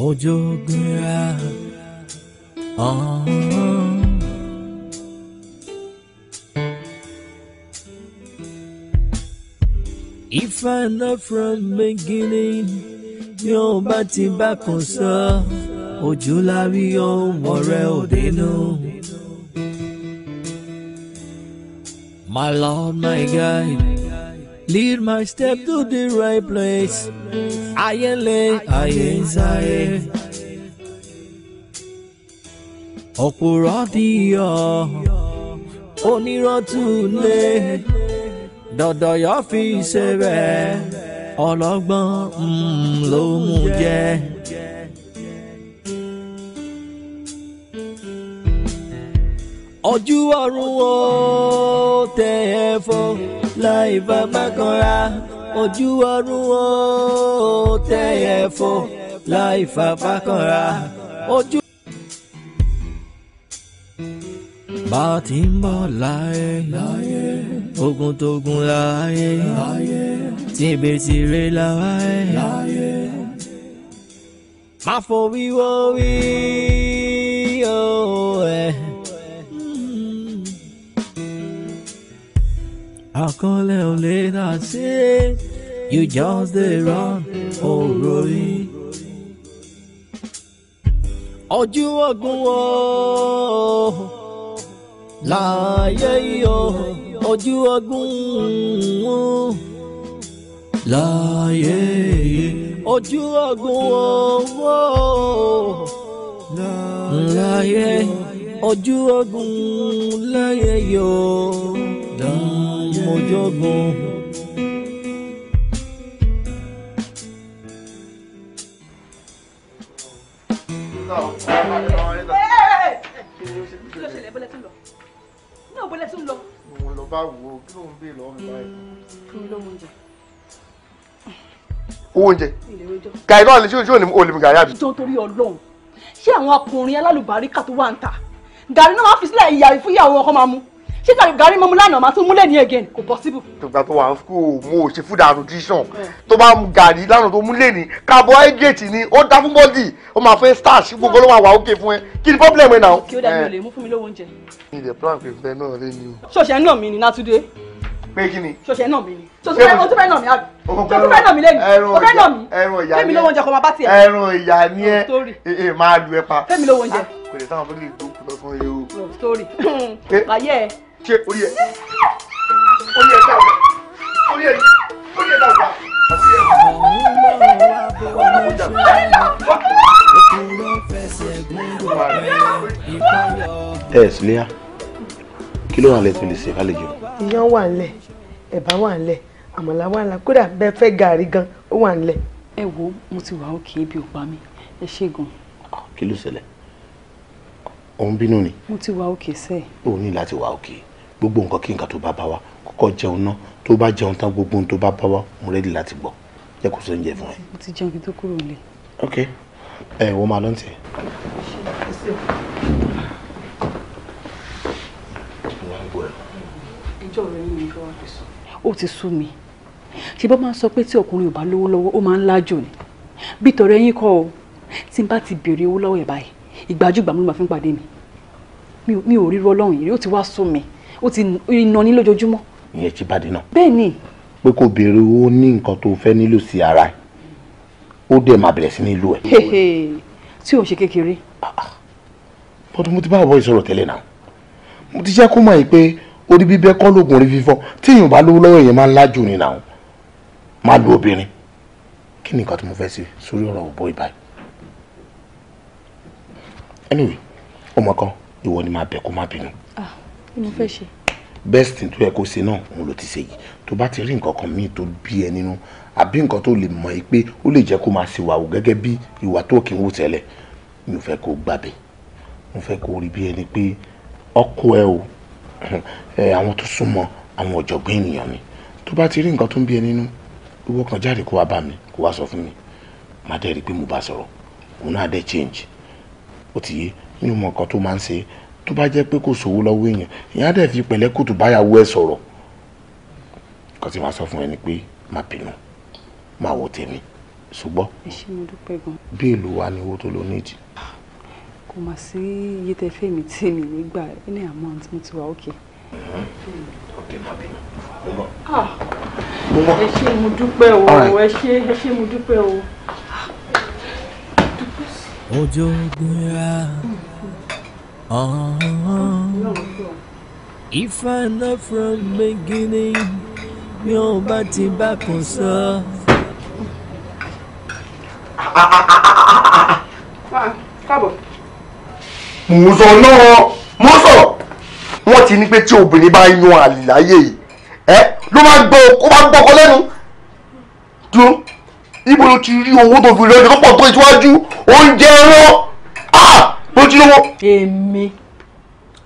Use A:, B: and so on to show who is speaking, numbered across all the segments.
A: Ojo Gunra. Oh. If I love from beginning, yóò bá ti bá kan sọ, ojú la rí ohun ọ̀rẹ́ òdenu. My Lord, my guide, lead my step to the right place ayé ń lé ayé ń sáré. òpùrọ́ dìyọ̀ onírọ́túnlé dọ̀dọ̀ yọ fi ṣe rẹ̀ ọlọ́gbọ́n mm, ló mú jẹ́. ojú ọ̀run ó tẹ̀ ẹ́ fọ́ láì bá bá kanra ojú ọdún ó tẹ̀yẹ̀ fò láì fàfàkànra ojú. bá a ti ń bọ̀ láyé ogun tógun láyé tìbí tìrẹ láyé má fò wíwọ́ wí ó ẹ̀. àkọlẹ̀ ò lè dà sí you just dey run ọ̀rọ̀ yìí. ọjọ́ ọgbọ́n wo láàyè yìí ọjọ́ ọgbọ́n wo láàyè yìí ọjọ́ ọgbọ́n wo láàyè ọjọ́ ọgbọ́n láàyè yìí mo jogún.
B: kí
C: ló ṣẹlẹ̀ bọ́lẹ̀ tún lọ náà bọ́lẹ̀ tún lọ.
B: mo lọ bá wo kí ló ń bè lè ṣe olùmí gàrí àbí. jọ torí Ọlọ́run ṣé àwọn ọkùnrin alálùbáríkà
C: tó wà ń ta gàrí náà máa fi sílẹ̀ ìyàwó fún ìyàwó ọkọ máa mú ṣé kàrí gàrí mọ́mú lánàá máa tún múlẹ̀
B: ní again kò possible. tògbà tó wà ń school mo ò ṣe food nutrition hmm. tó bá mu gàrí lánàá tó múlẹ̀ ní carbohydrate ni ó dá fún bọ́dì ó máa fẹ́ starch gbogbo ló máa wà ókè fún ẹ kí ni problem ẹ náà. kí ó dàbí olè eh. mú fún mi lówó oúnjẹ. mi ìdè plan pé fẹ́ náà lé ní o. ṣọ̀ṣẹ̀ náà mi ni Nàtúndé. pé kí ni. ṣọ̀ṣẹ̀ náà mi ni. ṣọ̀ṣẹ̀ o tún
C: fẹ́ náà mi àbí. ṣọ̀ṣẹ̀ fẹ́ náà mi lẹ́nu. o fẹ́ náà mi.
B: fẹ́mi lówó oúnjẹ kọ́ máa bá tiẹ̀. ẹran ìyá ni ẹ eh, eh, máa lu ẹ pa. fẹ́mi lówó oúnjẹ. Ah, kò lè táwọn fẹ́ lè dókòó lọ́sàn-án yìí o. story ṣe orí ẹ
C: orí ẹ dáadáa orí ẹ orí ẹ dáadáa orí
D: ẹ dáadáa.
B: ẹ sílẹ̀ kí ló wà lẹ́tọ̀ lè ṣe lálejò.
C: iyán wà nílẹ̀ ẹ̀bà wà nílẹ̀ àmàlà wà nílẹ̀ kódà bẹ́ẹ̀ fẹ́ gàrí gan ó wà nílẹ̀. ẹ wo mo ti wà ó kì í bí òpá mi ẹ ṣe gan.
E: kí ló ṣẹlẹ̀
B: òun bínú ni.
C: mo ti wà òkè sẹ́ẹ̀.
B: o ní láti wà òkè gbogbo nǹkan kí nǹkan tó bá bá wa kọ́kọ́ jẹun náà tó bá jẹun tán gbogbo nǹkan tó bá bá wa òun rẹ́dì láti gbọ́ jẹ́ kó sóúnjẹ fún ẹ.
C: mo ti jẹun kí tó kúrò nílé.
B: ok ẹ wọ́n máa lọ́n tiẹ̀.
C: ó ti sú mi ṣe bá máa sọ pé tí ọkùnrin ò bá lówó lọ́wọ́ ó máa ń lájò ni bí tọrẹ yín kọ́ o tí n bá ti béèrè owó lọ́wọ́ ẹ̀ báyìí ìgbàjúgbà mi ló máa fi ń pàdé mi mi ò rí rọ́ lọ́hùn-ún yìí ó ti wá sú mi ó ti iná ní lójoojúmọ́.
B: ìyẹn ti bàdé náà. bẹ́ẹ̀ ni. pé kò béèrè owó ní nǹkan tó fẹ́ nílò sí ara ẹ̀ ó dẹ̀ máa bẹ̀rẹ̀ sí ní ìlú ẹ̀.
A: tí ò ń ṣe kékeré. Ah, ah.
B: bọ́dún mo ti bá àwọ̀ ìṣòro tẹ́lẹ̀ náà mo ti jẹ́ kó mọ̀ yìí pé orí bíbẹ́ kọ́ lóògùn orí fífọ́ tí èèyàn bá lówó lọ́wọ́ èèyàn máa ń lájú ni náà máa lu obìnrin kí ni nǹkan tí mo fẹ́ ṣe sórí ọ̀rọ̀ òbó ìbáyìí. anyway ọmọ kan ìwọ ni máa bẹ̀ kó má bínú best thing tó yẹ kó ṣe náà òun ló ti ṣe yìí tó bá ti rí nǹkan kan míì tó bí ẹ nínú àbí nǹkan tó lè mọ̀ ẹ́ pé ó lè jẹ́ kó máa ṣe wàwù gẹ́gẹ́ bí ìwà tó kì í wò tẹ́lẹ̀ mi ò fẹ́ kó gbàbẹ̀ mo fẹ́ kó rí bí ẹni pé ọkọ ẹ o àwọn tó súnmọ́ àwọn ọ̀jọ̀gbọ́n ènìyàn ni tó bá ti rí nǹkan tó ń bí ẹ nínú owó kan jáde kó wá bá mi kó wá sọ fún mi màá dẹ̀ rí i mo bá sọ̀rọ̀ òun náà dẹ̀ change ó ti yé nínú mọ̀ nǹkan tó máa ń ṣe tó bá jẹ́ pé kò sówó lọ́wọ́ èèyàn èèyàn á dẹ̀ fi pẹ̀lẹ́kùtù báyàwó ẹ̀ sọ̀rọ̀ kan tí màá sọ fún ẹ ni pé má bínú má wo tèmi ṣùgbọ́n bí èlò wa ni owó tó lọ nídìí.
F: kò mà sí iye tẹ fẹ́ mi tí mi nígbà any amount mo ti wà òkè. ọ̀dẹ̀ má
B: bínú ah! mo mọ̀. ẹ ṣé mo dúpẹ́ o ẹ ṣé ẹ ṣé mo dúpẹ́
A: o. ọjọ́ gbéra. Mm. Ah. If I love from beginning, mi ò bá ti bá kan sọ.
B: Mo sọ náà, mo sọ, wọ́n ti ní pé tí obìnrin bá yan àlè láyé yìí, ẹ ló máa gbọ́ ó máa gbọ́kọ lẹ́nu. Dùn, ibo ló ti rí owó tó fi lọ́jọ́ tó pọ̀ tó ìtúwájú, oúnjẹ ah ojúlówó. èmi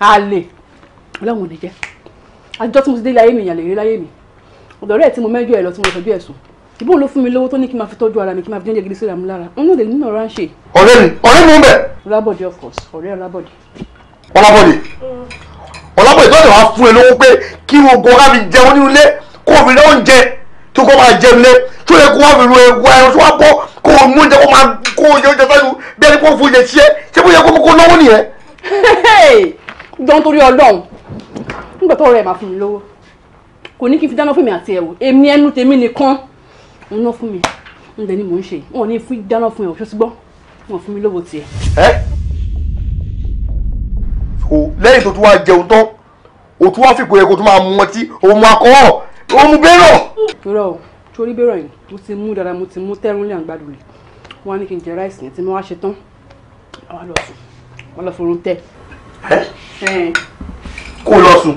B: àlè ọlọ́run ò ní jẹ́ àjọ tí mo ti dé ilé ayé
C: mi ìyàlè rí láyé mi ọ̀dọ̀ rẹ̀ tí mo mẹ́jọ ẹ̀ lọ tí mo fẹ́ bí ẹ̀sùn ìbọn ló fún mi lówó tó ní kí n máa fi tọ́jú ara mi kí n máa fi jẹ́jẹ́ gidi síra mi lára n lóde nínú ọ̀rá ń ṣe. ọ̀rẹ́ mi ọ̀rẹ́ mi ń bẹ̀. ọlábọ̀dé of course ọ̀rẹ́ ọlábọ̀dé.
B: ọlábọ̀dé mm. ọlábọ̀dé tó ń wá fún ẹ lówó pé kí wọn gbọ́ ká fi jẹun nínú ilé kó o fi lọ́wọ́ ń jẹ tó kọ́ máa jẹun lé tó yẹ kó wá fi ru ewu ẹran tó wá bọ́ kó o mú oúnjẹ kó máa kó oúnjẹ oúnjẹ sẹ́nu bí ẹni kó fún oúnjẹ tiẹ́ ṣé bó yẹ kó kókó náwó nìyẹn. jọ́n torí ọlọ́run
C: nígbà tó rẹ̀ máa fún mi lówó kò ní kí n fi dáná fún mi àti ẹ̀wò èmi ẹnu tèmi nìkan ń ná fún mi ń dẹ̀ ni mò ń ṣe wọn ní fi dáná fún ẹ̀ ọ̀ṣọ́ sí gbọ́ wọn fún mi lówó tiẹ̀.
B: ẹ lẹ́yìn tó tún wá jẹun tán òtún wá fìkò yẹ kó tún máa mú ọtí òun mú akọ́wọ́ òun mú bẹ́rọ̀.
C: irọ́ o torí bẹ́rọ̀ yìí mo ti mú dáadáa mo ti mú tẹ́rún lé àgbàdo rẹ̀ wọ́n á ní kí n jẹ ráìsì yẹn tí mo wá ṣe tán wọ́n lọ sùn wọ́n lọ forún
B: tẹ̀. kó lọ sùn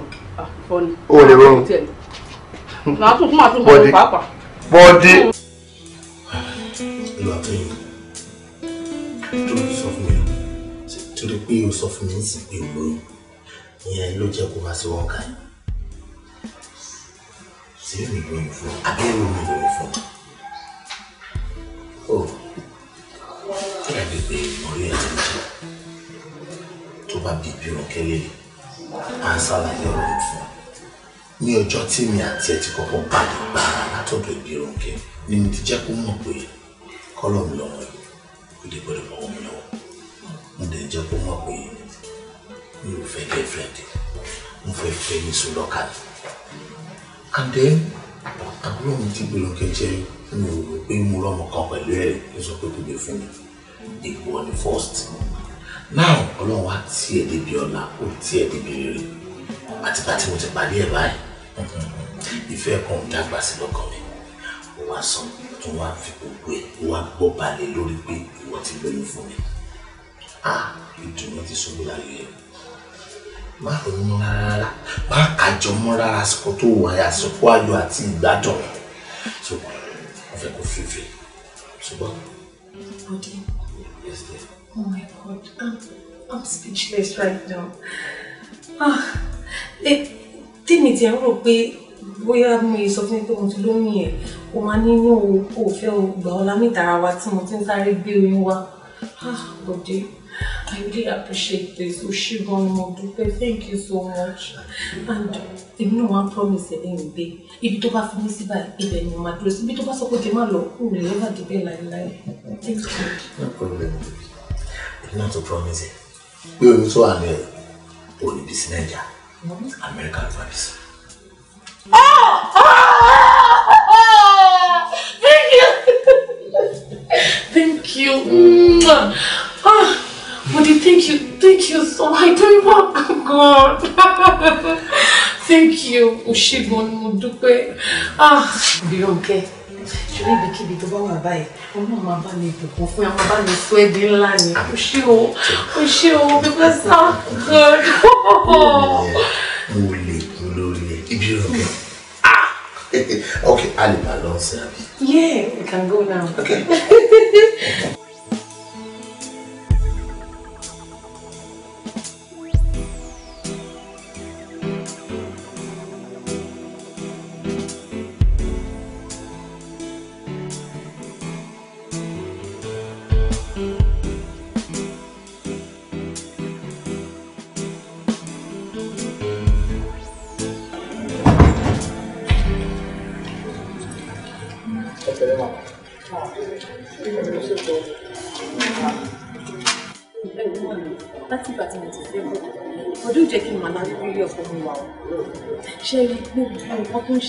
B: o lè rọrùn bọ́dé bọ́dé. ìwà kẹyìn tó sọ fún mi torí pé o sọ fún mi ń sìn pé o e lóyún ìyẹn ló jẹ́ kó bá sí wọn káyìí ṣé mi ló ń fún abẹ́rù mi ló ń fún. ó oh. kí ẹ lè pe orí ẹ ti ń jẹ tó bá me bí òun kẹ́lẹ́ rẹ̀ á ṣàlàyé ọ̀rọ̀ fún un ní ọjọ́ tí mi àti ẹ ti kọ́kọ́ pàdé gbàrà látọ̀dọ̀ ìgbéròǹkẹ́ ni mo ti jẹ́ kó mọ̀ pé kọ́lọ̀ mi lọ́wọ́ yìí kò dé gbọ́dọ̀ fọwọ́ mi lọ́wọ́ mo dẹ̀ jẹ́ kó mọ̀ pé mi ò fẹ́ girlfriend mo fẹ́ fẹ́ ní sùn lọ́kàlì and then àbúrò mi ti gbé lọ kẹjẹ mi ò rò pé mo rọmọ kan pẹ̀lú ẹ̀ ló sọ pé kò lè fún mi ìwọ ni first now ọlọ́run wá tiẹ̀ débi ọ̀la ó tiẹ̀ débi rere àtìgbà tí mo ti pàdé ẹ̀ báyìí ìfẹ́ kan dàgbà sí lọ́kàn mi ó wá sọ tó wá fi gbogbo ẹ̀ ó wá gbọ́ balẹ̀ lórí pé ìwọ ti lóyún fún mi ah ìdùnnú ti sọ mí láyé ẹ̀ má ronú rárá má kájọ mọ́ rárá àsìkò tó wà á àsìkò ayọ̀ àti ìgbádùn ṣùgbọ́n wọ́n fẹ́ kó fífi ṣùgbọ́n.
A: Bọ́dé, yes dear. Oh my God, I'm,
C: I'm speechless right now. Ah, tèmi ti ń rò pé bóyá mo sọ fún mi pé mo ti lóyún yẹn o máa ní ní o ò fẹ́ o gbà ọ́ lámì ìtara wa tí mo ti ń sáré gbé oyún wa. Ah, Bọ́dé. I really appreciate this. Oshigon thank you so much. And you know, I promise you, lẹ́yìn gbé. Ibi tó bá fi mí sí báyìí, ibẹ̀ ni mo máa dúró sí. Ibi tó bá sọ pé kí
A: Thank you.
B: No problem, baby. Èmi náà promise ẹ̀. Pé omi tó wà ní ẹ̀, òní mm-hmm. American sí
C: thank you o ṣe ah. Bírónkẹ́ ṣùgbọ́n ibikíbi tó bá wà báyìí ọlọ́run máa bá mi bùkún fún ẹ máa bá mi sọ ẹ́ di ńlá ni o ṣé o o ṣé o because
F: ah ah
B: okay a lè máa
F: yeah we can go now. okay.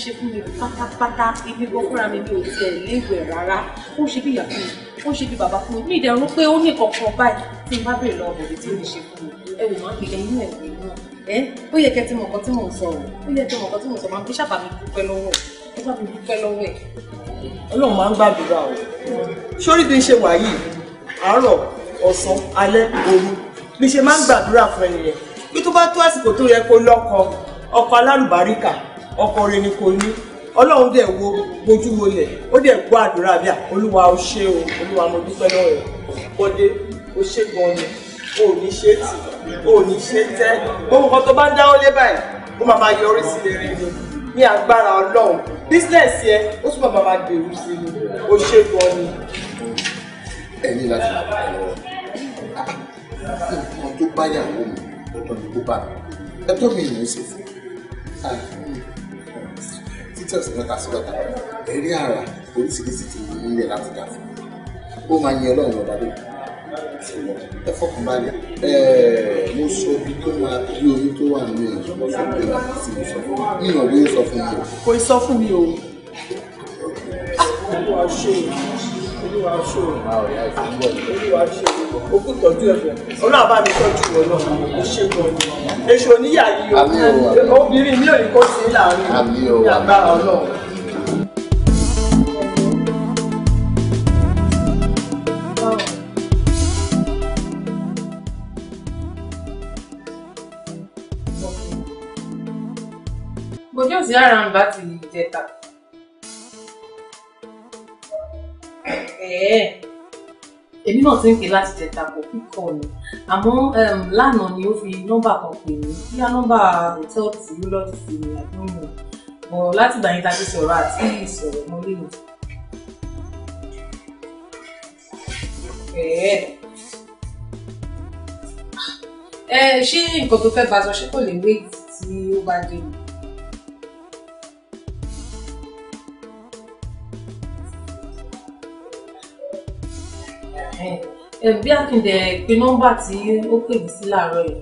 C: ṣe fún mi pátápátá ibi gan fúnra mi mi ò tiẹ̀ léèwẹ̀ rárá ó ṣe bí ìyá fún mi ó ṣe bí bàbá fún mi mi ìdẹ̀rùn pé ó ní kankan báyìí tí n bá béèrè lọ ọ̀bọ̀dé tí ó ṣe fún mi ẹ wò máa ń pè ẹyin ẹ̀ náà ẹ ó yẹ kẹ́ ti mọ̀ nǹkan tí mò ń sọ ó yẹ kẹ́ mọ̀ nǹkan tí mò sọ máa ń fi sábà mi dúpẹ́ lọ́wọ́ ẹ sábà mi dúpẹ́ lọ́wọ́ ẹ.
B: Ọlọ́run máa ń gbàdúrà o sórí bí n ṣe wà yìí àárọ̀ ọ̀sán alẹ́ òru bí ṣe máa ń gbàdúrà fún ẹnìyẹn bí tó bá tó àsìkò tó yẹ kó lọ́kọ ọkọ alárùbáríkà ọkọ rẹ ni kò ní ọlọ́run dẹ̀ wo gbojú wolẹ̀ ó dẹ̀ gbọ́ àdúrà bíà olúwa ó ṣe o olúwa mo dúpẹ́ lọ́wọ́ rẹ̀ bọ́dé ó ṣe gan ni o ò ní ṣe tì o ò ní ṣe tẹ́ gbogbo nǹkan tó bá ń dáwọ́ lé báyìí ó máa máa yọrí sí rere ni ní agbára ọlọ́run bísíǹsì ẹ ó túbọ̀ máa máa gbèrú sí i ó ṣe gan ni. ẹyin láti máa bá lọ nǹkan tó bá yàwó mi ọ̀dọ́ ni kó bá mi ẹjọ́ mi ìrìn ṣe fún títẹ̀sí mẹ́ta sí mẹ́ta ẹ̀rí àrà oríṣiríṣi ti ní láti dà fún ó máa yan ọlọ́run ọba lóyún ṣùgbọ́n ẹ fọkàn balẹ̀ mo sọ ibi tó máa bí omi tó wà nínú ìyẹn lọ sọ pé wà sí mi sọ fún mi ìyàn ló ń sọ fún mi o. kò sọ fún mi o olúwa ṣó olúwa ṣó okú tọ́jú ẹ̀fọ́ ọlọ́run mi tọ́jú ìwọ náà ó ṣe oníyà yìí obìnrin mi ò ní kó sí láàrin ní agbára ọlọ́run.
F: Bójú ò sí àrùn
C: bá ti jẹta. Eh, èmi náà ti ń pè láti tẹ̀ta kò kíkọ ni àmọ́ ehm, lánàá ni ó fi nọ́mbà kan pè mí bíyá nọ́mbà hòtẹ́ẹ̀lì tí ló lọ́ọ́ ti fi àdúgbò
F: bọ̀ láti ìgbà yẹn ta ti sọ̀rọ̀ àti ìsọ̀rọ̀ mọ́ lè mọ̀.
C: ẹ ṣé nǹkan tó fẹ́ bá sọ ṣé kò lè wéyìí tí ó bá dé mi. ẹ eh, bí akíndẹ pé nọ́mbà tí ó pè mí sí láàárọ̀ yìí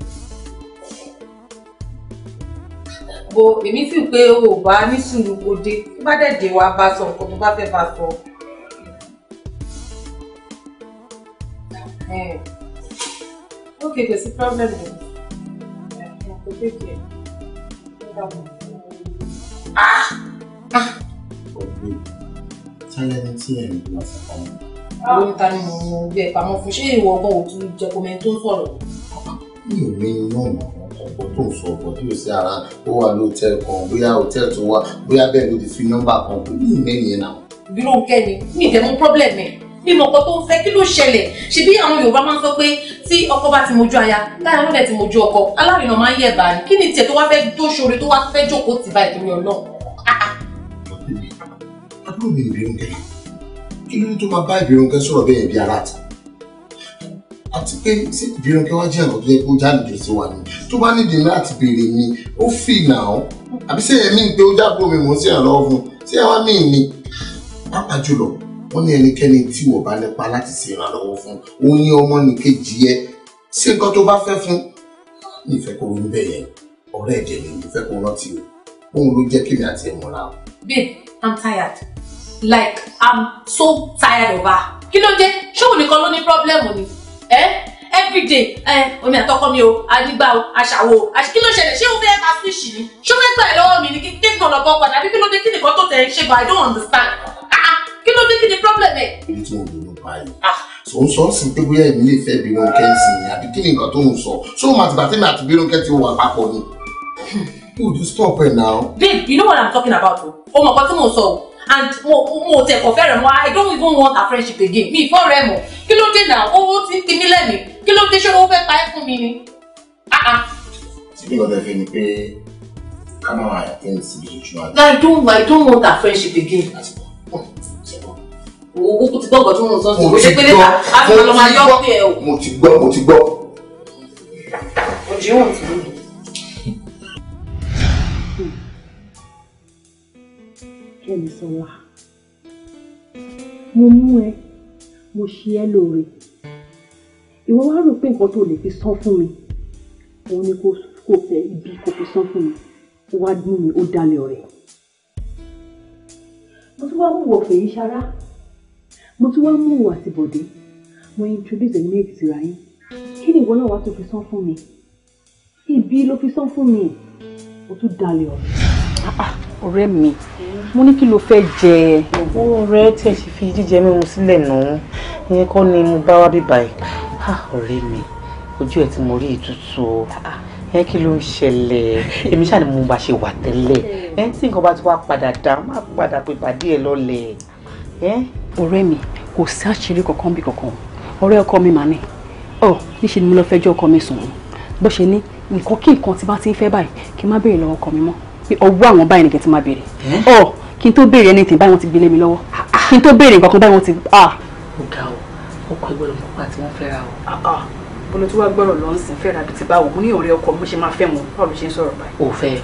C: bo èmi fi pé o ò bá ní sùúrù òde tó bá dẹ̀ dé wa bá sọ nǹkan tó bá fẹ́ bá sọ. Eh. ok kò sí problem o eh, kò tètè
D: ah ah. ọ̀gbìn sáyẹ́ni tí ẹ̀ ń lọ sí ọmọ
C: lórí ta ni mo mọ orí ẹ pamọ́ fún ṣé ìwọ ọgbọ́n ò tún jẹ kó mẹ́ni tó ń sọ̀rọ̀.
B: mi ò ní inú ọ̀nà ọ̀pọ̀ tó ń sọ ọ̀pọ̀ tó sí ara ó wà lóòtẹ́ẹ̀lì kan bóyá òtẹ́ẹ̀lì tó wà bóyá bẹ́ẹ̀ ló ti fi nọ́mbà kan kò ní ìmẹ́rin yẹn náà.
C: bí ló ń kẹ́ ni mi ìtẹ̀mú pọ́blẹ̀mù ẹ̀ bí mo kọ́ tó ń fẹ́ kí ló ṣẹlẹ̀ ṣebí àwọn Yorùbá máa ń sọ pé tí ọkọ bá ti mojú aya táyà ló dẹ̀ ti mojú ọkọ alárinà máa ń yẹ̀ bá ní kí ni tiẹ̀ tó wá fẹ́ tó ṣoore tó wá fẹ́ jókòó tì bá ìdúró náà
B: kí ló tó máa bá ìbírúnkẹ́ sọ̀rọ̀ bẹ́ẹ̀ bí ara ta àti pé sí ìbírúnkẹ́ wá jẹ́ ọ̀nà tó yẹ kó jáde sí wa ni tó bá nídìí láti béèrè ni ó fi nà àbí ṣé ẹ̀mí pé ó jágbó mi mò sí ìrànlọ́wọ́ fún ṣé ẹ wá mí ni pàápàá jùlọ wọ́n ní ẹnikẹ́ni tí wọ́n bá nípa láti ṣe ìrànlọ́wọ́ fún ó ní ọmọ nìkejì yẹ ṣé nǹkan tó bá fẹ́ fún ìfẹ́ kó ronú bẹ́ẹ̀ yẹn ọ̀rẹ́ ẹ̀jẹ̀ ni ìfẹ́ kó rántí o òun ló jẹ́ kémi àti ẹ̀ o.
C: babe i'm tired like i'm so tired of her kí ló dé ṣóun nìkan ló ní pírọ́blẹ́mù ni ẹ everyday ẹ omi àtọkọ mi o adigba o aṣàwò o kí ló ṣẹlẹ̀ ṣé o fẹ́ ká switch ni ṣé o fẹ́ gbà ẹ lọ́wọ́ mi ni kí kí nǹkan lọ bọ́
B: padà bí kí ló dé kí nìkan tó tẹ̀ ṣe but i don't understand ah, ah kí ló dé kí ni problem ẹ. èyí tí mo lò ló báyìí ah. so n sọ ọ sí pé bóyá èmi lè fẹ́ bí wọn kẹ́ ẹ̀ sìn àbí kí ni nǹkan tó ń sọ so màá ti gbàtẹ́mi àti bí wọn kẹ́ ti wà papọ̀ ni. Hmm, o do stop it now.
C: babe you know what i'm talking about o o mọ̀ nǹkan tí mo sọ o and mo mo tẹ̀ kọ̀ mo, i don't even want her friendship again mi ìfọ́ rẹ mo. kí ló dé náà owó ti ń kinní lẹ́mìí kí ló dé ṣé owó fẹ́ pa ẹ́ fún mi ni.
B: síbí ọ̀dọ̀ ìfẹ́ ni pé ká má wà ẹ̀ ní síbi ìjọba.
C: i don't i don't want her friendship again. owó kò ti gbọ́ ọ̀gọ́dún mọ̀
F: sọ́sọ́ kò ṣe pé lẹ́tà á fi lọ́ọ́ máa yọ ọ́ ẹ̀ o. mo ti gbọ́ mo ti gbọ́. òjì wọn ti lóyún.
C: Kẹ́misọ́lá mo mú ẹ mo ṣe ẹ lóore ìwọ wá rò pé nǹkan tó lè fi san fún mi òun ni kò fẹ́ ibi kò fi san fún mi ó wá dún mi ó dalẹ̀ ọ̀rẹ́ mo tún wá mú ìwọ fèyí ṣara mo tún wá mú ìwọ àti bọ̀dé mo introduce ẹni méjì síra yín kí ni ìwọ náà wá tó fi san fún mi ibi ló fi san fún mi ó tún dalẹ̀ ọ̀rẹ́
B: ọ̀rẹ́ mi mo ní kí ló fẹ́ jẹ. owó rẹ tí ẹ ṣe fi jíjẹ mímu sílẹ̀ náà ìyẹn kọ́ ni mo bá wá bí báyìí ọ̀rẹ́ mi ojú ẹ̀ tí mo rí ìtútù o ah. ẹ kí ló ń ṣẹlẹ̀ èmi ṣáà ni mo bá ṣe wà tẹ́lẹ̀ ẹ tí nǹkan bá ti wá padà dá má padà pé pàdé ẹ lọ́lẹ̀.
C: ọ̀rẹ́ mi kò sí àṣírí kankan bí kankan ọ̀rẹ́ ọkọ mi mà ní ọ níṣẹ́ ni mo lọ fẹ́ jọ́ ọkọ mi sùn bó ṣe ní nǹkan kí nǹkan tí bá ti ń fẹ́ báyìí kí n má béèrè lọ́wọ́ ọkọ mi mọ́ pé ọwọ́ àwọn báyìí nìkan ti máa béèrè ọ kí n tó béèrè anything báyìí wọ́n ti gbélé mi lọ́wọ́ kí n tó béèrè nǹkan kan báyìí wọ́n ti. Ah. ó o ọkọ ẹgbẹ́ ló tí wọ́n fẹ́ra o. bọ́lá tí wàá gbọ́rọ̀ lọ ń sìn fẹ́ra àbí ti báwo mo ní ọ̀rẹ́ ọkọ mo ṣe máa fẹ́ wọn báwo ló ṣe ń sọ̀rọ̀ báyìí.
F: o fẹ́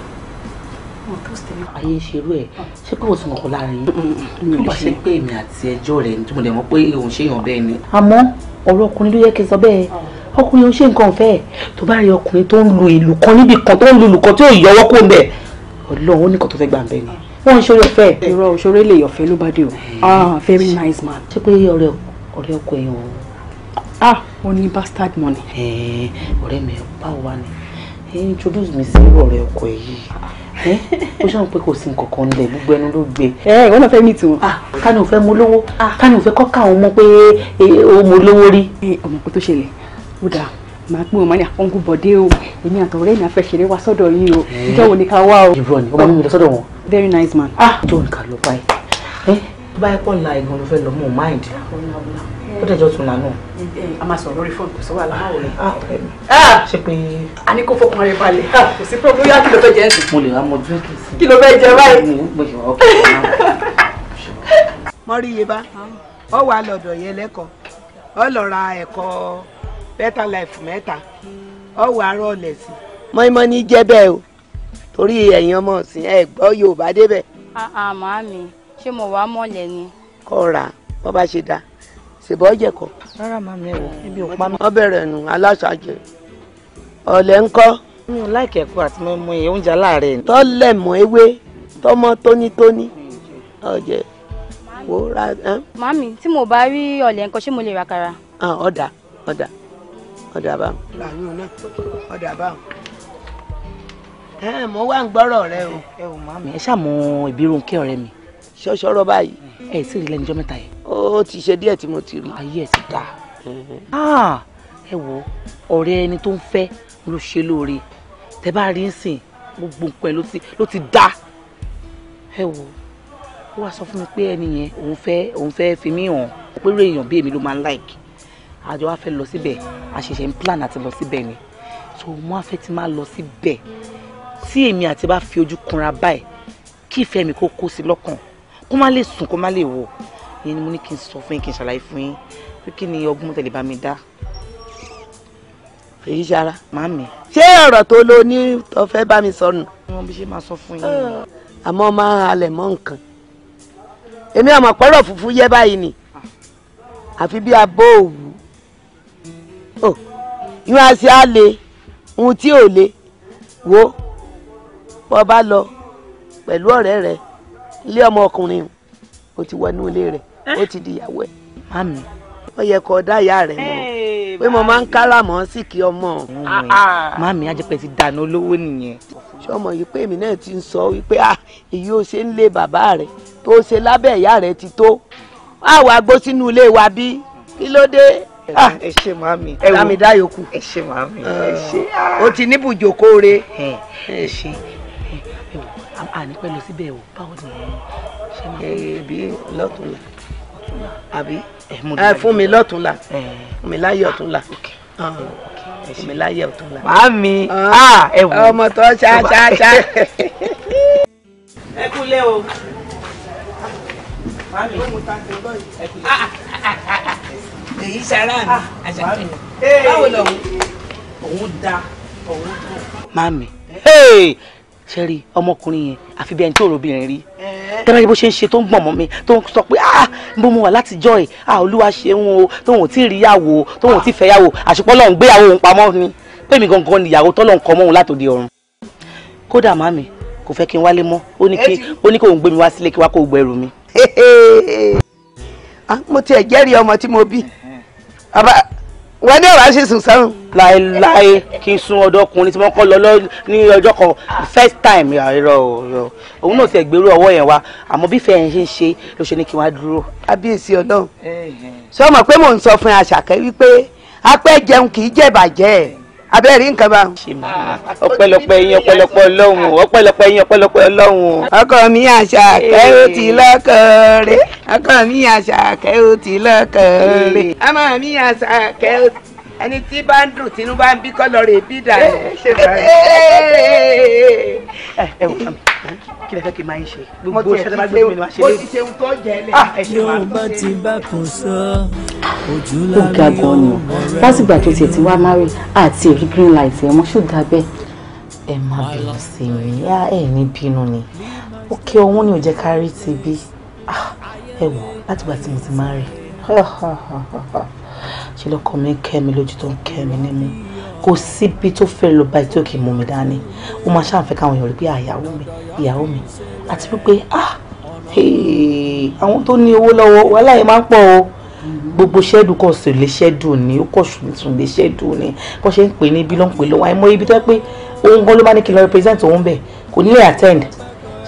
F: ayé
C: ṣerú
B: ẹ mm. ṣé pé kò sí
C: nǹkan láàrin yín tó mm,
B: mm, bá ṣe pé èmi àti ẹjọ́ rẹ ni tí mo dẹ̀ mọ̀ pé òun ṣe èèyàn bẹ́ẹ̀ ni.
C: àmọ́ ọ̀rọ̀ ọkùnrin ló yẹ kí n sọ bẹ́ẹ̀ ah. ọkùnrin ò ṣe nǹkan ọ̀fẹ́ tó bá rí ọkùnrin tó ń lu ìlù kan níbì kan tó ń lu ìlù kan tí ò yọwọ́ kó ń bẹ̀ Ọlọ́run ó ní kò tó fẹ́ gbà bẹ́ẹ̀ ni wọ́n ń ṣoore ọ̀fẹ́ irọ́ ṣoore lè yọ̀fẹ́ ló bá dé o ah, very nice man. ṣé pé ọ̀rẹ́
B: ọ̀rẹ́ ọkọ ẹ̀ o. ah ó ní bastard money. ọ̀rẹ́ mi báwo wá ni introduce mi sí ọ̀rẹ́ ọkọ yìí ó ṣàwọn pé kò sí nǹkan lẹ gbogbo ẹnu ló gbé. ẹ ìwọ náà fẹ́ mí tiwọn. Ah, ah. ká ní o mú lówó ká ní o fẹ́ kọ́ káwọn mọ̀ pé
C: o mọ lówó rí. ọmọ kò tó ṣẹlẹ̀ ó dáa màá pé òmọ́ni àpọ́nkú bọ̀dé o èmi àtọ̀rẹ́ mi àfẹsẹ̀rẹ́ wa sọ́dọ̀ yín o ìjọ wo ni ká wá o. ìbúrọ̀ ni ó bá mímu lọ sọ́dọ̀ wọn. very nice
B: man. ah
F: tó ń kà ló pa ẹ ẹ tó bá yẹ pọ̀ ńlá ẹ̀gbọ́n ló fẹ́ lọ mọ̀ mind ó dẹ̀jọ́ tún lànà.
B: a máa sọ̀rọ̀ lórí fóònù kò sọ wà láwọn òní. ṣe pé. a ní kó fọkàn rẹ balẹ̀ ah! kò sí pọ́ọ̀bù yá kí ló fẹ́ jẹ́ ẹ̀sìn. mo lè wá mọ dúrẹ́kì
C: sí. kí ló fẹ́ jẹ báyìí.
B: mọ́rí yé bá ọ wà lọ́dọ̀ yẹn lẹ́kọ̀ọ́ ọ lọ ra ẹ̀kọ́ better life mẹ́ta ọ̀wọ̀ àárọ̀ ọ̀lẹ̀ sí. mọ́ínmọ́ ní jẹ́ bẹ́ẹ̀ o torí ẹ̀yin ọmọ ọ̀sìn ẹ̀ gbọ́ Yorùbá débẹ̀.
F: Ah, ah, màámi ṣé mo wàá mọ̀lẹ̀ ni.
B: kọ́ra bó bá ṣe dá ṣèbọ̀ ọ̀jẹ̀ kọ. rárá màámi ẹ̀ wò ebi ò pa mí. wọ́n bẹ̀rẹ̀ nù aláṣàjẹ ọ̀lẹ̀ ń kọ́. mi ò láìkẹ́ ẹ̀kọ́ àti mọ́mọ́ ẹ̀ oúnjẹ aláàárẹ̀ ni. tọ́lẹ̀ mọ́ ewé tọ́mọ tónítóní ọ̀jẹ̀ wò rà.
F: màámi tí mo bá rí ọ̀lẹ̀ ń kọ́ ṣé mo lè ra kàrà. Ah, ọ̀dà ọ̀dà ọ̀dà bá. làyún náà
B: ọ̀dà bá mo wá ń gbọ́rọ̀ rẹ o. ẹ ò má mi ẹ ṣàmọ ìbírúnkẹ́ ọ̀rẹ́ mi. ṣọṣọrọ báyìí. ẹ sì rí lẹ́nu ọjọ́ mẹ́ta yìí. ó ti ṣe díẹ̀ tí mo ti rí. ayé ẹ ti dáa. Ah, ẹ wo ọ̀rẹ́ ẹni tó ń fẹ́ ló ṣe lóore tẹ bá rí nsìn gbogbo nǹkan ẹ ló ti dá ẹ wo ó wàá sọ fún mi pé ẹni yẹn òun fẹ́ òun fẹ́ fi mí hàn pé èèyàn bí èmi ló máa ń like àjọ wa fẹ́ lọ síbẹ̀ àṣẹ̀ṣẹ̀ ń plan àti lọ síbẹ̀ ni so mo á fẹ́ ti máa lọ síbẹ̀ tí èmi àti bá fi ojú kunra báyìí kí ìfẹ́ mi kó kó sí lọ́kàn kó má lè sùn kó má lè wò ìyẹn ni mo ní kí n sọ fún yín kí n ṣàlàyé fún yín pé kí ni ọgbọ́n tẹ̀lé bá mi dá èyí ṣara màá mi. ṣé ọ̀rọ̀ tó lo ní tó fẹ́ bá mi sọnù. wọn bí ṣe máa sọ fún yín. Ah. àmọ́ máa halẹ̀ mọ́ nǹkan èmi ọmọ funfun yẹ báyìí ni ah. àfi bí abó òwú ìwọ̀n àṣẹ á le ohun tí ò le wo bọ́ ọ bá lọ pẹ̀lú ọ̀rẹ́ rẹ ilé ọmọ ọkùnrin o ti wọnú ilé rẹ o eh? ti di ìyàwó ẹ. mami. wọ́n yẹ kó dá ìyá rẹ̀ mọ́ pé mo máa ń kára mọ́ sí kí ọmọ. Ah, ah. Ah, mami ajẹpẹ ti dànù olówó nìyẹn. sọmọ yìí pé èmi náà ti ń sọ wípé èyí ò ṣe ń lé bàbá rẹ tó ṣe lábẹ́ ìyá rẹ ti tó. wá wàá gbó sínú ilé wa bí kí ló dé ẹ ah. ṣe màámi ẹ wò dámidá yòókù ẹ ṣe màámi ẹ ah. ṣe o ti ní bùjókòó re ẹ ṣe àní pẹ̀lú síbẹ̀ o báwo ni ṣe máa. ẹbí lọ́túnla àbí ẹ fún mi lọ́túnla fún mi láyé ọ̀túnla ah, fún mi láyé ọ̀túnla. màámi ẹ wò. ọmọ tó ṣáṣáṣá. ẹ kúlẹ̀ o. màámi ẹ kúlẹ̀ èyí sara mi ah, àṣàkẹ́ báwo lọ òun da òun tó. mami eh? ṣe rí ọmọkùnrin yẹn àfi bí ẹni tí òròbìnrin rí eh? tẹ́lẹ̀ bó ṣe ń ṣe tó ń gbọ̀n mọ́ mi tó ń sọ pé ah bó mu wà látijọ́ ẹ̀ ah olúwa ṣeun o tóun ò tí ì rí yàwó tóun ò tí ì fẹ́ yàwó àṣùpọ̀ lọ́hùn gbéyàwó òun pamọ́ ni pé mi gangan ni ìyàwó tọ́lọ̀ ń kọ́ mọ́ òun látòde ọ̀run kódà màmí kò fẹ́ kí n wálé mọ́ ó ní kí ó ní kí òun gbé mi wá sílé kí wá kó gbẹrù mi. Ah, mo tiẹ̀ jẹ́rìí ọmọ tí mo bí bàbá wọ́n ní ọ̀rọ̀ àṣìṣe sẹ́wọ̀n. láéláé kí n sun ọ̀dọ́kùnrin tí wọ́n kọ́ lọ ní ọjọ́ kan first time ìrọ̀ ọ̀rọ̀ òun náà ti ẹ̀gbẹ́rú ọwọ́ yẹn wá àmọ́ bí fẹ́ẹ̀ ṣe ń ṣe ló ṣe ní kí wọ́n á dúró. kábíyèsí
D: ọlọ́run
B: sọ ma pé mò ń sọ fún Àṣàkẹ́ wípé apẹ́ jẹun kì í jẹ́ bàjẹ́ ẹ̀ abẹ́rẹ́ nǹkan bá. ọpẹ́lọpẹ́ yín ọpẹ́lọpẹ́ ọlọ́run ọpẹ́lọpẹ́ yín ọpẹ́lọpẹ́ ọlọ́run. ọkọ mi àṣàkẹ́ ó ti lọ́kọ rẹ̀ ọkọ mi àṣàkẹ́ ó ti lọ́kọ rẹ̀ ọmọ mi àṣàkẹ́ ó ti ẹni tí bá ń dùn tínú bá ń bí kọ́ lọ rè bí dà rẹ̀. ẹ ẹ wò fún kí lè fẹ́ kí n máa ń ṣe gbogbo ṣẹlẹ̀ máa ṣe lé. ti ṣe
A: ohun tó jẹ lẹ. yóò bá ti bá kan sọ
F: ojú lábẹ́ òun. ó ga gan ni lásìgbà tó tiẹ̀ ti wá márì àti èrí green light ẹ̀ wọ́n ṣùgbọ́n abẹ́ ẹ má bínú sí mi yá ẹ̀ ní bínú ni òkè ọ̀hún ni ò jẹ́ ká rí ti bí ẹ wò látìgbà tí mo ti má rí ṣe lọ́kọ mi ń kẹ́ mi lójú tó ń kẹ́ mi nímú kò síbi tó fẹ́ lọ báyìí tí ó kì í mú mi dání ó máa ṣàǹfẹ́ káwọn èèyàn rí pé àyàwó ah, mi ìyàwó mi àti wípé ah àwọn tó ní owó lọ́wọ́ wàhálà yẹn máa ń pọ̀ o gbogbo
B: ṣẹ́dù kan sì lè ṣẹ́dù ni ó kọ̀ sùn lè ṣẹ́dù ni bó ṣe ń pè ní ibi ló ń pè lọ́wọ́ àìmọ́ ibi
F: tó yẹ pé òun gan ló bá ní kí n lọ represent òun bẹ̀ kò ní lè attend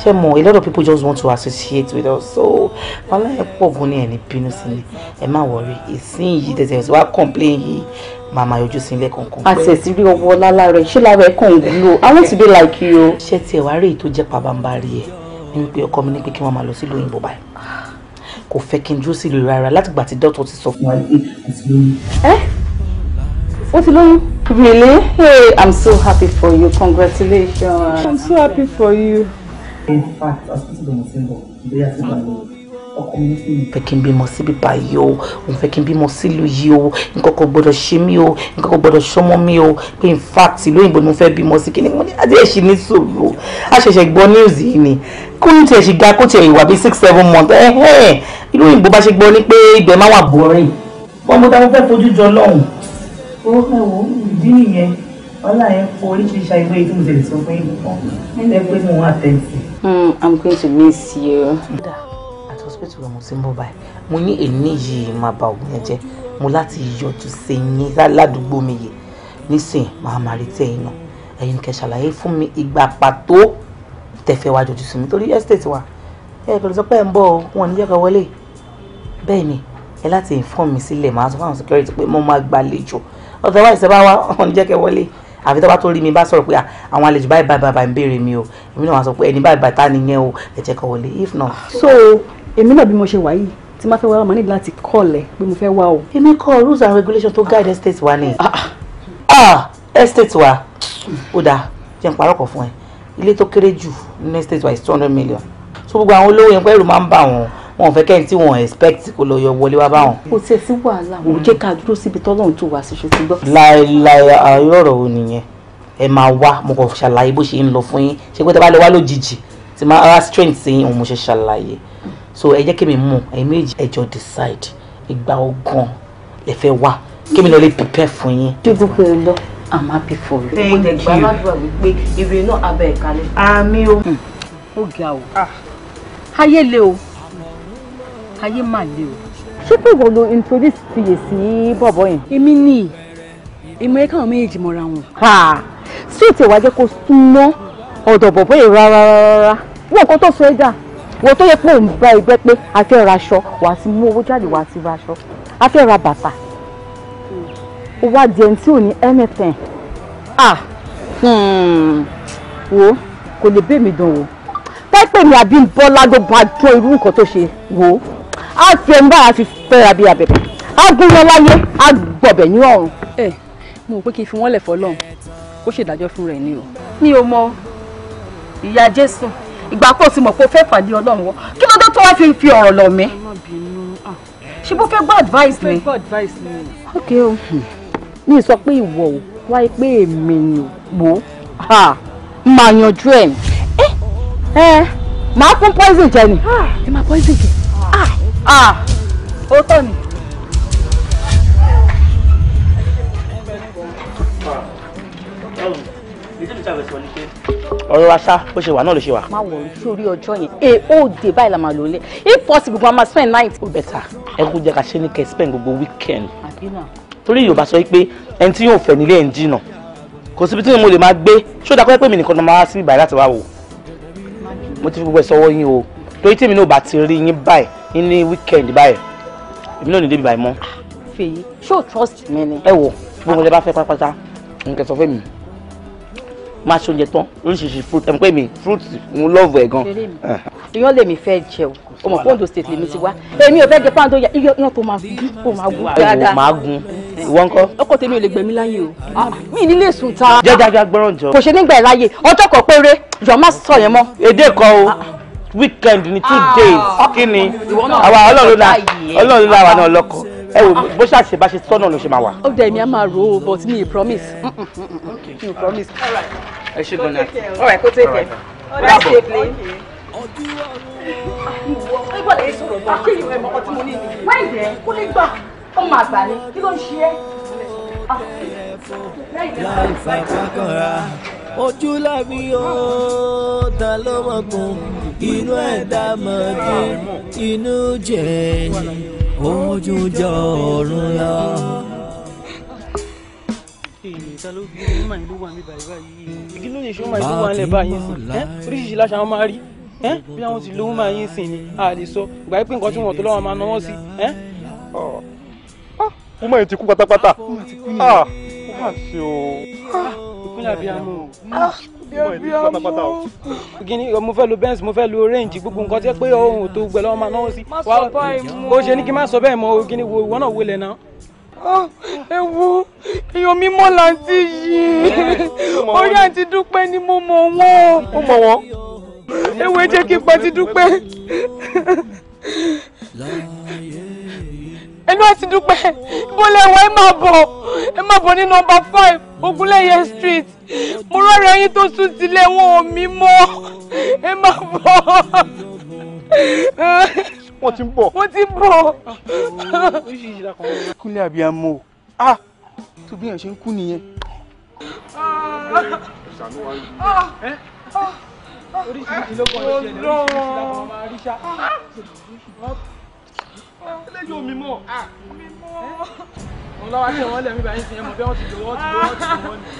F: ṣe mọ̀ a lot of people just want to associate with us so wàhálà ẹ̀ pọ̀ gan ni ẹ̀ ní sí ni ẹ má wọrí
B: ìsín yìí tẹ̀sẹ̀ wá complain yìí màmá yọjú sí ilé kankan. àtẹ̀sí
C: rí ọwọ́ lára rẹ̀ ṣé
B: lára ẹ̀ kàn ń wúlò i want to be like you. ṣé tiẹ̀ wá rí èyí tó jẹ́ pàbàmbarì ẹ̀ ní wípé ọkọ mi ní pé kí wọ́n máa lọ sílùú òyìnbó báyìí kò fẹ́ kí n dúró sí ìlú rárá látìgbà tí dọ́tọ̀ ti sọ fún wa
D: ẹ
B: ó ti lóyún. really hey i'm so happy for you congratulations. i'm so happy for you in fact hospital lòun ti ń bọ̀ bóyá ti bá mi ọkọ mi fún mi. fẹ́ kí n bímọ síbi báyìí o òun fẹ́ kí n bímọ sílùú yìí o nǹkan kan gbọ́dọ̀ ṣe mí o nǹkan kan gbọ́dọ̀ ṣọmọ mí o pé in fact ìlú òyìnbó ni mo fẹ́ bímọ sí kíni mo ní adé ẹ̀ṣì ní sòrò a ṣẹ̀ṣẹ̀ gbọ́ news yìí ni kó ní tiẹ̀ ṣì ga kó tiẹ̀ ìwà bíi six seven months ẹ̀hẹ́n ìlú òyìnbó bá ṣe gbọ́ ni pé ibẹ̀ máa wà bọ́ọ̀rìn bọ́n mo dáwọ́ fẹ́ fojú jọ
F: lọ́hùn-ún ọlá yẹn kó oríṣiríṣi àìgbé tí mo tẹ̀lé sọ fún yín ẹ pé mo wà tẹ̀sí. Hmm, i'm going to miss you. dá at hospital ọmọ
B: tí ń bọ̀ báyìí mo ní èmi yìí máa ba òun yẹn jẹ́ mo láti yọjú sí yín ládùúgbò mi yìí nísìnyí màá máa retí ẹ̀yin náà ẹ̀yin kẹ́ ṣàlàyé fún mi ìgbà pàtó tẹ̀fẹ́ wá jọjú sí mi torí estate wa ẹ kò sọ pé ẹ ń bọ̀ wọn ní jẹ́ka wọlé bẹ́ẹ̀ ni ẹ láti inform mi sílẹ̀ màá sọ fún àwọn security pé mo máa gbàlejò otherwise ẹ bá wá wọn ní jẹ́ka wọlé àfi tó bá tó rí mi bá sọ̀rọ̀ pé ah, àwọn àlejò báyìí báyìí báyìí ń béèrè mi o èmi náà wá sọ pé ẹni báyìí báyìí ta yẹn o ẹ jẹ́ wọlé if not.
C: so èmi náà bí mo ṣe wà yìí tí máa fẹ́ wá màá ní láti call ẹ pé mo fẹ́ wá
B: o. èmi kọ rules and regulations tó guide estate wa ni ah, ah. estate wa ó dáa jẹ́ n parọ́ kan fún ẹ ilé tó kéré jù ní estate wa is two hundred million so gbogbo àwọn olówó yẹn pẹ́ẹ́rù máa ń bà wọ́n wọn fẹ́ kẹ́ni tí wọn expect kó lọ yọ wọlé wá báwọn.
F: kò tiẹ̀ sí wàhálà wọn jẹ́ ká dúró síbi
B: tọ́lọ́run tó wà ṣoṣo ti gbọ́. láéláé ayọ̀rọ̀ wo nìyẹn ẹ máa wá mo kàn ṣàlàyé bó ṣe ń lọ fún yín ṣé pé tẹ́ bá lè wá lójijì tí máa ra strength sí òun ṣe ṣàlàyé so ẹ jẹ́ kí mi mú ẹ̀yin méjì ẹ jọ decide ìgbà ọgàn
F: lè fẹ́ wá kí mi lọ lè prepare fún yín. dúdú pé o lọ i'm happy for you. thank you.
C: mo ayé mà le o. ṣé pé ìwọ ló introduce tiyè sí bọ̀bọ̀ yẹn. èmi ni èmi ẹ káwọn méjèèjì mọ́ra wọn. street ìwà jẹ́ kó súnmọ́ ọ̀dọ̀ bọ̀bọ̀ yìí rárá wọ́n kó tó so é dà wọ́n tó yẹ pé òun bá ẹgbẹ́ pé a fẹ́ ra aṣọ wàá ti mú owó jáde wàá ti ra aṣọ a fẹ́ ra bàtà ó wá di ẹni tí ò ní anything ah wo kò lè bẹ́ẹ̀ mi o wò pẹ́pẹ́ mi àbí bọ́lá ló bá jọ irú nǹkan tó ṣe wò á tẹ ń bára fi fẹ́ra bí abẹ̀bẹ̀ á gún wọn láyé á gbọ̀bẹ̀ ní ọ̀run. ẹ eh, mo pé kí n fi wọn lẹ̀ fọlọ́run kó ṣèdájọ́ fún rẹ̀ ni o. mi ò mọ ìyá jésù ìgbà tó ti mọ̀ pé o fẹ́ pàdé ọlọ́run wọ kí ló dé tó wá fi fi ọ̀rọ̀ lọ̀ mí.
F: Ah. ṣé mo fẹ́ gba advice mi.
C: ok o mi sọ pé ìwọ o wáyé pé èmi ni wò ó máa yanjú ẹ̀ ẹ máa fún poison jẹ ni. Ah, ẹ máa poison jẹ ah ó tọ̀ ni.
B: ọ̀rọ̀ wa ṣá bó ṣe wà náà ló ṣe wà. má wọrí sórí ọjọ́ yẹn a eh,
C: ó dé báyìí la máa lò lé if possible gan ma spend night. ó bẹ̀tà
B: ẹ kú jẹ́ ká ṣe ní kẹ́ spend gbogbo weekend. torí yorùbá sọ pé ẹni tí yóò fẹ́ nílé ẹ̀ ń jìnà kò síbi tí mo lè máa gbé ṣó dákọ́ pé mi nìkan máa wá sí ìbàdàn láti wá wò mo ti fi gbogbo ẹ̀ sọ́wọ́ yín o torí tèmi náà bá ti rí yín báyìí ní weekend báyìí èmi náà ní débi báyìí mọ́. Ah,
F: fèyí ṣó trust
B: mi ni. ẹ wo gbogbo ẹ bá fẹ́ pátápátá nǹkan sọ fún mi máa ṣe oúnjẹ tán oríṣiríṣi fruit ẹ̀mí mi fruit mo love ẹ̀ gan.
F: iyán
C: lèmi fẹ́ jẹ o o mọ̀ Ondo state lèmi ti wá èmi ò fẹ́ jẹ pàǹdó yá iyán tó máa gún kó máa gún dáadáa. ẹ máa
B: gún ìwọ ńkọ́. ọkọ tèmi ò lè gbẹ̀mí láyé o ah, mi ní lè sùn ta. jẹ́jájá gbọ́rọ̀ jọ. kò ṣe nígbà ẹ̀ láyé ọjọ́ kan péré jọ má sọ yẹn mọ́. èdè kan o. Ah, weekend ni two ah. days kí ni àwa ọlọ́run náà ọlọ́run náà wà náà lọ́kọ̀ ẹ wò bó ṣàṣe bá ṣe sọ́nà ló ṣe máa wà. ó dẹ̀ mi á máa rò ó but mi promise mm, mm, mm, mi ì promise. ẹ ṣe gan náà all right kó tẹ̀ kẹ́ ó dá ṣe play.
C: nígbà lè sọ̀rọ̀ náà kí ìwé ọkọ tí mo ní ìdí wáyé kó lè gbà ó
A: máa gbà ní kí ló ń ṣe é. Ah. láì fà kankanra ojúlábí o ta ló mọ̀ kún inú ẹ̀dá mọ̀dí inú jẹ́ ojú jọ ọ̀run
B: lọ.
F: igi ló lè ṣe ó máa oríṣiríṣi láṣà wọn máa rí bí àwọn ti lówó
B: máa yín sìn ni a ìgbà yìí nǹkan tí wọn tó lọ́wọ́ máa náwó sí. ọmọ yìí ti kú pátápátá àti o ìpínlẹ̀ abiyamọ gini ah, mo fẹ́ lo benz mo fẹ́ lo range gbogbo nǹkan tí pé ohun tó gbẹ lọ́wọ́ máa náwó sí o ṣe ní kí n má sọ bẹ́ẹ̀ mọ́ gini wo ìwọ náà wo ilẹ̀ náà. Ah, ẹ wo èèyàn mímọ́ làǹtí yìí orí àǹtí dúpẹ́ ni mo mọ̀ wọ́n. ó mọ̀ wọ́n. ewé jẹ́ kí n pa ti dúpẹ́ ẹnu àti dúpẹ́
C: ìbọlẹ ẹwà ẹ máa bọ̀ ẹ máa bọ̀ ní nọ́mbà five ogunlẹyẹ street
B: mo rọrẹ yín tó sùn sílé wọn ò mí mọ́ ẹ máa bọ̀. wọ́n ti ń bọ̀. wọ́n ti ń bọ̀. kúnlẹ̀ abiyamọ a tó bí yàn ṣe ń kú nìyẹn. oríṣiríṣi ló kọ́ ọ́ ṣẹlẹ̀ oríṣiríṣi ló kọ́ ọ́ máa ríṣà eléyìí omi mọ́ omi mọ́ òun lọ́wọ́ tí wọ́n lẹ̀ mí báyìí sí ẹ bí wọ́n ti dòwọ́ ti dòwọ́ ti dòwọ́ ni. ni.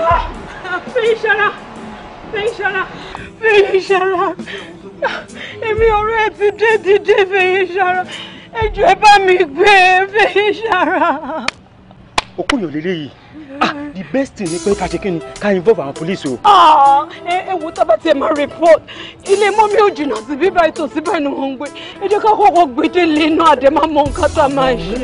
D: Ah. Fẹ́ ìṣẹ́ra. Fẹ́yìnṣọ́lá
E: Fẹ́yìnṣọ́lá
D: èmi ọ̀rọ̀ ẹ ti dé ti dé Fẹ́yìnṣọ́lá ẹjọ́ ẹ bá mi gbé e, Fẹ́yìnṣọ́lá.
B: òkú yàn lélẹ́ Ah, the best thing ni pé ká ṣe kí ni ká involve àwọn police o.
C: Ah, ẹ wo tábà tí ẹ máa report ilé mọ́mí ò jìnnà sí bíbá ètò síbẹ̀ ni wọ́n ń gbé ẹ jẹ́ ká kọ́kọ́ gbé délé náà àdé máa mọ nǹkan tá a máa ṣe.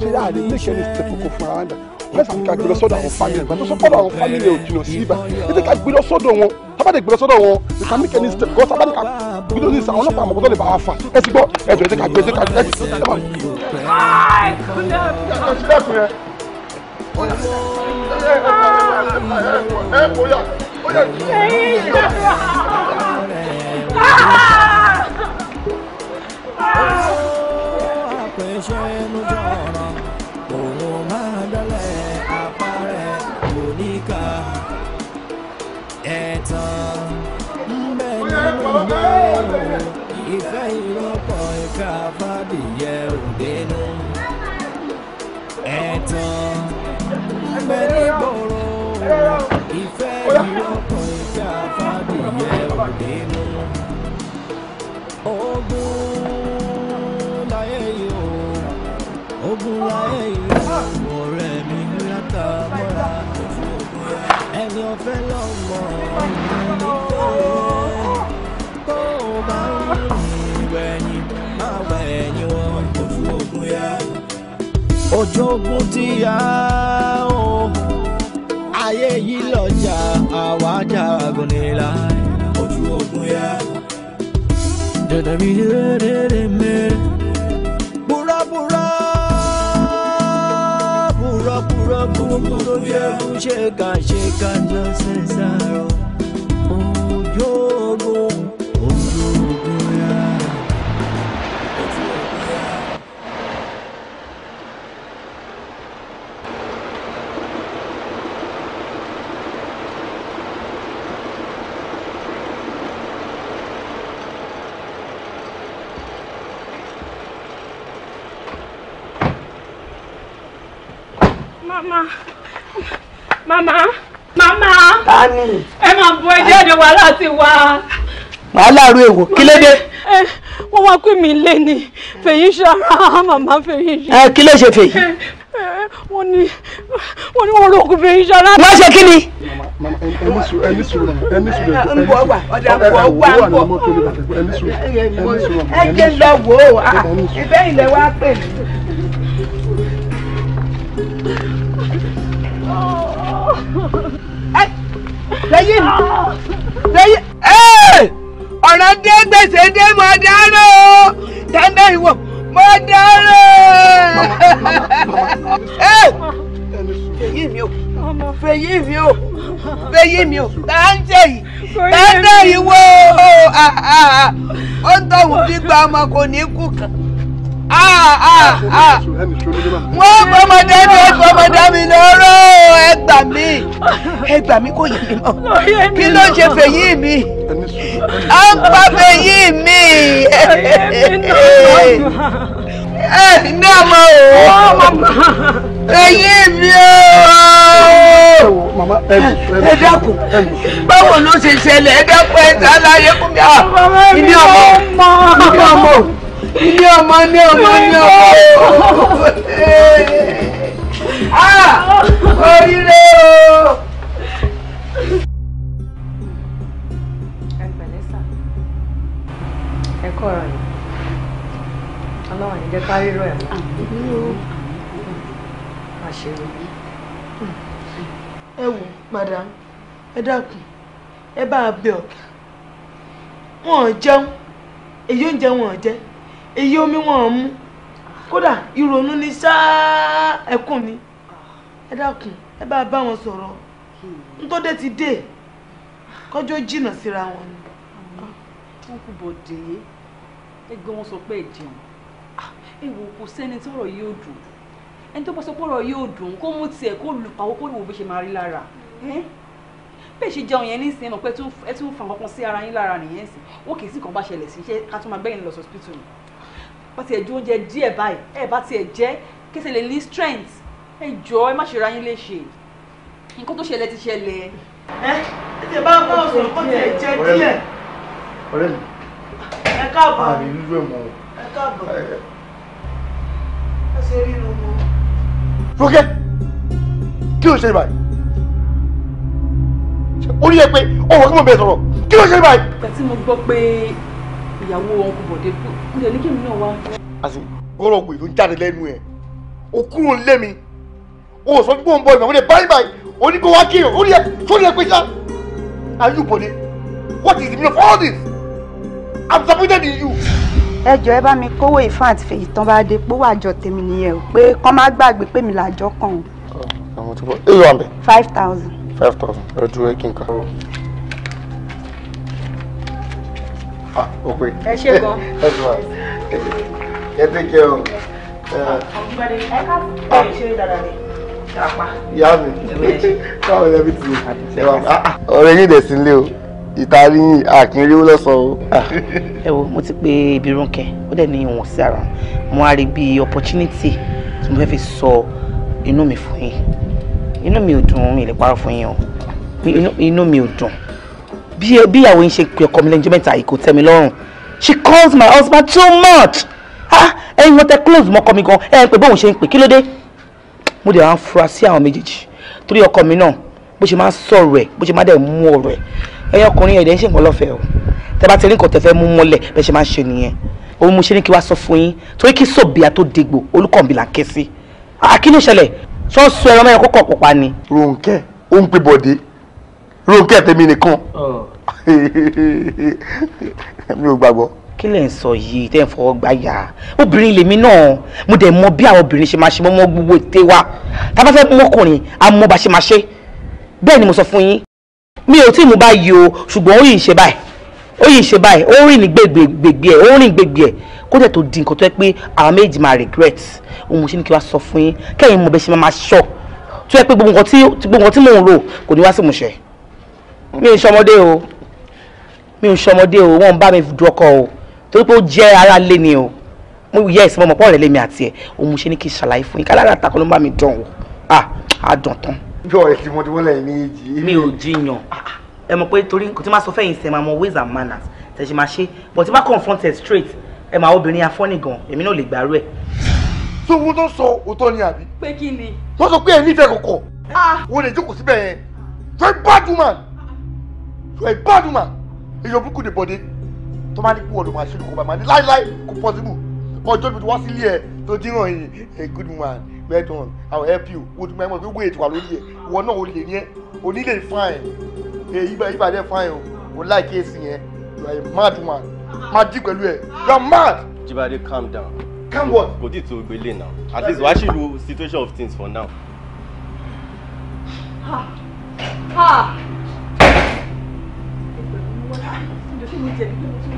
B: ṣé àdé lè ṣe ní tẹ̀kọ̀kọ̀ fún àwọn àdá mẹ́sàn-án ká gbé lọ sọ́dọ̀ àwọn family ìgbà tó sọ fọ́dọ̀ àwọn family ò jìnnà sí ibà ètò ká gbé lọ sọ́dọ̀ wọn tábàdé gbé lọ sọ́dọ̀ wọn we can make any step because tábàdé ká gbé lọ sí àwọn ọlọ́pàá àmọ́ tó lè bá wa fà ẹ ti gbọ́ ẹ jọ ètò ká gbé ètò ká gbé ètò ká gbé.
D: Ah!
A: ká fàdìyẹ òdenu ẹ̀tàn ńbẹ nígboro ìfẹ́ ìlọ́kọ̀ ìjà fàdìyẹ òdenu ogun láyé yìí o ogun láyé yìí o ọ̀rẹ́ mi ń látà mọ́ra ẹni ọ̀fẹ́ lọ́mọ. jogún tìyà o ayé yìí lọ́jà àwa jagun nílá ojú ogun yá. dèdè mi dèdè dèdè mẹ́rin. pura puro pura sheka sheka no sensaro oh yo
D: Mama.
C: Mama. Mama. Tani. Ẹ máa bu ẹjẹ́ ẹ̀dẹ̀ wá láti wá. Màá láàárọ̀ èwo. Kí ló dé? Wọ́n wá pè mí lé ni. Fèyí ṣara màmá Fèyí ṣe. Ẹ kí ló ṣe Fèyí? Wọ́n ní
B: wọ́n ní wọ́n rògùn Fèyí ṣara. Má ṣe kí ni? Ẹni sùn ẹni sùn ẹni sùn ẹni sùn. Nbọ̀ wà ọ̀dà nbọ̀ wà nbọ̀. Ẹni sùn ẹni sùn ẹni sùn. Ẹ jẹ́ lọ wò ó. Ìbẹ́ ilẹ̀ wá pè mí. Ṣèyí Ṣèyí ọ̀rọ̀ dé gbèsè dé mo dárò tẹ́lẹ̀ ìwọ mo dárò.
C: Fèyí mi o fèyí mi o fèyí mi o ń jẹ yìí tá ń dẹ̀ yìí
B: tọ̀hún gbígbà ọmọ kò ní kú kan wọ́n gbọ́mọdé mi gbọ́mọdé mi lọ́rọ́ ẹ gbà mí ẹ gbà mí kò yé mi mọ́ kí ló ń ṣe fèyí
C: mi
D: à ń pa fèyí mi ẹ ní ọmọ
B: o èyí mi o ẹ dákun báwo ló ṣe ṣẹlẹ̀ ẹ dákun ẹ ta láyé kúmi à ìní ọmọ ọmọ ilé ọmọ ní ọmọ ní ọmọ
D: ah! oríire o.
F: ẹ̀kọ́ ọ̀rọ̀ yìí ọlọ́run ní jẹ́ ká rírọ ẹ̀ má ṣe rò yìí.
B: ẹ wò madam ẹ dákun ẹ bá a bẹ ọ̀gá wọn ò jẹun èyí oúnjẹ wọn ò jẹ èyí omi wọn mú kódà ìrònú ni ṣáá ẹkùn ni ẹ dákun ẹ bá bá wọn sọ̀rọ̀ ntọ́dẹ ti dé kọjọ́ jìnnà síra wọn ni. wọn kò bọ̀ dé ẹgbẹ́ wọn sọ pé ẹ jẹun
C: èwo ah, kò sẹ́ni tọ́rọ̀ yóò dùn ẹni tó bá sọ pọ̀rọ̀ yóò dùn kó mú tiẹ̀ kó lù pàwọ́ kó wò bó ṣe máa rí lára bẹ́ẹ̀ ṣe jẹun yẹn nísìnyẹn mọ̀ pé ẹ tún fa nǹkan sí ara yín lára nìyẹn sìn wọ́n kì í sí nǹkan bá ṣẹlẹ̀ sí iṣẹ́ ká tún máa gbẹ́yìn lọ sọ́sìpítù ni wọ́n ti ẹ̀ ju oúnjẹ díẹ̀ báyìí ẹ̀ bá ti ẹ̀ jẹ́ kése lè ní strength ẹ jọ ẹ má ṣe ra yín léṣe nǹkan tó ṣẹlẹ̀ ti ṣẹlẹ̀. ẹ ẹ tẹ bá bá ọsàn kó tẹ jẹ
B: díẹ̀. ọ̀rẹ́ mi
D: ẹ
C: káàbọ̀ àrí
B: nílùú ẹ̀ mọ́ ẹ káàbọ̀ ẹ
D: ṣe rí inú mọ́.
B: fúnkẹ́ kí ló ṣe báyìí orí ẹ pé ọwọ́ kí mo bẹ̀ sọ̀rọ̀ kí ló ṣe báyìí. ìgbà tí mo gbọ́ pé ìyàwó ọkọ bọ̀dé kú lè ní kí èmi náà wá. àti gbọ́dọ̀ gbè ló ń jáde lẹ́nu ẹ̀ o kúrò ń lé mi o sọ fún gbọ́n bọ́ ìgbà wọlé báyìí báyìí o ní kó wá kí o rí sórí ẹ pé sá are you bọ̀dé what is the meaning of all this i'm disappointed in you.
C: ẹ jọ ẹ bá mi kówó ìfún àti fèyí tán bá dé pówó àjọ tèmi nìyẹn o pé kán má gbàgbé pé mi làjọ kàn o.
B: àwọn tó bọ èyí wà ń
C: five thousand.
B: five thousand ẹ dúró kí n kà. ó ah, pé. ẹ ṣe gan. ẹ ṣe gan ẹ tẹ kí ọ. ọ̀gbẹ́ni ẹ ká ah. ẹ ṣe dáadáa ni ìyá mi káwọn ẹ̀rọ mi ti ṣe wà. Ah, ọ̀rẹ́ yìí dẹ̀ sílé o ìtarí ó lọ́sàn o. ẹ wo mo ti pe ibi Rónkẹ́ ó dẹ̀ ní ìwọ̀n sí ara mo á rí bíi opportunity tí mo fẹ́ fi sọ inú mi fún yín inú mi ò dùn mi lè parọ́ fún yín o inú mi ò dùn bí ìyàwó yín ṣe pè ọkọ mi lẹ́yìn mẹ́ta yìí kò tẹ́ mi lọ́rùn she calls my husband too much ah ẹ̀yin wọn tẹ close mọ́kọ mi gan ẹ̀ ń pè bóun ṣe ń pè kí ló dé mo dẹ̀ wá ń fura sí àwọn méjèèjì torí ọkọ mi náà bó ṣe máa ń sọ̀rọ̀ ẹ̀ bó ṣe máa dẹ̀ mú ọ̀rọ̀ ẹ̀ ẹ̀yin ọkùnrin ẹ̀dẹ̀ ń ṣe nǹkan lọ́fẹ̀ẹ́ o tẹ bá ti rí nǹkan tẹ fẹ́ mú mọ́lẹ̀ bẹ́ẹ̀ ṣe máa ń ṣe nìyẹn òun mo ṣe ní kí wá sọ fún yín torí kí sòbíà tó dégbò olùkọ́ǹbí là ń ké sí àkínú ah, ìṣẹ̀lẹ̀ sọ́ọ̀sù ẹ̀rọ mẹ́rin kókò pọ̀pá ni. Rónkẹ́ ó ń pè bọ̀dé Rónkẹ́ tèmi nìkan mi ò gbàgbọ́. kí lè ń sọ yìí tẹ́ ń fọwọ́ gbá yà obìnrin lèmi náà mo dẹ̀ mọ bí àwọn obìnrin ṣe máa ṣe mọ́ gbogbo ète wa tá a bá fẹ́ mọ́kùnrin a mọ bá ṣe máa ṣe bẹ́ẹ̀ ni mo sọ fún yín mi ò tí ì mú báyìí o ṣùgbọ́n ó yìí ń ṣe báyìí ó yìí ń ṣe báyìí ó rìn ní gbègbè ó rìn gbègbè ẹ̀ kó dẹ̀ tó di nǹkan tó yẹ pé àwọn méjì máa regret òun mo ṣe ní kí wá sọ fún yín kẹ́yìn mo bẹ ṣe máa ṣọ tó yẹ pé gbogbo nǹkan tí mò ń rò kò ní wá sí mo ṣe mi ò ṣọmọdé o mi ò ṣọmọdé o wọ́n ń bá mi du ọkọ o torí pé ó jẹ́ ara lé ni o mo yẹ ìsìn ọmọpọ̀ rẹ̀ lémi àti ẹ̀ òun mo ṣe ní kí n ṣàlàyé fún yín kálára àtàkùn ló ń bá mi dán o à ah, á dán tán. yọ ẹ ti mọ tí wọn lẹ́yìn mi ò jiyàn ẹ mọ̀ pé torí kò tí máa sọ fẹ́yìn sẹ́ máa mọ ways and manners tẹ̀sí máa ṣe but tí máa confront ẹ straight ẹ máa obìnrin afọ́nì gan èmi náà lè gbàrú ẹ̀. so wọn tó sọ òótọ́ ni àbí. pé kí ni. wọ́n sọ pé ẹ nífẹ̀ẹ́ kọ̀kọ̀. Ah. wọ́n lè jókòó síbẹ̀ yẹn very bad woman you are a bad woman èyàn burúkú ni bọ̀dé tó máa ní kú ọ̀dọ̀ máa ṣe olùkọ́ bàmá Lie, lie, kò possible ọjọ́ ibi tó wá sílé ẹ̀ tó díràn yìí a good man Wait on. i will help you wo my mother pé wéètì wà lórí ẹ̀ ìwọ náà o lè ní ẹ́ onílé fine èyí ìbàdàn fine o o láì
E: kéèsì yẹn you are a mad woman máa dí pẹ̀lú ẹ̀ you are mad. Jibade calm down. calm what. kò tí ì tó now at least wàá ṣì lu situation of things for now.
B: ha ha. kí ni jẹ̀bi pé mo tún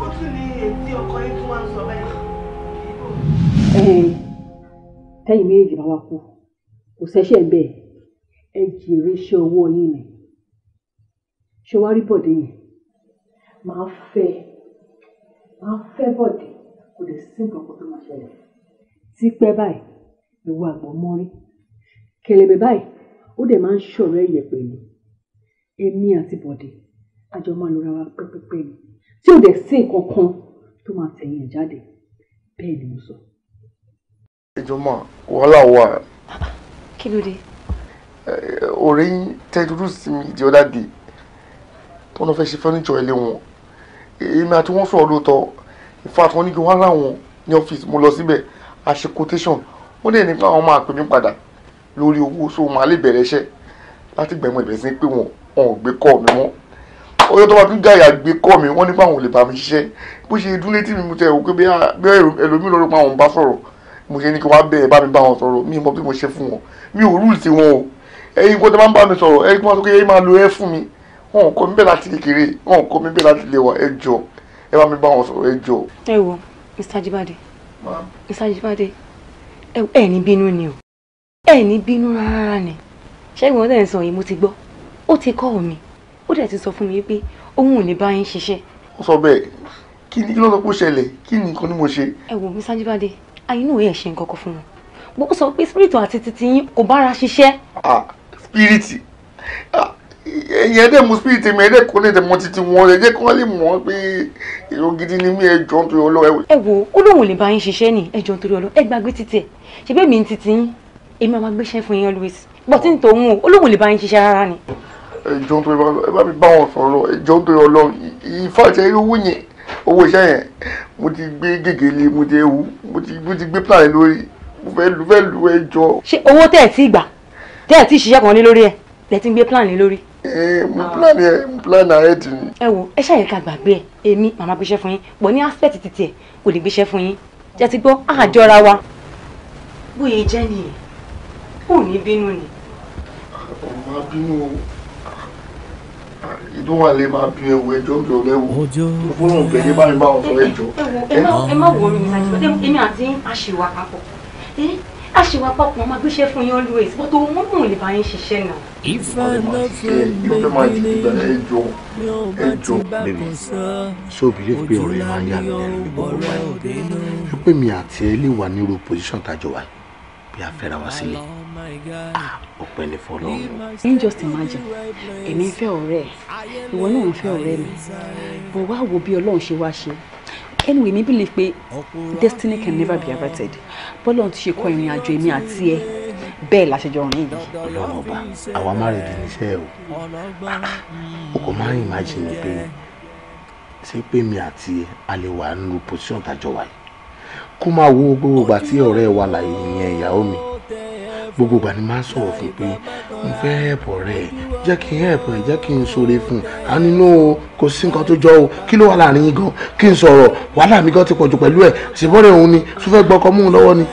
B: wá kí ni ẹni tí ìyàwó tún ní etí ọkọ
C: yín tún wá ń sọ báyìí. tẹ́yìn méjèèjì bá wa kú kò ṣẹ́ṣẹ́ bẹ́ẹ̀ ẹ jèrè iṣẹ́ ọwọ́ yín ni ṣé wàá rí bọ̀dé yẹn máa fẹ́ máa fẹ́ bọ̀dé kò lè sí nǹkan kan tó máa ṣẹlẹ̀ tí pẹ́ báyìí ìwọ àgbọ̀ mọ́rí kẹlẹ̀bẹ̀ báyìí ó dẹ̀ máa ń ṣọ̀rọ̀ ẹ̀yẹ̀ pẹ̀lú èmi àti bọ̀dé àjọ máa lọ́ra wa pẹ́pẹ́pẹ́ ni tí ò dẹ̀ sí nǹkan kan tó máa tẹ̀yìn ẹ̀ jáde
F: bẹ́ẹ̀
B: ni mo sọ. ìjọba wàhálà wà. kí ló dé. ọ̀rẹ́ yín tẹ́ dúdú sí mi di ọ̀dà dé tọ́nà fẹ́ ṣe fẹ́nìjọ ilé wọn èmi àti wọ́n sọ̀rọ̀ lóòótọ́ ìfàtí wọn ní kí wọ́n rà wọn ní ọ́fíìsì mo lọ síbẹ̀ a ṣe quotation wọ́n dẹ̀ ní pé àwọn máa pè mí padà lórí owó so màá lè bẹ̀rẹ̀ iṣẹ́ láti gbẹ̀mọ̀ ìbẹ̀sí pé wọn ò gbé kọ́ mi mọ́ ọjọ́ tó bá tún gàyà gbé kọ́ mi wọ́n ní báwọn ò lè bá mi ṣiṣẹ́ bó ṣe dúlé tí mi mo tẹ̀ wò pé bí ẹlòmíì lọ́rọ̀ pa àwọn bá sọ̀rọ̀ mo ṣe ní kí wọ́n á bẹ̀rẹ̀ bá mi bá wọn sọ̀rọ̀ mi mọ bí mo ṣe fún wọn mi ò rúùlù tiwọn o ẹyin kó tẹ bá ń bá mi sọ̀rọ̀ ẹyin kó máa sọ pé ẹyin máa lo ẹ fún mi wọn kọ́ mi bẹ́ẹ̀ láti kékeré wọn kọ́ mi bẹ́ẹ̀ láti lè ẹ jọ ẹ bá mi bá wọn sọ̀rọ̀ ẹ jọ.
F: ẹ wo Mr. Jibade Mr. Jibade ẹ ní bínú ni o ẹ ní bínú rárá ni ṣẹ́gun ọ̀dẹ̀ ń sọ yìí mo ti gbọ́ ó ti kọ́ mi ó dẹ̀ ti sọ fún mi pé òun ò ní bá yín ṣiṣẹ́.
B: ó sọ bẹ́ẹ̀ kí ni ló sọ pé ó ṣẹlẹ̀ kí ni nǹkan ni mo ṣe.
F: ẹ wò mí sájúbádé ayé náà yẹ ṣe nǹkan kan fún wọn bó sọ pé spirit àti titi yín kò bára ṣiṣẹ́.
B: ah spirit ah ẹ̀yin ẹ̀dẹ̀ mú spirit mi ẹ̀dẹ̀ kò lè tẹ̀ mọ́ titi wọn ẹ̀dẹ̀ kò lè mọ̀ pé èrò gidi ni mí ẹjọ́ nítorí ọlọ́wọ́.
F: ẹ wo ó lóun ò lè bá yín ṣiṣẹ́ ni ẹjọ́ nítorí ọlọ́wọ́ ẹ gbàgbé títì ẹ̀ ṣe bẹ́ẹ̀ mi ń titi yín èmi máa gbéṣẹ́ fún yín always bọ́tí ní tòun o ó lóun ò lè bá yín ṣiṣẹ́ rárá ni ẹjọ́ tó ẹ bá mi bá wọn sọ̀rọ̀
B: ẹjọ́ tó yọ lọ ìfà tẹ irúwú yẹn owó iṣẹ́ yẹn mo ti gbé gègéle mo ti ewu mo ti gbé plan lórí mo fẹ́ lu fẹ́ lu ẹjọ́. ṣé owó tẹ̀ tí gbà tẹ̀ tí
F: ṣiṣẹ́ kan lé lórí ẹ̀ lẹ ti ń gbé plan lé lórí.
B: ẹ eh, mo plan ẹ mo plan
F: ahead ni. ẹ wo ẹ ṣàyẹ ká gbàgbé ẹ èmi màmá gbéṣẹ́ fún yín bọ̀ ní aspect títí ẹ kò lè gbéṣẹ́ fún yín jẹ́ ti gbọ́ àjọra wa. bóyá jẹ́ nìyẹn kò ní bínú ni. ọmọ bínú o tó wà
B: lè máa bí ẹwọ ẹjọ bí ọlẹwọ mo fún òun bẹ́ẹ̀ bá mi bá wọn sọ ẹjọ. ẹ má wọrí mi
F: láti ṣe èmi àti àṣìwà papọ̀ àṣìwà papọ̀ máa gbéṣẹ́ fún yín always bó tó wọ́n mú lè bá yín ṣiṣẹ́ náà.
B: ìfẹ́ máa ṣe ìfẹ́ máa ti gbà ẹjọ
F: ẹjọ. bèbè
B: ṣé obìnrin pé ọ̀rọ̀ máa ń yà lẹ́nu gbogbo wa ẹ pé mi àti ẹ lè wà ní irú pòsíṣàn tájọ wa yà fẹ́ra wa sílẹ̀ ọpẹ́ ní fọlọ́run. ẹn just imagine èmi ń fẹ́ ọ̀rẹ́ ẹ̀ ìwọ náà
C: ń fẹ́ ọ̀rẹ́ mi mo wá wo bí ọlọ́run ṣe wá ṣe anyway mi believe pé destiny can never be averted bọ́lọ́run ti ṣe kọ ìrìn àjò èmi àti ẹ bẹ́ẹ̀ la ṣe jọ
B: rìn yìí. ọlọ́run ọba àwa má rìn dín iṣẹ́ o o kò má rìn imagine pé ṣé pé mi àti ẹ a lè wà nínú position tàjọ wáyé kó máa wo gbogbo ìgbà tí ọ̀rẹ́ wa làyè yẹn ìyàwó mi gbogbo ìgbà ni máa ń sọ̀rọ̀ fún pé mo fẹ́ help ọ̀rẹ́ jẹ́ kí n help ẹ̀ jẹ́ kí n ṣoore fún un a nínú o kò sí nǹkan tó jọ o kí ló wà láàrin yín gan kí n sọ̀rọ̀ wàhálà mi gan ti pọ̀jù pẹ̀lú ẹ̀ ṣèbọ̀rẹ̀ òun ni tó fẹ́ gbọ́kọ mú un lọ́wọ́ ni.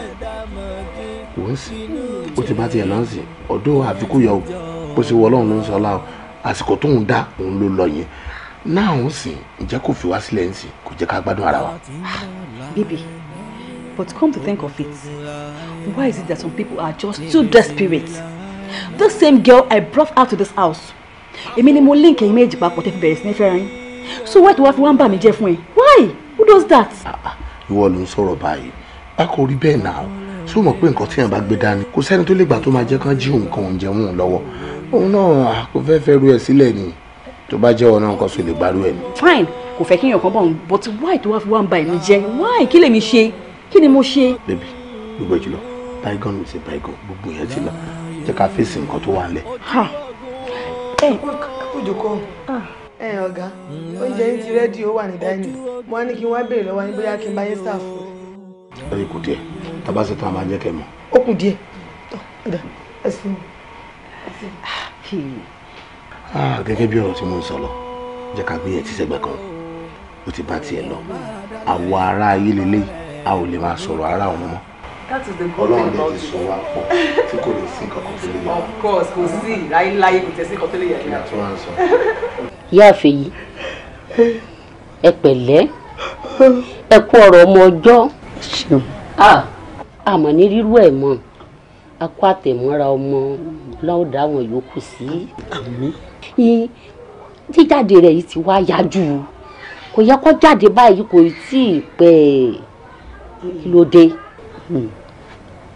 B: kò ń sìn ó ti bá tiẹ̀ lọ́n sìn ọ̀dọ́ àfikúyọ̀ o bó ṣe wọ ló ń sọ ọ́lá àsìkò tóun dá òun ló lọ yẹn náà ń sìn ìjẹ́ kò fi wá sílẹ̀ ń
C: But come to think of it, why is it that some people are just too desperate? This same girl I brought out to this house. Èmi ni mo link ẹ̀yin méjì papọ̀ tẹ́ fi bẹ̀rẹ̀ sí So why do I have wá ń me Jeff jẹ́ Why? Who does that? You ah, ah,
B: ló ń sorrow báyìí. I could rí now. So Ṣé o mọ̀ pé nǹkan tí èèyàn bá gbé dání? Kò sẹ́ni tó lè gbà tó máa jẹ́ kán jí òun kan òun jẹun òun lọ́wọ́. Òun náà kò fẹ́ fẹ́ ru ẹ̀ sílẹ̀ ni. Tó bá jẹ́ ọ̀nà nǹkan so lè gbárù ẹ̀ Fine, kò fẹ́ kí èèyàn kan but why do I have wá ń me mí jẹ́? Why? Kill lèmi
C: ṣe? kí ni mo ṣe.
B: bébì gbogbo ẹ jùlọ bygone with a bygone gbogbo yẹn ti lọ jẹ ká fèsì nǹkan tó wà ń lẹ. ẹ eh. kújò kọ ah. ẹ ọ̀gá oúnjẹ yìí ti rẹ́dí ó wà ní dáìnì mo á ní kí n wá béèrè lọ́wọ́ yín bóyá kí n bá yín sáàfù. lórí kù díẹ̀ tábà ṣe tán a máa jẹ́ kẹ́ mọ̀. ó kù díẹ̀
C: ẹ
D: sùn.
B: Ah, gẹ́gẹ́ bí ọ̀rọ̀ tí mo ń sọ lọ jẹ́ ká gbé yẹn ti sẹ́gbẹ̀ẹ́ kan ó ti bá tiẹ̀ lọ àwa ará ayé lélẹ́yìí a ò lè máa sọ̀rọ̀ ara òun mọ́ ọlọ́run lè ti sọ wá pọ̀ tí kò lè sí nǹkan kan tó lè yà of course kò sí láyéláyé kò tẹ̀ sí nǹkan tó lè yà wá. ìyá tó máa ń sọ. ìyá àfẹ́yí ẹ pẹ̀lẹ́ ẹ kú ọ̀rọ̀ ọmọ ọjọ́ àmọ́ ní rírú ẹ̀ mọ́ a kó àtẹ̀mọ́ra ọmọ láwùdá yòókù sí. jíjáde rẹ̀ yìí ti wá yájú kò yẹ kó jáde báyìí kò tí ì pẹ́ ẹ̀ kí ló dé hmm.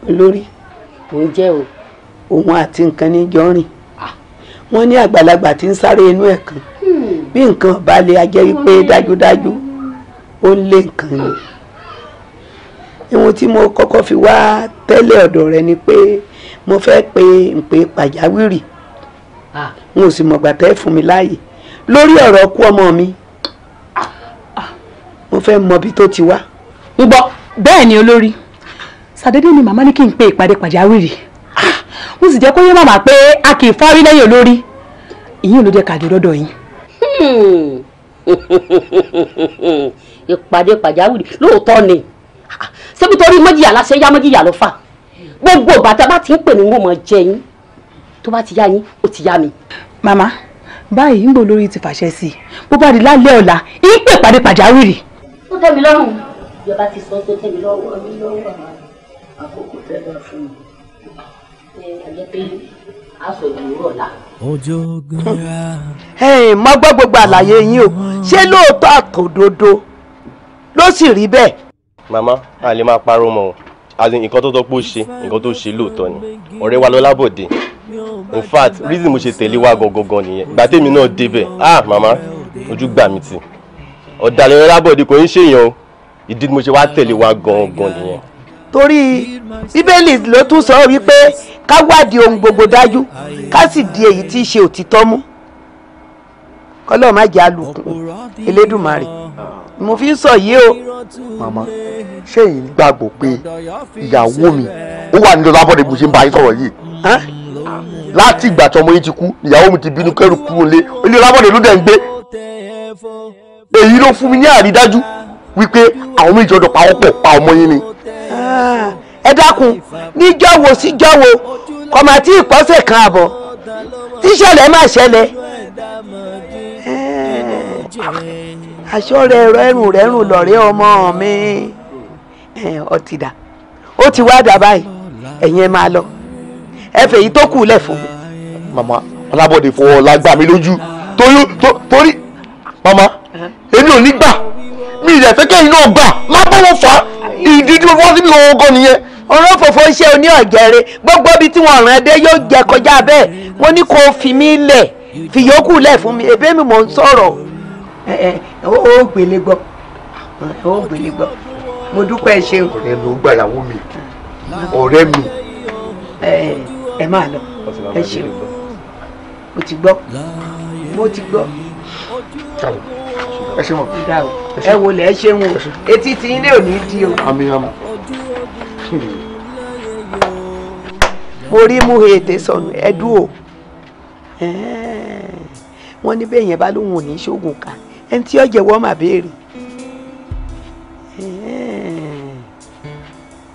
B: olórí ò jẹ́ o òun àti nǹkan ní jọ rìn wọ́n ní àgbàlagbà tí ń sáré inú ẹ̀ kan bí nǹkan bá lè ajẹ́ wípé dájúdájú ó ń lé nǹkan ni ohun tí mo kọ́kọ́ fi wá tẹ́lẹ̀ ọ̀dọ̀ rẹ ni pé mo fẹ́ pe ìpè pàjáwìrì n ò sì mọ̀gbà tẹ́ fún mi láàyè lórí ọ̀rọ̀ ọkú ọmọ mi mo fẹ́ mọ bí tó ti wá. gbígbọ́ bẹ́ẹ̀ ni olórí sàdédé ni màmá ní kí n pe ìpàdé pàjáwìrì ah, mo
C: sì jẹ́ kó yé màmá pé a kì í fárí lẹ́yìn olórí ìyín ló jẹ́ kàdé lọ́dọ̀ yín.
B: Hmm. ìpàdé pàjáwìrì lóòótọ́ ni
F: ah, ṣébí torí mọ́jìyà láṣẹ yá mọ́jìyà ló fà gbogbo ìgbà tá a bá ti ń pè ní wọn mọ̀ jẹ yín tó bá ti yá yín ó ti yá mi. màmá
C: báyìí ń gbò lórí ti fàṣẹ sí i bó bá di lálẹ́ ọ̀la ń pè ìpàdé pàjáwìrì. ó tẹ́ mi
D: lọ́rùn ìjọba ti sọ
C: pé
B: tẹ̀mí lọ́wọ́ mi lọ́wọ́ àkókò tẹ́lẹ̀ fún mi. mo gbọ́ gbogbo àlàyé yín o ṣé lóòótọ́ àtòdodo ló sì rí bẹ́ẹ̀.
E: màmá a lè máa parọ́ mọ́ o àti nǹkan tó tọ́pọ̀ ṣe nǹkan tó ṣe lóòótọ́ ni ọ̀rẹ́ wa lọ́lábọ̀dé in fact reason mo ṣe tẹ̀lé wa gangan nìyẹn ìgbà tèmi náà débẹ̀ ah màmá ojú gbà mí tì ọ̀dàlẹ̀ lọ́lábọ̀dé kò ń ṣèyàn o ìdí ni mo ṣe wá tẹ̀lé wa gangan nìyẹn.
B: torí bíbélì ló tún sọ wípé ká wádìí ohun gbogbo dájú ká sì di èyí tí í ṣe òtítọ́ mú kọ́lọ́ má jẹ́ alùpùpù elédùnmarè mo fi ń sọ yìí o. màmá ṣé èyí gbàgbọ́ pé ìyàwó mi ó wà nílò lábọ́dé bó ṣe ń bá yín sọ̀rọ̀ yìí láti ìgbà tí ọmọ yín ti kú ìyàwó mi ti bínú kẹ́rù kúrò lé ilé lábọ́dé ló dẹ̀ ń gbé èyí ló fún mi ní àrídájú wípé àwọn méjì ọdọ pawọ́pọ̀ pa ọmọ yín ni. ẹ dákun níjọ́ wo síjọ́ wo kọ̀mà tí ìpọ́sẹ̀ kan àbọ̀ tíṣẹ̀lẹ̀ máa ṣẹlẹ̀. aṣọ rẹ rẹrùn rẹrùn lọ̀rẹ́ ọmọ mi ọtí dà ó ti wá dà báyìí ẹ̀yin ẹ máa lọ ẹ fèyí tó kù lẹ̀ fún mi. màmá alábọ̀dé fọwọ́ la gbà mí lójú torí màmá èmi ò ní gbà mi ìrẹ̀ fẹ́ kẹ́yìn náà gbà má bá fà á ìdí tí mo fọ́ síbi gan nìyẹn. ọ̀rọ̀ fòfò iṣẹ́ oní ọ̀jẹ̀rẹ̀ gbogbo ibi tí wọ́n rán ẹdẹ yóò jẹ kọjá bẹ́ẹ̀ wọ́n ní kó fi mí lẹ̀ fi yòókù lẹ̀ fún mi èbí mi mò ń sọ̀rọ̀. ẹ ẹ ó gbélé gbọ́ ó gbélé gbọ́ mo dúpẹ́ ṣeun. ọ̀rẹ́ ló gbàyàwó mi ọ̀rẹ́ mi. ẹ máa lọ ẹ ṣeun mo ti gbọ́ mo ti gbọ́ ẹ ṣe mọ ẹ wò lẹ ṣe ń wò etí ti ilé ò ní di o. àmì àmì. mo rí mú ètè sọnù ẹdú o wọ́n ní bẹ́ẹ̀ yẹn bá lóun ò ní ṣoògùn ká ẹni tí ó jẹ́wọ́ mà béèrè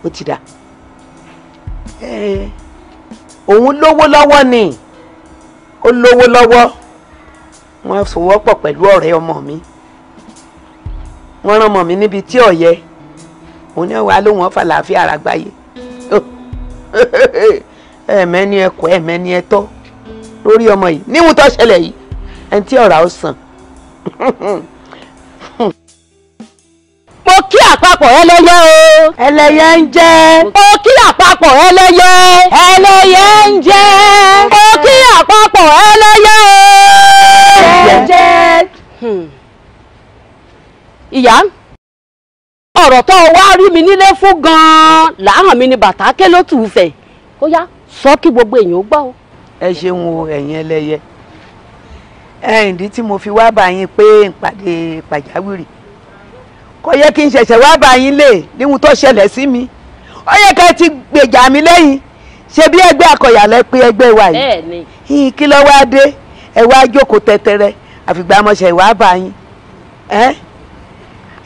B: ó ti dà òun lówó lọ́wọ́ ni ó lówó lọ́wọ́ wọ́n fowọ́pọ̀ pẹ̀lú ọ̀rẹ́ ọmọ mi wọ́n rán mọ̀ mí níbi tí ò yẹ òun ní wàá lóun ọ̀fà làáfíà ara gbáyé ẹ̀mẹ́ni ẹ̀kọ́ ẹ̀mẹ́ni ẹ̀tọ́ lórí ọmọ yìí níwùú tó ṣẹlẹ̀ yìí ẹni tí ọ̀rá ó sàn.
C: mo kí àpapọ̀ ẹlẹ́yẹ o. ẹlẹ́yẹ ń jẹ́. mo kí àpapọ̀ ẹlẹ́yẹ. ẹlẹ́yẹ ń jẹ́. mo kí àpapọ̀ ẹlẹ́yẹ o. jẹ́ jẹ́. Hmm ìyá ọ̀rọ̀ tó wá rí mi
B: nílé fún gan-an làáhàn mi ni bàtà ké ló tù ú fẹ̀ ó yá sọ kí gbogbo èèyàn ó gbọ́ o. ẹ ṣeun o ẹ̀yin ẹlẹ́yẹ ẹ̀yìn ìdí tí mo fi wá bá yín pé ìpàdé pàjáwìrì kò yẹ kí n ṣẹ̀ṣẹ̀ wá bá yín lè níhun
C: tó ṣẹlẹ̀ sí mi ó yẹ ká ti gbèjà mi lẹ́yìn ṣe bí ẹgbẹ́ akọ̀yà lẹ pé ẹgbẹ́ wa yìí yìí kí ló wá dé ẹ wá jókòó tẹtẹrẹ àfìgbà mọ̀ṣẹ̀
B: wá bá yín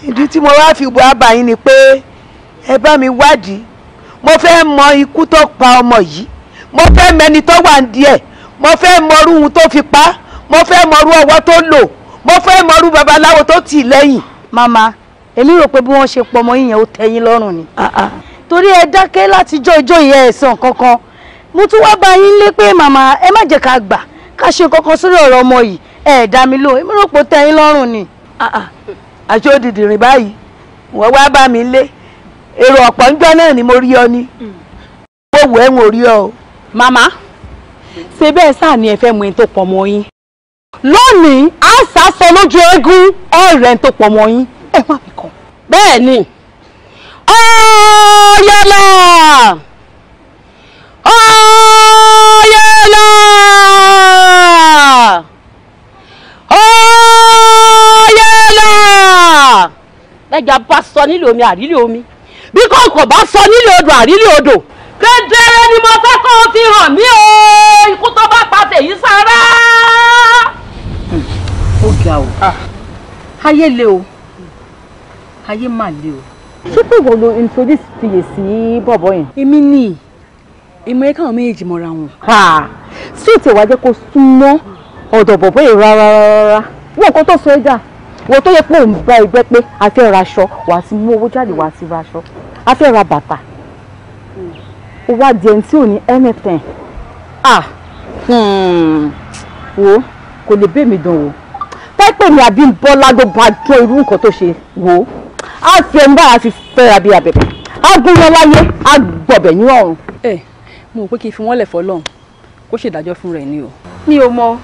B: ìdí tí mo wá fi wá bá yín ni pé ẹ bá mi wádìí mo fẹ́ mọ ikú tó pa ọmọ yìí mo fẹ́ mẹni tó wà ń díẹ̀ mo fẹ́ mọrú ohun tó fi pa mo fẹ́ mọrú ọwọ́ tó lò
C: mo fẹ́ mọrú babaláwo tó tì lẹ́yìn. màmá èmi rò pé bí wọ́n ṣe pọ̀ ọmọ yìnyẹn ó tẹ́yìn lọ́rùn ni ah, ah. torí ẹ dákẹ́ láti jọ ìjọ ìyẹn ẹ̀sán kankan mo tún wá bá yín lé pé màmá ẹ má jẹ́ ká gbà ká ṣe kankan sórí ọ̀rọ̀ ọmọ yìí ẹ èmi rò pé ó tẹ́yìn lọ́rùn ni. Ah, àṣé ó dìdì rìn báyìí wọ́n wá bá mi lé èrò ọ̀pọ̀ ńjọ́ náà ni mo rí ọ ni hmm. mo wù ẹ́ wọn ọ màmá bẹ́ẹ̀ sáà ni ẹ fẹ́ ẹni tó pọ̀ mọ́ yín lónìí a sàsọ
B: lójú eégún ọ̀rẹ́ tó pọ̀ mọ́ yín ẹ
C: bẹ́jà bá sọ nílò omi àrílé omi bí kòkò bá sọ nílò odò àrílé odò. kedere ni mo fẹ́ kó o fi hàn mí o
B: ikú tó bá pa tèyí sára.
F: ó ga o
C: ah. ayé le o ayé mà le o. ṣé pé ìwọ ló introduce tiyè sí bọ̀bọ̀ yẹn. èmi ni ìmọ̀ ẹ̀ka àwọn méjèèjì mọ́ra wọn. sí ìtẹ̀wájẹ́ kó súnmọ́ ọ̀dọ̀ bọ̀bọ̀ yìí rárá rárá wọ́n kó tó sọ ẹ́ dà wo tó yẹ pé òun bá ẹgbẹ́ pé a fẹ́ ra aṣọ wà á ti mú owó jáde wà á ti ra aṣọ a fẹ́ ra bàtà ó hmm. wá di ẹni tí ò ní anything ah wo kò lè bẹ́ẹ̀ mi dùn wò pẹ́pẹ́ mi àbí bọ́lá gbogbo àjọ irú nǹkan tó ṣe wò ó á fi ẹni báyà fi fẹ́ra bí abẹ́bẹ́ á gún wọn láyé á gbọ̀bẹ̀ ní ọ̀run. ẹ mo rò pé kí n fi wọn lẹ̀ fọlọ́run kó ṣèdájọ́ fún rẹ̀ ni o. mi ò mọ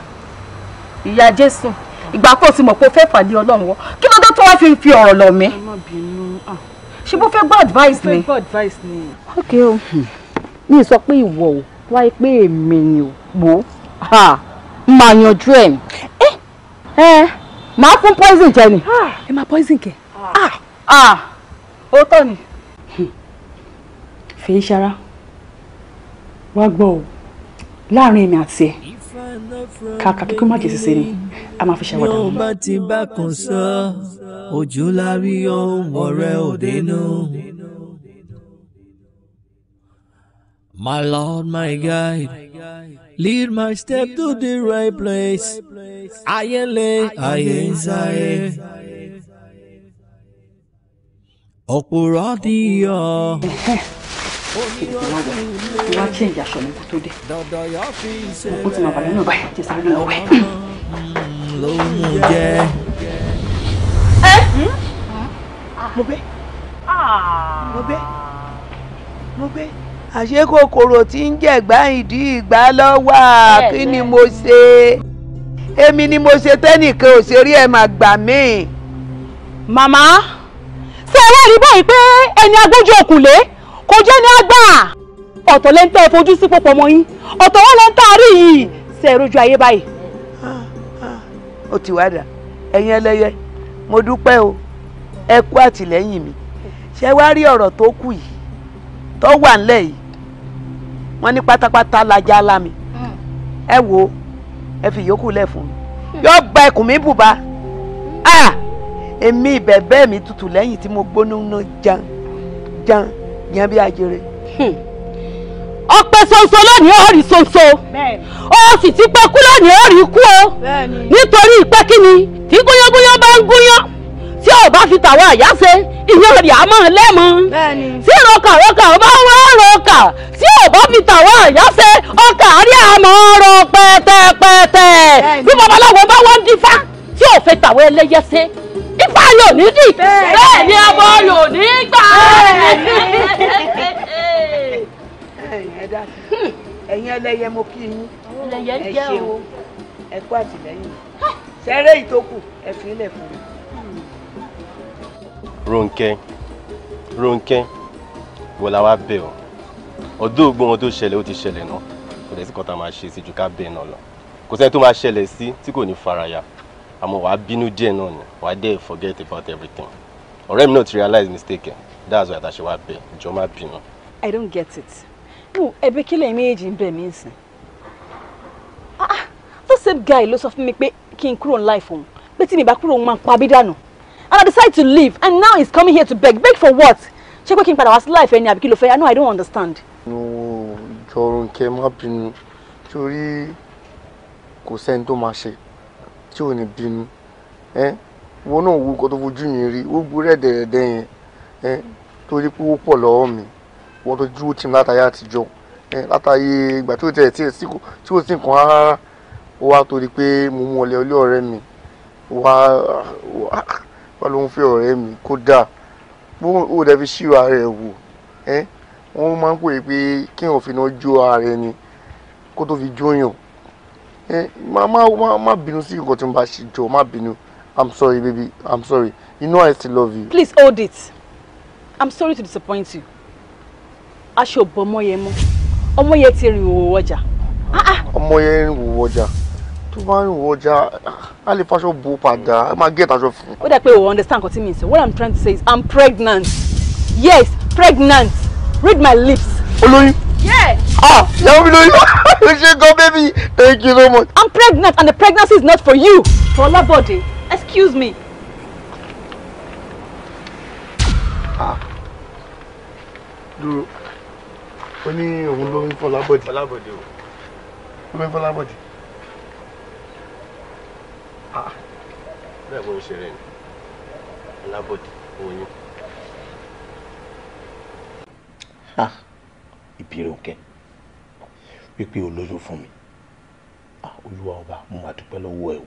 C: ìyá jésù ìgbà tó ti mọ̀ pé o fẹ́ fàlẹ́ ọlọ́run wọ kí ló dé tó wá fi fi ọ̀rọ̀ lọ̀ mí. Ah. ṣé bó fẹ́ gbọ́ advice ni.
F: gbọ́ ni.
C: ok o mi sọ pé ìwọ o wáyé pé èmi ni o wò ó máa yanjú ẹ̀ ẹ́ ẹ́ máa fún poison jẹ ni. Ah, ẹ máa poison kẹ. Ah, ó ni. fèé ṣara wá gbọ́ o láàrin èmi àti ẹ̀ kàkà kíkú má ni a máa fi ṣàwádà.
A: yóò bá ti bá kan sọ ojú lárí ohun ọ̀rẹ́ òdenu. My Lord, my guide, lead my step to the right place. Ayele, ayenzaye. Òpùrọ́ di yọ mo
C: wá change aṣọ mi kó tó dé mo ti máa bàlẹ́ náà báyìí jẹ́ sáré lọ́wọ́ ẹ̀. mo bẹ́
B: mo bẹ́ mo bẹ́ àṣé kòkòrò tí ń jẹ̀gbá ìdí ìgbà lọ́wọ́ kí ni mo ṣe èmi ni mo ṣe tẹ́nìkan ò ṣe rí ẹ̀ máa gbà mí. màmá ṣé ẹ wá rí báyìí pé ẹni
C: agbójú òkùnlé kò jẹ́ ní àgbà ọ̀tọ̀ lẹ́ ń tẹ́ fojú sí pọ̀pọ̀ mọ́ yín ọ̀tọ̀
B: wọn lẹ́ ń tàárí yìí ṣe rojú ayé báyìí. Ah, ah, ó ti wá dà ẹ̀yin ẹlẹ́yẹ mo dúpẹ́ o ẹ kú àtìlẹ́yìn mi ṣé wàá rí ọ̀rọ̀ tó kù yìí tó wà ńlẹ̀ yìí wọ́n ní pátápátá lajá lámi hmm. ẹ wo ẹ fi yòókù lẹ̀ fún mi yóò gba ẹkùn mi bùbá ah! èmi ìbẹ̀bẹ̀ mi tutù lẹ́yìn tí mo gbóná ná jan jan yẹn bí ajere. Hmm. ọpẹ́ ṣoṣo lónìí ó rí ṣoṣo
C: ó sì ti pẹ́ kú lónìí ó rí kú o nítorí ìpẹ́ kíni tí gúnyángúnyán bá ń gúnyán tí ò bá fi tàwọn àyà ṣe ìyẹn rẹ̀ á mọ̀ lẹ́mọ tí ìrọ̀kà rọ̀kà ó bá wọ́n rọ̀kà tí ò bá fi tàwọn àyà ṣe ọkà rí àmọ́ rọ pẹ́tẹ́pẹ́tẹ́ bí babaláwo bá wọ́n dífá tí ò fẹ́ tàwọn ẹlẹ́yẹ ṣe ipa lò ní dì bẹ́ẹ̀ ni ọmọ lò ní gbà.
B: ẹ̀yin ẹlẹ́yẹ mo kí yín ẹ ṣe o ẹ kú àtìlẹ́yìn sẹ́rẹ́ ìtókù ẹ fi ilẹ̀ fún mi.
E: Rónkẹ́ Rónkẹ́ wọ́n la wá bẹ̀ ọ́ ọdún ògbó wọn tó ṣẹlẹ̀ ó ti ṣẹlẹ̀ náà kò dẹ̀ sí kọ́ta máa ṣe sí ju ká bẹ́ẹ̀ náà lọ kò sẹ́ni tó máa ṣẹlẹ̀ sí tí kò ní faraya àmọ́ wàá bínú díẹ̀ náà ni wàá dẹ̀ forget about everything ọ̀rẹ́ mi náà ti realize mistake that's why àtàṣe wàá bẹ̀ jọ má bínú.
C: I don't get it ẹ̀bẹ̀ kílẹ̀ méjì ń bẹ̀ mí ń Ah, ah that same guy ló sọ fún mi pé kí n kúrò ní life òun pé tí mi bá kúrò òun máa ń pa mí and I decide to leave and now he's coming here to beg beg for what ṣé pé kí n padà wá sí life ẹni àbí kí ló fẹ́ I know I don't understand.
B: no ìjọrùn kẹ má bínú torí kò sẹ́ni tó máa ṣe tí ò ní bínú ẹ wọn náà wo kó tó fojú mi rí ó gbó rẹ̀dẹ̀rẹ̀dẹ̀ yẹn ẹ torí pé ó pọ̀ lọ́wọ́ mi wọ́n tó dúró tì mí látàyè àtijọ́ ẹ látàyè ìgbà tí ò tẹ̀ tí ò sí nǹkan rárá ó wá torí pé mo mú ọlẹ́ ọlẹ́ ọ̀rẹ́ mi wá wá ló ń fẹ́ ọ̀rẹ́ mi kódà bó o dẹ̀ fi ṣírò ara ẹ̀ wò ẹ wọ́n máa ń pè é pé kí n ò fi náà jó ara ẹni kó tó fi jóyàn. Mama, Mama, má bínú sí nǹkan tí mo bá ṣe jọ má i'm sorry baby i'm sorry you know i still love you. please
C: hold it i'm sorry to disappoint
B: you Asho bomo yemo. Omo mọ ọmọ yẹn ah. rìn òwò ọjà. ọmọ yẹn ń wò ọjà ah, ah. tó bá ń wò ọjà a lè faṣọ
C: understand what tí mi ń sọ what i'm trying to say is i'm pregnant yes pregnant read my lips. olóyún. Ah, Yamilo, you should go, baby. Thank you so much. I'm pregnant and the pregnancy is not for you. For Rolabode, excuse me.
B: Ah. Dúró. Ó ní òun lóyún Fọlábọ̀dé. Fọlábọ̀dé o. Lóyún Fọlábọ̀dé.
E: Ah. Bẹ́ẹ̀ bó ń ṣe rẹ̀ ni. Fọlábọ̀dé, oyún.
B: Ah. Ìbíròǹkẹ́ wípé o lóyún fún mi ah, olúwa ọba mo máa dúpẹ́ lọ́wọ́ ẹ o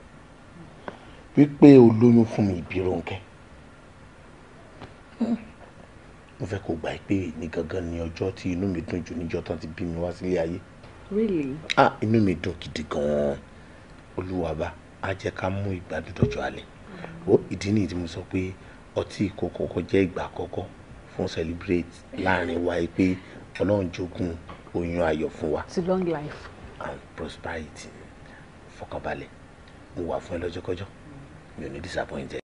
B: wípé o fún mi Ìbíròǹkẹ́ mo fẹ́ kó gbà pé ní gangan ni ọjọ́ tí inú mi dùn jù níjọ́ tán ti bí mi wá sílé ayé. Really? ah inú mi dùn gidi gan-an olúwa ọba á jẹ́ ká mú ìgbádùn dọ̀jọ́ alẹ́ ó ìdí nìyí mo sọ pé ọtí ìkókó jẹ́ ìgbà àkọ́kọ́ fún celebrate láàrin wa pé ọlọ́run jogún oyún ayọ̀ fún wa. to long life. and prosperity fọkànbalẹ̀ mo wà fún ẹ lọ́jọ́kọ́jọ́ mi ò ní disappoint ẹ.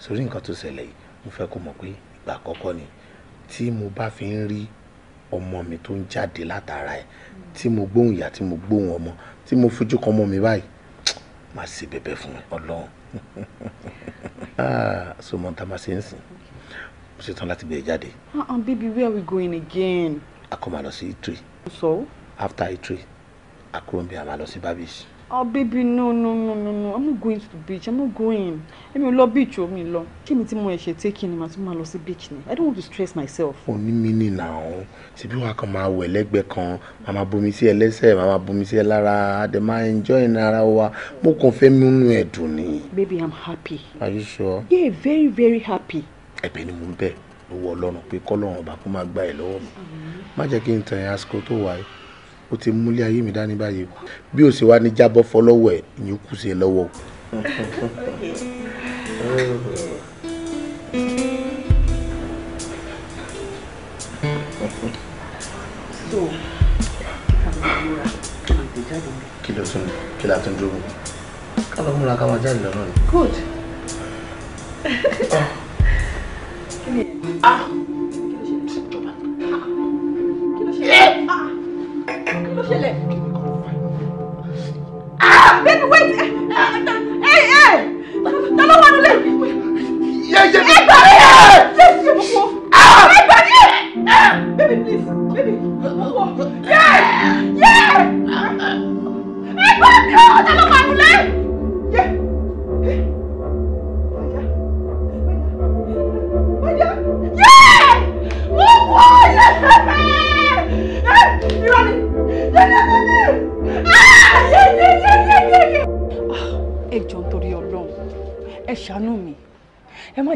B: sórí nǹkan tó ṣẹlẹ̀ yìí mo fẹ́ kó mọ̀ pé ìgbà àkọ́kọ́ ni tí mo bá fi ń rí ọmọ mi tó ń jáde látara ẹ tí mo gbóhùn ìyá tí mo gbóhùn ọmọ tí mo fojú kan ọmọ mi báyìí máa ṣe bẹ̀bẹ̀ fún ẹ ah, so mọ̀ tá a máa ṣe ń sìn mo ṣetán láti gbé e jáde. Ah, ah, bíbí where we going
C: again
B: a kò máa lọ sí Italy. so. after Italy a kúrò ń bí a máa lọ sí barbish.
C: oh baby no no no no no i'm not going to the beach i'm not going èmi ò lọ beach o mi lọ kí ni tí mo ẹ̀ṣẹ̀ taking ni màá tún máa lọ sí beach ni i don't want to stress myself.
B: o ní mí nì nà ọ́ síbí wàá kàn máa wẹ̀ lẹ́gbẹ̀ẹ́ kan màá máa bomi sí ẹ lẹ́sẹ̀ màá bomi sí ẹ lára máa enjoy ara wa mo kàn fẹ́ múnú ẹ̀ dùn ni. baby i'm happy. are you sure.
C: yeah very very happy.
B: ẹ̀bẹ̀ ni mo ń bẹ̀ lọ́wọ́ ọlọ́run pé kọ́lọ́run ọba kó máa gbà ẹ́ lọ́wọ́ mi má jẹ́ kí n tàn ẹ́ àsìkò tó wà yìí ó ti múlẹ̀ ayé mi dání báyìí bí ó sì wá ní jábọ́ fọlọ́wọ́ ẹ̀ ìyẹn kù sí ẹ lọ́wọ́.
E: kí ló tún kí la tún dúró. ká ló múra ká máa jáde lọ́nà ni.
B: good. Ah. Ah! Eh! Ah!
C: Ah! Baby, wait!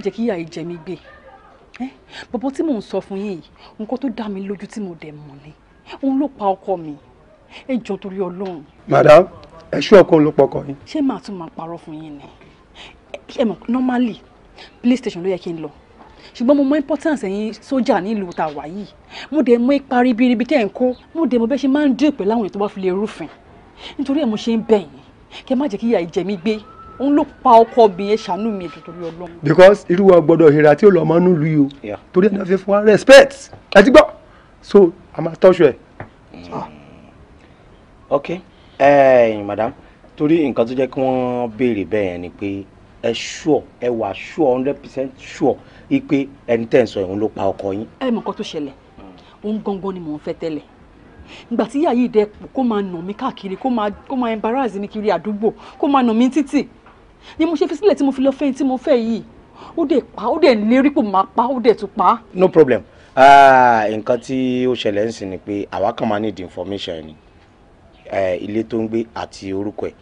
C: jẹ́ kí ìyá yìí jẹ mí gbé bọ́bọ́ tí mò ń sọ fún yín yìí nǹkan tó dá mi lójú tí mo dẹ̀ mọ̀ ni òun ló pa ọkọ mi ẹ jọ torí ọlọ́run.
B: madam ẹṣú ọkọ ló pọkọ yín.
C: ṣé màá tún máa parọ́ fún yín ni ẹ mọ̀ normally police station ló yẹ kí n lọ ṣùgbọ́n mo mọ importance ẹ̀yin sójà nílùú tá a wà yìí mo dẹ̀ mọ ipa ribiribi tẹ́ ẹ̀ ń kó mo dẹ̀ mọ bẹ́ẹ̀ ṣe máa ń dùn pẹ̀lú àwọn ètò wá fi lè rúfin nítorí ẹ̀ mo ṣe ń bẹ̀ yín má jẹ́ kí ìyá ìjẹ̀mí gbé òun ló pa ọkọ obìnrin ṣàánú
F: mi ètò ọlọ́run.
B: because irú wa gbọ́dọ̀ ìhìrà tí ó lọ mọ nílùú yìí o torí ẹni fi fún wa respect àti gbọ́ so a máa tọ́jú ẹ. Mm. ok madam torí nǹkan tó jẹ́ kí wọ́n béèrè bẹ́ẹ̀ yẹn ni pé ẹ sure ẹ wà sure hundred percent sure ipe ẹni tẹ́ ń sọ ìhun ló pa ọkọ yín.
C: ẹ mọ̀ nǹkan tó ṣẹlẹ̀ òun gangan ni mò ń fẹ́ tẹ́lẹ̀ ìgbà tí yàyí dẹ kó máa nà mí káàkiri kó máa embarrass mi kiri àdúgbò kó máa nà mí títì ni mo ṣe fi sílẹ̀ tí mo fi lọ fẹ́yìn tí mo fẹ́ yìí ó dẹ̀ pa ó dẹ̀ lérí pò máa pa ó dẹ̀ tún pa.
B: no problem ah, nǹkan tí ó ṣẹlẹ̀ ń sìn ni pé àwa kan máa need information ni eh, ilé tó ń gbé àti orúkọ ẹ̀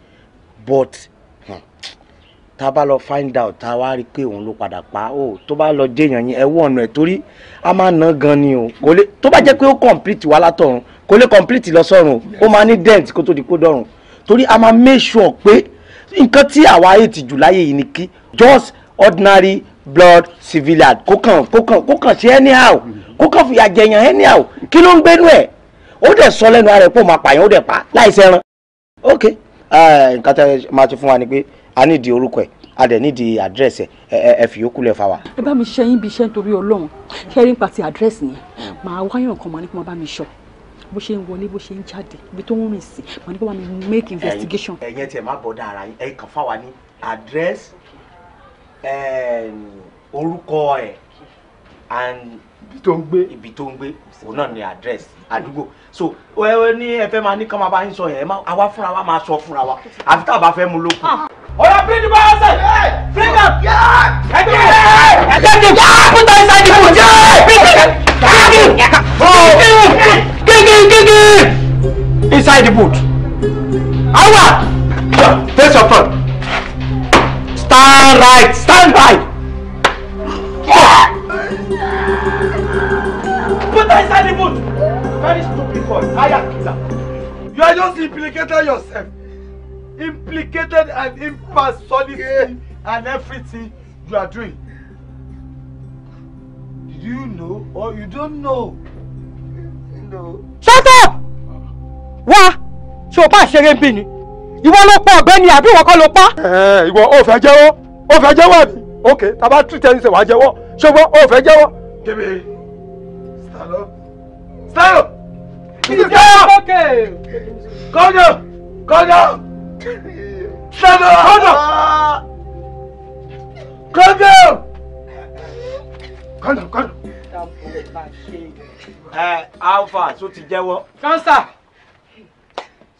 B: but hmm, tá a bá lọ find out tá a wá rí i pé òun ló padà pa ó tó bá lọ jẹyàn yín ẹ wọ ọ̀nà ẹ̀ torí a máa ná gan ni o kò lè tó bá jẹ́ pé ó complete wá látọ̀run kò lè complete lọ sọ́run o ó máa ní dent kó tó di kó dọ̀run torí a máa make sure pé nǹkan tí àwa ayé ti jù láyé yìí ni kí just ordinary blood civilian kó kàn kó kàn kó kàn ṣe anyhow kó kàn fìyà jẹyàn anyhow kí ló ń gbénú ẹ̀ ó dẹ̀ sọ lẹ́nu ara ẹ̀ pé ó máa pààyàn ó dẹ̀ pa láìsẹ̀ ẹran ok nǹkan tí a máa ti fún wa ni pé a nídìí orúkọ ẹ̀ a dẹ̀ nídìí àdírẹ́sì ẹ ẹ fi yókù lẹ̀ fa wa.
C: ẹ bá mi ṣe yín bí iṣẹ́ nítorí ọlọ́run ṣẹ́rí ń àdírẹ́sì yẹn màá wáyàn kan màá ní bá mi ṣọ́ bó ṣe ń wọlé bó ṣe ń jáde ibi tó ń rìn sí màá ní kó
B: bá mi make investigation. ẹ̀yin tiẹ̀ má bọ̀dá ara yín kàn fáwa ní address orúkọ ẹ̀ and ibi tó ń gbé ibi tó ń gbé òun náà ni address àdúgbò so wẹ́wẹ́ ní ẹ fẹ́ máa ní kán máa bá yín sọ yẹn àwa fúnra wa máa sọ fúnra wa àfi tá a bá fẹ́ mu ló ọ̀rọ̀ bíríìdì bá ọ̀sẹ̀ bíríìdì ẹ̀jẹ̀ ẹ̀jẹ̀ ẹ̀jẹ̀ put that inside the food inside the boot. Awa! Here, face your front. Stand right, stand right. Put her inside the boot. Very stupid boy, hire killer. You are just implicated yourself. Implicated and impersonally yeah. and everything you are doing. Did you know or you don't know? No. Shut up! wá ṣé o bá ṣeré ń bí ni ìwọ ló pa ọ̀gbẹ́ni àbí ìwọ kọ́ ló pa. ẹ ìwọ ò fẹ́ jẹ́wọ́ ò fẹ́ jẹ́wọ́ àbí ok tàbá tún tẹni sẹ wàá jẹ́wọ́ ṣùgbọ́n ò fẹ́ jẹ́wọ́. kébé sálọ sálọ sálọ kọjọ kọjọ sálọ kọjọ kọjọ kọjọ kọjọ. ẹ alfa tó ti jẹ́wọ́. kánsà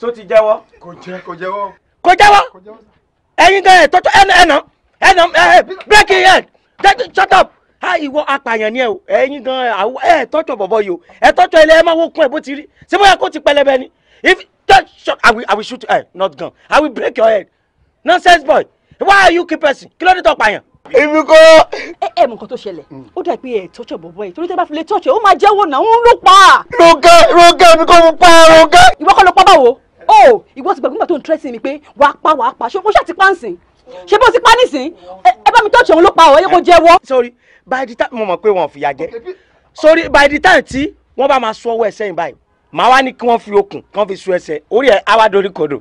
B: so ti jẹ́wọ́. kò jẹ́ kò jẹ́wọ́. kò jẹ́wọ́ ẹyin gan ẹ tọ́tọ́ ẹnà ẹnà ẹnà break your head shut up ha ìwọ apààyàn ni ẹ o ẹyin gan ẹ tọ́tọ́ bọ̀bọ̀ yìí o ẹ tọ́tọ́ ilé ẹ máa wo kún ẹ bó ti rí ṣé bóyá kó ti pẹlẹbẹ ni if touch shot i will i will shoot you not gun i will break your head nonsense boy why are you keep person kí ló dé tó pààyàn. èmi kọ́. ẹ ẹ mọ nǹkan tó ṣẹlẹ̀ mm. ó dà pé ẹ tọ́jọ̀ bọ̀bọ̀ ẹ torí tẹ́ bá fi lè tọ́jọ̀ ó máa
C: jẹ́wọ́ náà ń lò pa. Ronke Ronke èmi kọ́ mo pa Ronke. ìwọ kọ́ ló pa báwo o oh,
B: ìwọ ti gbàgbọ́n tó ń tẹ́sí mi pé wàá pa wàá pa ṣé o ṣáà ti pa nsìn ṣé bó ti pa nísìn ẹ bá mi tọ́jú òun ló pa ọ̀ ẹ kó jẹ́wọ́. Eh, sorry by the time mo mọ̀ pé wọn ò fìyà jẹ sorry by the time tí wọ́n bá máa sọ ọwọ́ ẹ̀ sẹ́yìn báyìí màá wá ní kí wọ́n fi okùn kí wọ́n fi so ẹsẹ̀ orí ẹ̀ á wá dorí kodò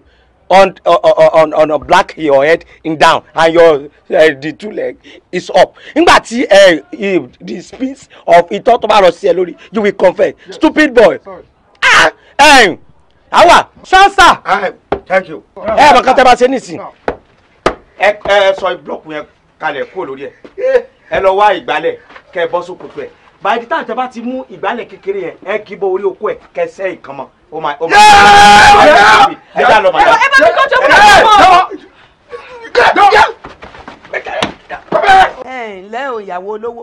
B: on on on on black your head in down and your uh, the two leg is up nígbà tí uh, the speech of ìtọ́ tó bá rọ sí ẹ lórí you will confess stupid boy. Sorry. ah. Um, àwa ṣáṣà. thank you. ẹ bàkan tẹ bá ṣe nísìn. ẹ ẹ sọ ìblọọkù yẹn kalẹ̀ kúrò lórí ẹ ẹ lọ wá ìgbálẹ̀ kẹ ẹ bọ́ sókòtò ẹ báyìí tá a tẹ́bá ti mú ìgbálẹ̀ kékeré yẹn ẹ kì í bọ orí okó ẹ kẹsẹ́ ìkan mọ́ ó máa ó máa ẹ já lọ màdá. ẹ bá mi kọ́ tó kọ́ mọ́. ẹ ǹlẹ́ o ìyàwó olówó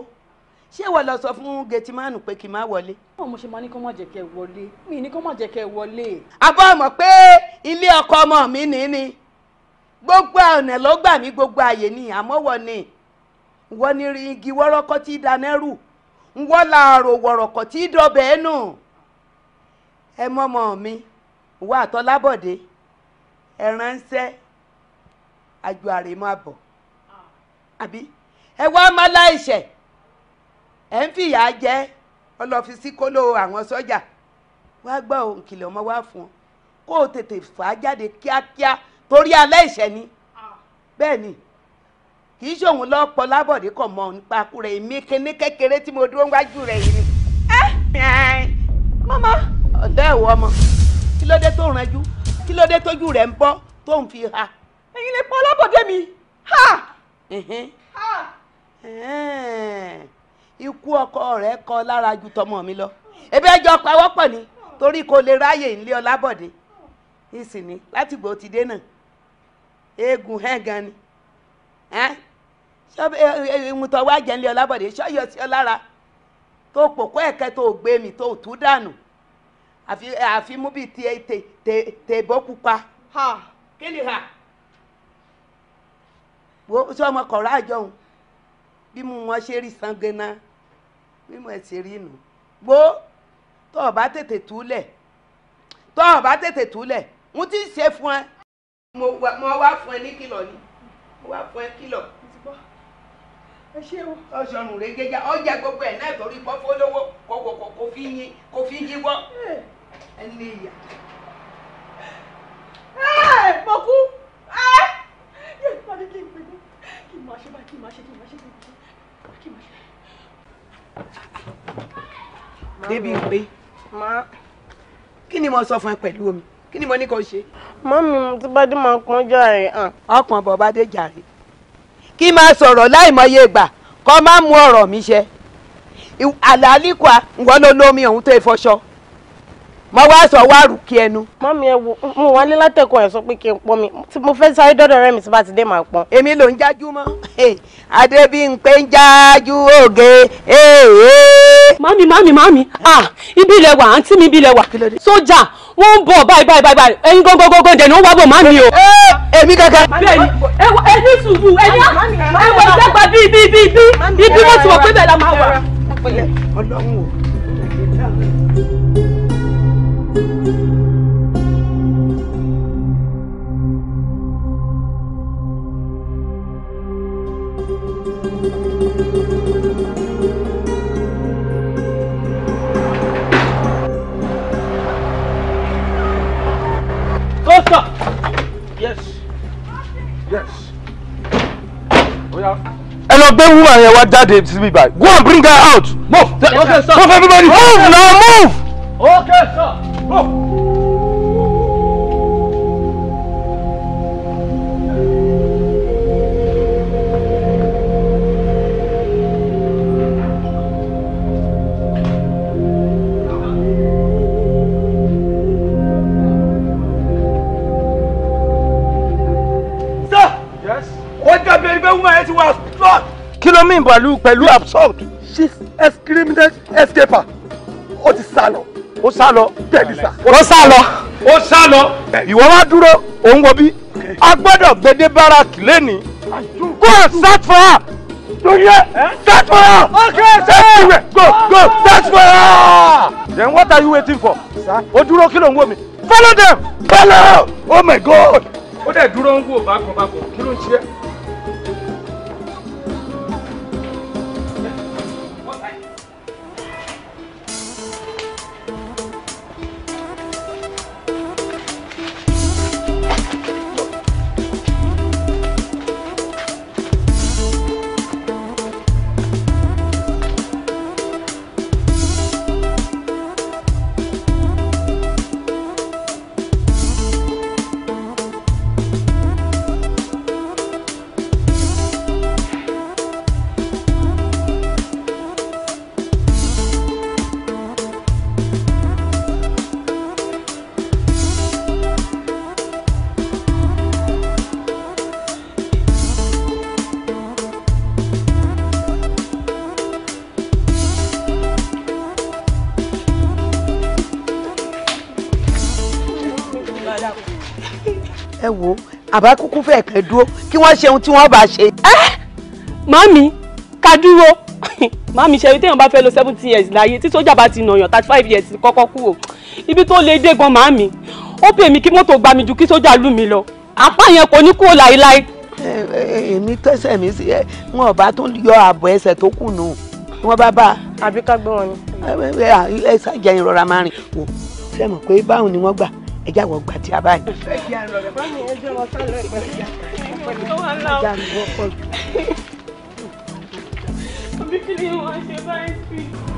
B: ṣé ìwọ lọ sọ fún gẹtìmánù pé kì í má wọlé. báwo mo ṣe máa ní kó má jẹ́ kẹ́ wọlé mi ní kó má jẹ́ kẹ́ wọlé. àbọ̀ mọ̀ pé ilé ọkọ ọmọ mi ní ni gbogbo ọ̀nà ló gbà mí gbogbo àyè ni àmọ́ wọ ni wọ́n ní rí igi wọ́rọ́kọ́ tí danẹ́rù wọ́n làárò wọ̀rọ̀kọ̀ tí dọ̀bẹ̀ nù ẹ mọ́mọ́ mi wà àtọ́lábọ̀dé ẹ ránṣẹ́ àjọ àrèmọ́ àbọ̀ ah. àbí ẹ wá má láìṣẹ̀. ẹ̀ ń fìyà jẹ ọlọ́fi sí kóló àwọn sọ́jà wàá gbọ́ òun kìlọ̀ ọmọ wá fún ọ kó o tètè fà á jáde kíákíá torí alẹ́ ìṣẹ́ ni bẹ́ẹ̀ ni kì í ṣòun lọ́pọ̀ lábọ̀dé kọ̀ mọ́ nípa akú rẹ̀ èmi kéne kékeré tí mo dúró wájú rẹ̀ yìí ni. mọ́mọ́ ọ̀dọ́ ẹ̀wọ̀ ọmọ kí ló dé tó ranjú kí ló dé tójú rẹ̀ ń bọ́ tó ń fi ha. ẹ̀yin lè pọ́ lábọ̀dé mi. ha. ikú ọkọ rẹ kọ lára ju tọmọ mi lọ ebi ẹjọ pawọ́pọ̀ ni torí kò lè ráyè ńlé ọlábọdé ìsìnì láti gbò ti dé náà eégún hẹ́gan ni ìmùtọ̀ wá nlé ọlábọdé ọlábọ̀dé ṣọ́yọ̀ sí ọ lára tó pòkó ẹ̀kẹ́ tó gbé mi tó tú dànù àfi mú bíi pupa. kí ha wo sọ mímú ẹ ti rí nù gbó tó o bá tètè túlẹ̀ tó o bá tètè túlẹ̀ mo ti ń ṣe fún ẹ mo wá fún ẹ ní kìlọ̀ ni mo wá fún ẹ kìlọ̀ ẹ ṣe o. ọsọrun rẹ gẹgẹ ọjà gbogbo ẹ náà torí bọ́ fọlọ́wọ́ kò kò kò kò fi yin kò fi yíwọ́. ẹ ní ìyá.
C: ẹ mo kú. Eh. yẹ kí n máa ṣe báyìí kí n
F: máa ṣe kí n máa ṣe kí n máa ṣe kí n máa ṣe
B: débi pé kí ni mo sọ fún ẹ pẹ̀lú omi kí ni mo ní kó ṣe. mọ́mí mo ti bá dé máa pọ́n jàre hàn. Ah. ọkàn bọ̀ bá dé jàre kí máa sọ̀rọ̀ láìmọye ìgbà kó má mú ọ̀rọ̀ mi ṣe àlàálí kwa ìwọ ló
C: lómi ọ̀hún tó ìfọṣọ mo wá sọ wá rù kí ẹnu. mọ́mí ẹ wo mo wá ní látẹ̀kọ́ ẹ̀ sọ pé kí n pọ́n mi tí mo fẹ́ sáré dọ́dọ̀ rẹ̀ mi tí bá ti dé màá pọ́n. èmi ló ń jájú mọ́ adébíyìnpé ń jájú òge. mami mami mami ah ibi ilẹ̀ wà àǹtí mi ibi ilẹ̀ wà sójà wọ́n ń bọ̀ báyìí báyìí báyìí ẹ̀yin gọ́gọ́gọ́gọ́ dẹ̀ ni wọ́n wá bọ̀ mami o. èmi kankan. bẹ́ẹ̀ni ẹ ní sùúrù ẹ ní ẹwọ ìdàgbà bíi bíi bíi bíi bíi mo ti wọ pé bẹ́ẹ̀ la máa wà.
B: lọ gbé woman yẹn wá jáde síbí báyìí go and bring her out move Okay, move okay, now move.
A: okay sir move.
B: Benjamin Balu pẹ̀lú absorbed. she is criminal escaper ó ti sá lọ. ó sá lọ. bẹ́ẹ̀ni sá. ó sá lọ. ó sá lọ. ìwọ wá dúró òun wọ bí. a gbọ́dọ̀ gbẹdẹ báràkì lẹ́nìí. go search for her. Toye, eh? search for her. Okay, sir. Go, go, search for her. Then what are you waiting for? Sir. Ó dúró kí ló ń wò mí. Follow them. Follow. Oh my God. Ó dẹ̀ dúró ń wò bákan bákan. Kí ló ń ṣe wò ó àbá kúkú fẹ́ kẹ́ dúró kí ohun tí wọ́n bá ṣe. màmí ká dúró màmí ṣe téèyàn bá fẹ́ lò seventy years láyé tí sójà bá ti nàyàn thirty five years kọ́kọ́ kú o ibi tó lè dé gan màmí ó pè mí kí mọ́tò gbà mí ju kí sójà lù mí lọ apá yẹn kò ní kúrò láéláé. èmi tẹsẹ̀ mi sí ẹ wọn ò bá tún yọ ààbọ̀ ẹsẹ̀ tó kù nù wọn bá bá. àbí ká gbé wọn
C: ni. ẹ
B: ẹ ṣàjẹyìn rọra máa rìn wò ṣé mọ̀ pé báwọn ni wọ́n gbà ẹ já wọ gbàtí a báyìí.
G: Àbí kí ni wọ́n ṣe báyìí sí?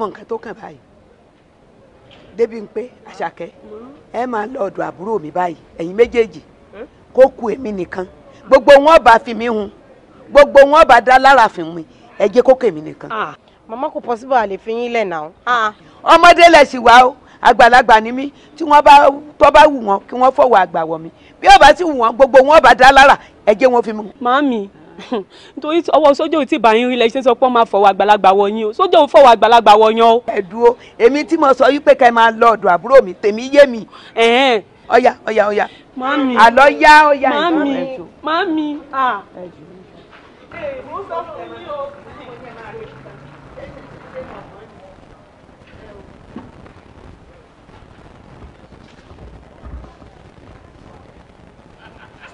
C: mọ nǹkan tó kàn báyìí
B: débi ń pé àṣàkẹ́ ẹ máa lọ ọ̀dọ̀ àbúrò mi báyìí ẹ̀yin méjèèjì kó ku èmi nìkan gbogbo wọn bá fi mí hun gbogbo wọn bá dá lára fi hun mi ẹ jẹ́ kó kèmí nìkan. Ah, màmá kò possible àlè fi yín lẹ̀ náà. Ah, ọmọdé lẹ̀ sì wá o àgbàlagbà ni mí tí wọ́n bá tọ́ bá wù wọ́n kí wọ́n fọwọ́ àgbà wọ̀ mí bí ó bá sì wù wọ́n gbogbo wọn bá dá lára ẹ jẹ́ wọn fi mú. màámi nítorí ọwọ́ sójà tí ì rí lẹ́sìn sọ pé wọ́n máa fọwọ́ àgbàlagbà wọ o sójà fọwọ́ àgbàlagbà wọ o. ẹ dúró èmi tí mo sọ yí pé ká ẹ máa lọ ọ̀dọ̀ àbúrò mi tèmi yé mi. ọ̀yá ọ̀yá ọ̀yá
C: àlọ́ yá ọ̀yá ìjọba ẹ̀ jù. mami Hey,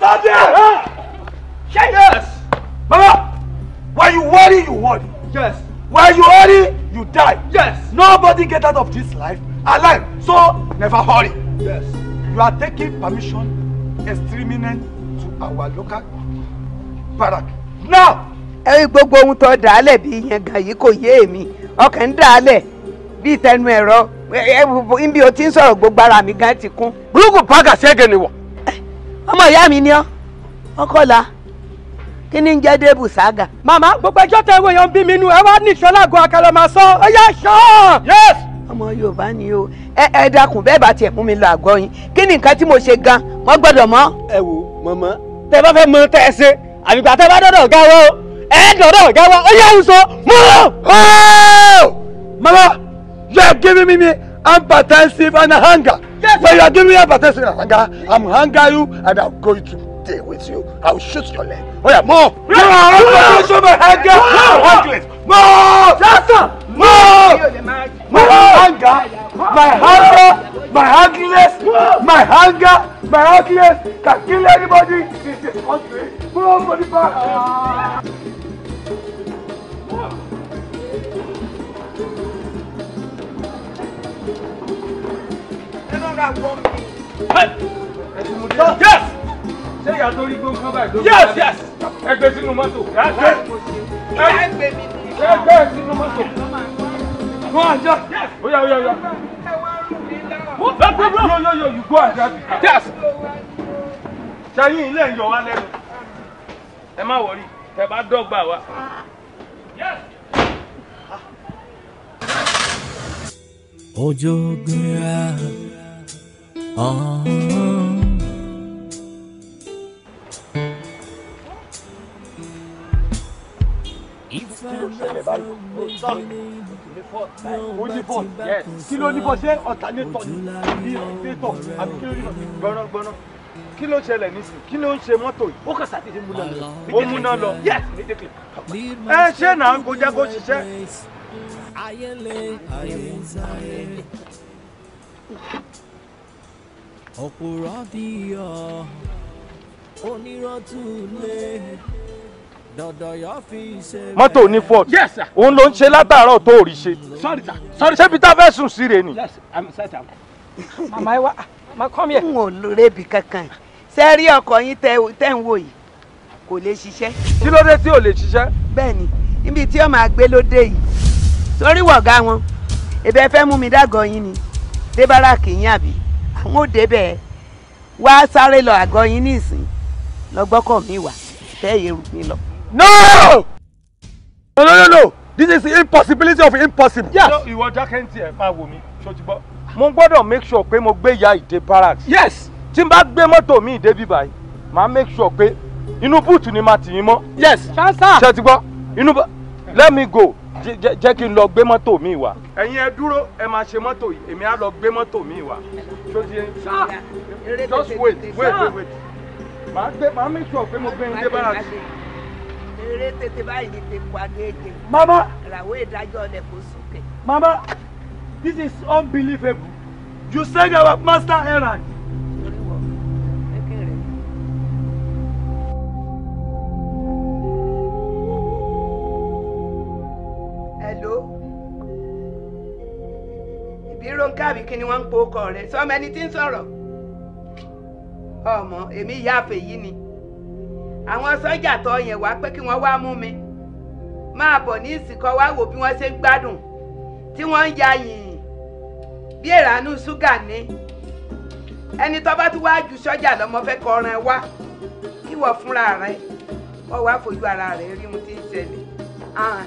B: Stop there! Ah! Shake Baba, when you worry, you worry. Yes. When you hurry, you die. Yes. Nobody get out of this life alive. So never hurry. Yes. You are taking permission exterminate to our local barrack. Now. Ẹ̀yin gbogbo ohun tó dà á lẹ̀ bí yangàn yìí kò yé èmi. Ọkàn ń dà á lẹ̀ bíi tẹnu ẹ̀rọ. Ibi o ti ń sọ̀rọ̀ gbogbo ara mi gan ti kún. Burúkú Paga ṣẹ́gẹ̀ ni wọ̀. Eh, ọmọ ìyá mi ni ọ́, ọkọ la kí ń jẹ́ débù sága. màmá gbogbo ẹjọ́ tẹ wo yan bí mi nu ẹ wá ní ìṣọ́lágùn akẹ́lọ́ máa sọ ẹ yá sọ. yes. ọmọ yorùbá ni o ẹ ẹ dákun bẹ́ẹ̀ bá tiẹ̀ mú mi lọ àgọ́ yín kí ni nǹkan tí mo ṣe gan wọ́n gbọ́dọ̀ mọ̀. ẹ wo mọ̀mọ́ tẹ bá fẹ́ mọ tẹ ẹ ṣe àbígbà tẹ bá dọ̀dọ̀ ga ẹ dọ̀dọ̀ ga wọ́ yẹ àwùsọ mọ́. mama you are giving me unpertensive and hunger yes. when you are giving me unpertensive and hunger i'm hunger you and i'm going to there with you, I will shoot your leg. Oh yeah, move! Move! Move! Move! Move! Move! Move! Move! My
D: anger,
B: my hunger, my ugliness, my hunger, my ugliness can kill anybody in this country. Move for the back. Yes! ṣé ìyá tó rí gbóngbó báyìí tó yes yes ẹgbẹ́ sínú mọ́tò ẹgbẹ́ ẹgbẹ́ mi ni ẹgbẹ́ sínú mọ́tò wọn àjọ ó yá ó yá ó yá mo bẹ tó bọ yóò yóò yóò gbó àjọ yes ṣẹyìn ilé ń yọ wá lẹ́nu ẹ má wọrí tẹ́ bá dọ́gba wa
D: yes.
A: Ojo gira, ah,
B: kí ló ṣẹlẹ̀ nísìn kí ló ń ṣe mọ́tò yìí ó kàn sàdédé múná lọ ó múná lọ yes immediately ẹ ṣé náà kó jẹ́ kó ṣiṣẹ́.
A: ọ̀pọ̀ rọ́bì ọ̀ onírọ̀tún lé
B: mọ́tò ní ford òun ló ń ṣe látàárọ̀ tó rí ṣe ṣébi tá a fẹ́ sùn sí rè ni. màmá ẹ wá màá kọ́ mi n ò lórebi kankan ṣe rí ọkọ yín tẹ́ ń wò yìí kò lè ṣiṣẹ́. kí ló dé tí ò lè ṣiṣẹ́. bẹ́ẹ̀ni níbi tí ó máa gbé ló dé yìí torí wọ̀gá wọn ebi ẹ fẹ́ mú mi dágọ̀ yín ni dé báràkì yín àbí àwọn ò débẹ̀ wá sáré lọ àgọ́ yín nísìn lọ mi wà tẹ́ èrò mi lọ. No! No, no, no, no. This is the impossibility of impossible. Yes. No, ìwọ jákè ntí ẹ̀
E: máa wò mí, ṣojúbọ.
B: Mo gbọ́dọ̀ make sure pay mo gbé ìyá ìdè barracks. Yes. Tí be bá gbé mọ́tò mi ìdè bíbá Ma make sure pé inú búùtù ni màá tì yín mọ́. Yes. Ṣáṣá. Ṣètìgbọ́, You know. let me go jẹ́ kí n lọ gbé mọ́tò mi wá. ẹ̀yin ẹ dúró ẹ máa ṣe mọ́tò yìí èmi á lọ gbé mọ́tò mi wá. just wait wait wait Ma make sure pay mo gbé yín dé barracks eré tètè báyìí ni tètè kó agége. mama. ràwé ìdájọ́ ọ̀lẹ̀ kò sókè. mama this is unbelievable you said our master errand. àbí kí ni wọ́n ń po ọkọ rẹ̀ sọ́mọ ẹni tí ń sọ̀rọ̀ ọmọ èmi ìyá àfẹ́yí ni àwọn sọ́jà tó yẹn wá pé kí wọ́n wá mú mi máa bọ̀ ní ìsìnkọ́ wá wò bí wọ́n ṣe ń gbádùn tí wọ́n ń ya yìnyín bí ìrànú ṣúgà ní ẹni tó bá tún wá ju sọ́jà lọ́mọ fẹ́ kọ ọ̀ràn wá kí wọ́n fúnra rẹ̀ wọ́n wá fojú ara rẹ̀ rí ohun tí ń ṣẹlẹ̀
F: hàn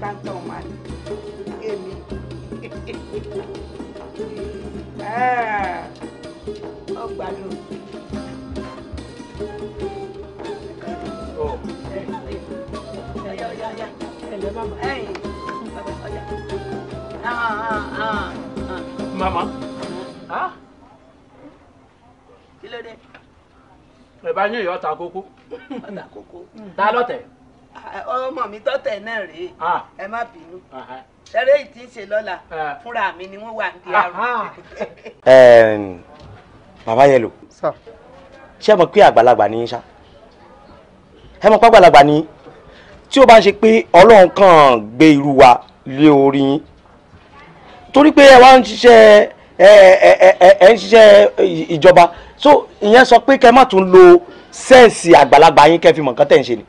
F: kántọ̀ ọmọ àlè
B: èmi ọgbàdùn. Mama. Kí ló dé? Ẹ̀bá yín yóò ta kókó. Ọ̀tà kókó. Ta lọ́tẹ̀? Ọmọ mi tọ́tẹ̀ náà rèé. Ẹ má bínú. Ṣẹ́rẹ́ yìí ti ń ṣe lọ́la. Fúnra mi ni wọ́n wà ní àrùn. Bàbá Yẹlò. Sir ṣé ẹ mọ̀ pé àgbàlagbà ni ṣá ẹ mọ̀ pé àgbàlagbà ni tí ó bá ń ṣe pé ọlọ́run kàn gbé irú wa lé orí yín torí pé ẹ wá ń ṣiṣẹ́ ẹ ẹ ẹ ń ṣiṣẹ́ ìjọba so ìyẹn sọ pé kẹ má tún lo sẹ́ẹ̀sì àgbàlagbà yín kẹ́ fi mọ̀ nǹkan tẹ̀ ń ṣe ni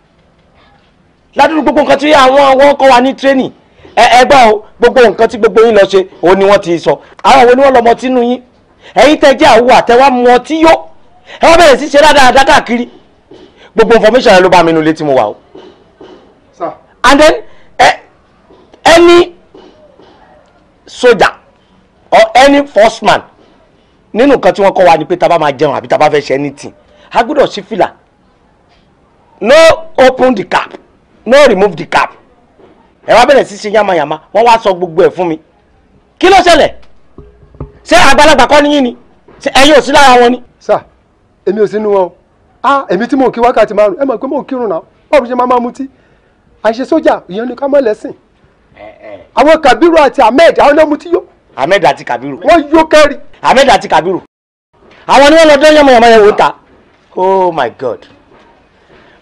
B: ládùúgbò gbogbo nǹkan tí àwọn wọn kọ́ wa ní tírénì ẹgbẹ́ o gbogbo nǹkan tí gbogbo yín lọ ṣe òun ni wọ́n ti sọ àwọn wo ni wọ́n lọ́mọ tínú yín ẹ̀yin tẹ́ jẹ́ àwọ̀ àtẹwà mọ́ tí yó ẹ wá bẹ̀rẹ̀ sí ṣe dáadáa káàkiri gbogbo information ẹ ló bá mi nu létí mo wà o. and then any soldier or any force man nínú nǹkan tí wọ́n kọ́ wa ni pé tá a bá máa jẹun àbí tá a bá fẹ́ ṣe anything a gbọ́dọ̀ sí fìlà no open the cap no remove the cap ẹ wá bẹ̀rẹ̀ sí ṣe yamayama wọ́n wá sọ gbogbo ẹ̀ fún mi kí ló ṣẹlẹ̀ ṣé àgbàlagbà kọ́ níyìn ni ṣé ẹ̀yin ò sí lára wọn ni èmi ò sínú wọn o ah èmi tí mò ń kí wákàtí márùn ẹ mọ̀ pé mò ń kírun náà báwo ṣe máa máa mutí àṣẹ sójà ìyẹn ni ká mọ̀ lẹ́sìn àwọn Kabiru àti Ahmed àwọn náà mutí yó. Ahmed àti Kabiru. wọ́n yó kẹ́rì. Ahmed àti Kabiru àwọn ni wọ́n lọ dán yànmọ̀yànmọ̀ yẹn wò ta oh my god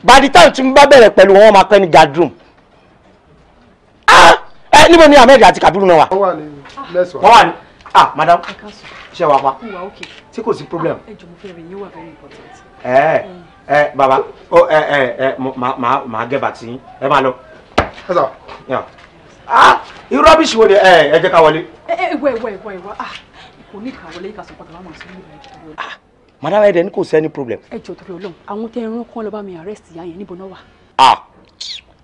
B: by the time tí mo bá bẹ̀rẹ̀ pẹ̀lú wọn máa pẹ́ ní gadroom ah ẹ níbo ni Ahmed àti Kabiru náà wà. wọ́n wà ní lẹ́sọ̀ọ́. wọ́n wà ní ah madam ṣé wàá pa tí kò sí problem.
F: ẹ jọ̀wọ́ fẹ́ rẹ̀ yín wà very important. ẹ
B: ẹ bàbá ó ẹ ẹ ẹ màá màá gẹ bàtí ẹ máa lọ. ẹ sọ ah irú rọ́bìṣì wo ni ẹ ẹ jẹ́ ká wọlé.
C: ẹ ẹ ìwọ ìwọ ìwọ ìwọ ah kò ní ìkàwọlé yìí kà sọ pàtàkì láwọn àti ìwọ ìwọ ìwọ.
B: madam ẹdẹ ní kò sẹ́ni problem.
C: ẹ jọ̀ọ́ torí Ọlọ́run àwọn tẹ ẹran kan lọ bá mi arrest ìyá yẹn níbo náà wà. ah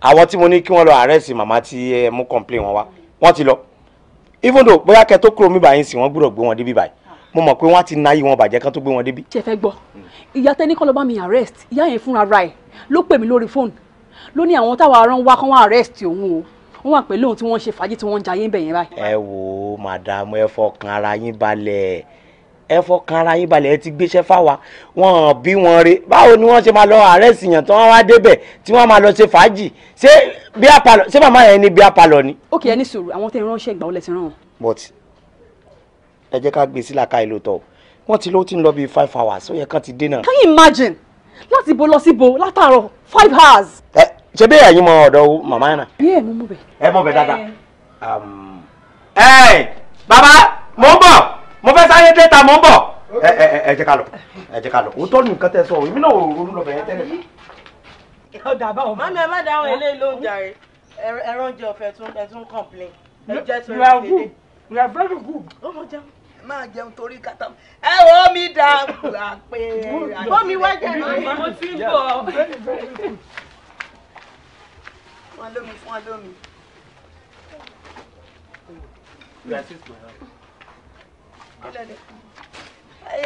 B: àwọn tí mo ní kí wọ́n lọ arrest màmá tí ẹ mú complain wọn wá wọ́n ti lọ even though bóyá kẹ́ tó kúrò mi báyìí sí wọ́n gbúdọ̀ gbé wọn dé báyìí mo mọ̀ pé wọ́n á ti náyé wọn bàjẹ́ kan tó gbé wọn débi. ṣe fẹ́ gbọ́
C: ìyá tẹ́ni kọ́ ló bá mi arrest ìyá yẹn fúnra ra ẹ̀ ló pè mí lórí fóònù ló ní àwọn táwa arán wá kán wá arrest òun o wọ́n wà pẹ̀lú ohun tí wọ́n ń ṣe fàájì tí wọ́n ń
B: jayé ń bẹ̀ yẹn báyìí. ẹ wo madam ẹ fọkàn ara yín balẹ̀ ẹ fọkàn ara yín balẹ̀ ẹ ti gbéṣẹ́ fáwa wọn bí wọn re báwo ni wọ́n ṣe máa lọ arrest yàn tí wọ́n wá débẹ̀ tí wọ́n máa lọ ṣe fàájì ṣé bí apalọ ṣé màmá yẹn ni bí apalọ ni.
C: ó kì í ẹni sùúrù àwọn tẹ
B: ìránṣẹ́ ìgbà ó lẹ ti rán wọn. but ẹ jẹ́ ká gbé e sí làkà ìlú tọ̀ wọ́n ti ló ti ń lọ bíi five hours ó yẹ kán ti dé can
C: you imagine láti bo lọ sí bo látàárọ̀ five
B: hours. ẹ ṣe bí ẹ̀yin mọ ọ̀dọ̀ màmá yẹn náà. bí ẹ mú mú bẹ. ẹ mọ bẹ dáadáa. ẹ um, bàbá mò ń bọ̀ mo fẹ́ sáré déta mò ń bọ̀ ẹ ẹ ẹ jẹ́ ká lọ ẹ jẹ́ ká lọ òótọ́ ni nǹkan tẹ sọ èmi náà ò ronú lọ bẹ̀yẹn tẹ́lẹ̀.
F: ọ̀dà bá wọn. mami ẹ má dáhùn eléyìí ló ń jàre ẹran jẹ ọ̀fẹ́ tún ẹ tún complain.
C: ẹ
B: jẹ́ sọ we are very good. ó mọ máa jẹun torí kàtà ẹ wo mi dà gbà pé bómi wá jẹ náà mo ti ń bọ̀.
D: fún
B: alómi fún alómi.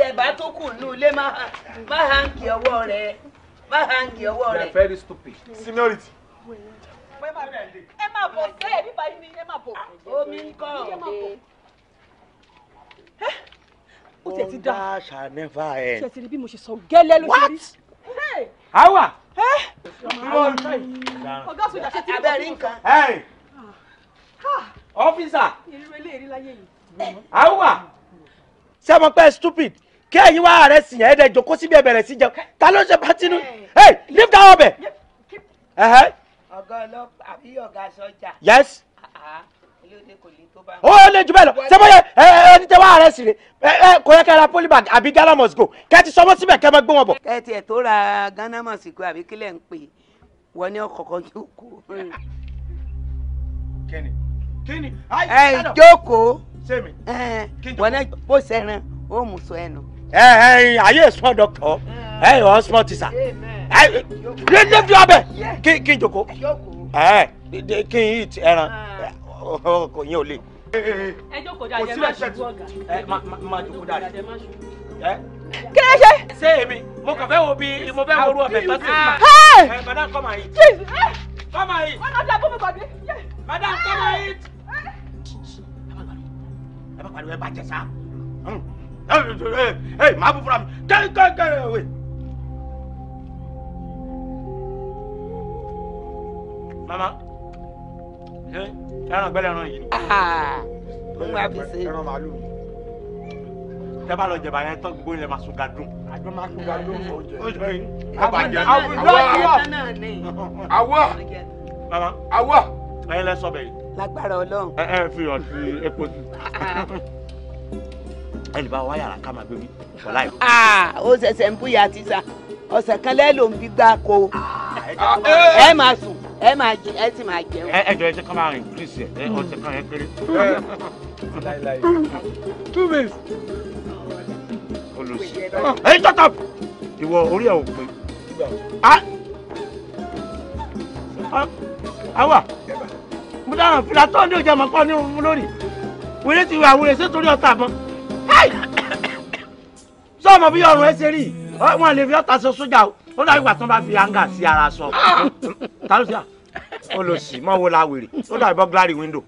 B: ẹ̀bá tó kù nù lé má hangi ọwọ́ rẹ̀ má hangi ọwọ́ rẹ̀. you are very stupid. seniority ẹ máa bọ̀ sẹ́ẹ̀ bíbá yín ni ẹ máa bọ̀. omi ń kọ́ ọ̀dẹ́ ó tiẹ̀ ti dá ó ń bá ṣànífà ẹ̀. tiẹ̀ ti rí bí mo ṣe sọ gẹ́lẹ́ ló ti rí. àwa. ọ̀gá sójà ṣe ti rí bọ́ọ̀lù nǹkan. ọ́fíìsà.
C: irú eléyìí rí láyé
B: yìí. àwa. sẹ́mo pẹ́ stupid kí ẹ̀yin wá ààrẹ sì yẹn ẹ̀ẹ́dẹ̀ jókòó síbi ẹ̀bẹ̀rẹ̀ sí jẹun ta ló ń ṣe pátínú hey leave that ọbẹ̀. ọ̀gá ọlọ́pàá àbí ọ̀gá sójà. yes. Ah, ah
E: ó lè jù bẹ́ẹ̀ lọ ṣé bóyá
B: ẹni tẹ́ wá rẹ̀ sí rè ẹ kò yẹ kẹ́ polybag àbí Ghana must go kẹ́ ti sọmọ́ síbẹ̀ kẹ́ mọ́ ẹ tiẹ̀ tó ra Ghana must go àbí kílẹ̀ ń pè wọ́n ní ọkọ̀ọ̀kan jókòó. kíni kíni ayi ẹ jókòó wọ́n ní bó sẹ́ran ó mú sọ ẹnu. ẹ ẹ ayé small doctor ẹ ọ small teacher ẹ ẹ lé bí kí n jókòó ẹ kí n eat ẹran ọkọ yẹn ò lè. ẹ jókòó dáadé má ṣubú ọ̀gá. ẹ má jókòó dáadé má ṣubú. kí ló ṣe. ṣé èmi mo kàn fẹ́ wo bí mo fẹ́ wo orú ọbẹ̀ tó ṣe. ẹ madam come and eat. come and eat. ọ̀nà ọ̀dà bómi kọ̀dé. madam come and eat. ẹ bá pariwo ẹ bá jẹ sá. ẹ hmm. máa bú fúnra mi kẹ́kẹ́kẹ́ wẹ̀. mama ẹran gbẹlẹ ẹran yìí ni. n wá fi ṣe. ẹran màálù. tẹ bá lọ jẹba yẹn tán gbogbo ilẹ̀ máa sun gadun. àjọ máa sun gadun fún oúnjẹ. àbàjẹ́ àwùjọ yìí
D: ọ̀.
G: àwọ̀
B: mama àwọ̀. ẹyin lẹ sọ bẹ́ẹ̀. lágbára Ọlọ́run. ẹ ẹ fi hàn sí epo sí. ẹ lè bá wa yàrá ká máa gbé mi wọlá yìí. ó ṣẹ̀ṣẹ̀ ń búyà tíṣà ọ̀sẹ̀ kan lẹ́ẹ̀ ń bí gbá ko ah, ẹ máa sùn ẹ máa jẹ ẹ sì máa jẹun. ẹ jọ ẹ jẹ ká máa rìn kírísì ẹ ọtí kan ẹ péré. two minutes. olùsí ẹ tọ́tọ̀
G: ìwọ orí ẹ ò pé.
B: àwa mo dáhùn fìlà tó ń dé ìjà mọ̀ pọ̀ ní òun lórí wèrè ti wà wèrè sétorí ọ̀tá mọ́ sọ́ọ̀mù bí ọrùn ẹ ṣe rí wọ́n lè fi ọ̀tá ṣe sójà o ó dàbí ìgbà tí wọ́n bá fi hanga sí ara sọ ta ló ṣe à ó lọ sí mọ́ wo la wèrè ó dàbí bọ́gláàrì window.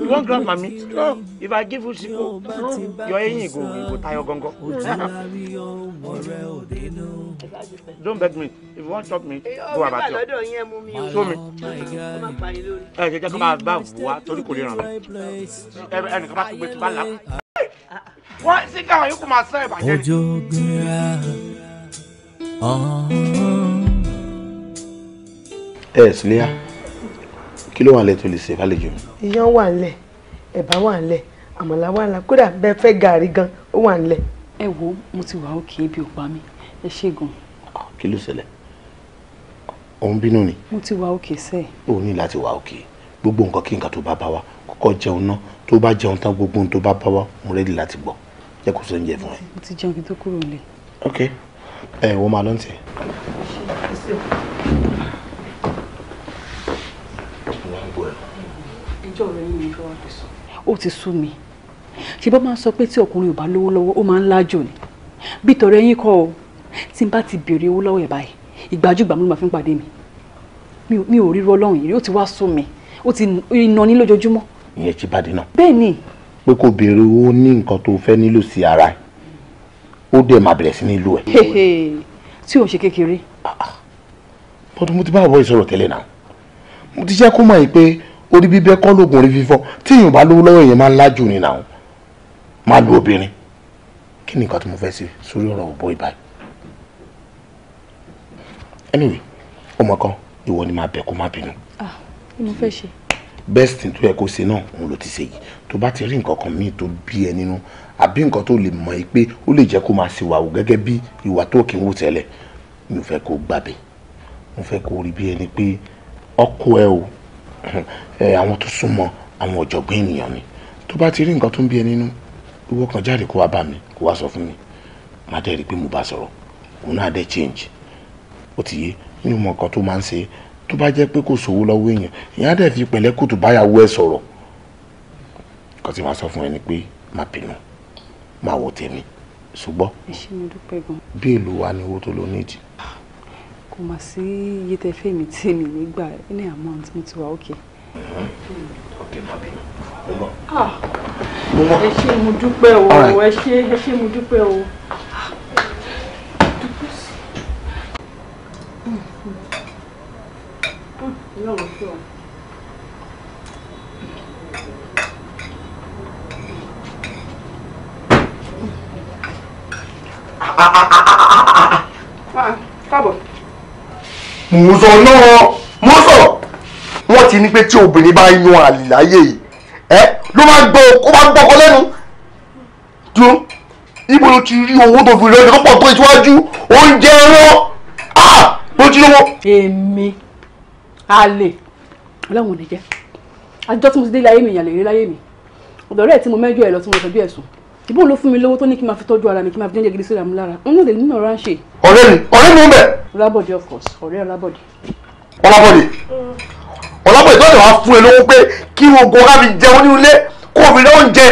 B: you wan grab mami if i give you single your eyin go go tire gangan. don't beg me if you wan chop me go about your show me. ẹ jẹjẹ kí n bá bá wà torí kò lè ràn mí ẹnì kan bá tún gbé tí bá là wọ́n ṣe káwọn yìí kò máa sán ìbàjẹ́ ni. ojú gbéra
E: ẹ sílíà kí ló wà lẹ
B: tó lè ṣe fàlejò mi. iyán wà nílẹ̀ ẹ̀bà wà nílẹ̀ àmàlà wà nílẹ̀ kódà bẹ́ẹ̀ fẹ́
C: gàrí gan ó wà nílẹ̀. ẹ wo mo ti wà òkè ibi ò pa mí ẹ ṣe gan.
B: kí ló ṣẹlẹ̀ òun bínú ni.
C: mo ti wà òkè sẹ́ẹ̀.
B: òun ní láti wà òkè gbogbo nǹkan kí nǹkan tó bá bá wa kọ́kọ́ jẹun náà tó bá jẹun tán gbogbo ohun tó bá bá wá mo rẹ́dí láti gbọ́ jẹ́ kó sóúnjẹ fún ẹ.
C: mo ti jẹun kí n tó kúrò nílé.
B: ok ẹ wọ́n máa lọ́ntì.
C: ẹjọ́ rẹ̀ yìí ni fẹ́ wá fi sùn. ó ti sú mi ṣe bá máa sọ pé tí ọkùnrin ò bá lówó lọ́wọ́ ó máa ń lájò ni bí tọrẹ yín kọ́ ọ tí n bá ti béèrè owó lọ́wọ́ ẹ̀ báyìí ìgbàjúgbà mi ló máa fi ń pàdé mi mi ò rí irú ọlọ́run yìí ó ti wá sú mi ó ti iná ní lójoojúmọ́
B: ìyẹn Chibade náà. bẹ́ẹ̀ni. pé kò béèrè owó ní nǹkan tó fẹ́ nílò sí ara ẹ̀ ó dẹ̀ máa bẹ̀rẹ̀ sí ní lò ẹ̀.
A: tí o ṣe kékeré. Ah, ah.
B: bọ́dún mo ti bá àbọ̀ ìṣòro tẹ́lẹ̀ náà mo ti jẹ́ kó mọ̀ yìí pé orí bíbẹ́ kọ́ lóògùn orí fífọ́ tí èèyàn bá lówó lọ́wọ́ èèyàn máa ń lájú ni náà máa lu obìnrin kí ni nǹkan tí mo fẹ́ ṣe sórí ọ̀rọ̀ òbó ìbáyìí. anyway ọmọ kan ìwọ ni máa bẹ̀ kó má bínú.
F: ah kí ni mo fẹ́ ṣe
B: best thing tó yẹ kó ṣe náà òun ló ti ṣe yìí tó bá ti rí nǹkan kan míì tó bí ẹ nínú àbí nǹkan tó lè mọ̀ ẹ́ pé ó lè jẹ́ kó máa ṣe wàwù gẹ́gẹ́ bí ìwà tó kì í wù tẹ́lẹ̀ mi ò fẹ́ kó gbàbẹ̀ mo fẹ́ kó rí bí ẹni pé ọkọ ẹ o ẹ àwọn tó súnmọ́ àwọn ọ̀jọ̀gbọ́n ènìyàn mi tó bá ti rí nǹkan tó ń bí ẹ nínú kan jáde kó wá bá mi kó wá sọ fún mi má dẹ́ rí i mo bá sọ̀rọ̀ òun náà dẹ́ change ó ti yé mi ò mọ nǹkan tó máa tó bá jẹ́ pé kò sówó lọ́wọ́ èèyàn èèyàn á dẹ̀ fi pẹ̀lẹ́kùtù báyàwó ẹ̀ sọ̀rọ̀ kan tí màá sọ fún ẹ ni pé má bínú má wọ tèmi ṣùgbọ́n bíèlù wa ni owó tó ló nídìí.
F: kò mà sí iye tẹ fẹ́ mi tí mi nígbà ní amount mi ti wà òkè.
D: Mm-hmm. Ah! ẹ ṣé mo dúpẹ́
C: o ẹ ṣé ẹ ṣé mo dúpẹ́ o. Ọlọ́run sọ
B: náà mo sọ wọn ti ní pé tí obìnrin bá yan àlè yìí ẹ ló máa gbọ́ kó máa gbọkọ lẹ́nu dùn ibo ló ti rí owó tó fi rẹ lọ́pọ̀ tó ìtúwájú oúnjẹ ẹran ah ló ti lówó. èmi àlè ọlọ́run ò ní jẹ́
C: àjọ tí mo ti dé láyé mi ìyàlè rí láyé mi ọ̀dọ̀ rẹ̀ tí mo mẹ́jọ ẹ̀ lọ tí mo tọ́jú ẹ̀ sùn ìbò ló fún mi lówó tó ní kí n máa fi tọ́jú ara mi kí n máa fi jẹ́ gidi síra mi lára n lóde nínú ọ̀rá ń ṣe. ọ̀rẹ́ mi ọ̀rẹ́ mi ń bẹ̀. ọlábọ̀dé of course ọ̀rẹ́ ọlábọ̀dé.
B: ọlábọ̀dé ọlábọ̀dé tó lè wá fún ẹ lówó pé kí ogun ọ̀gá mi jẹun ní ilé kó o fi lé oúnjẹ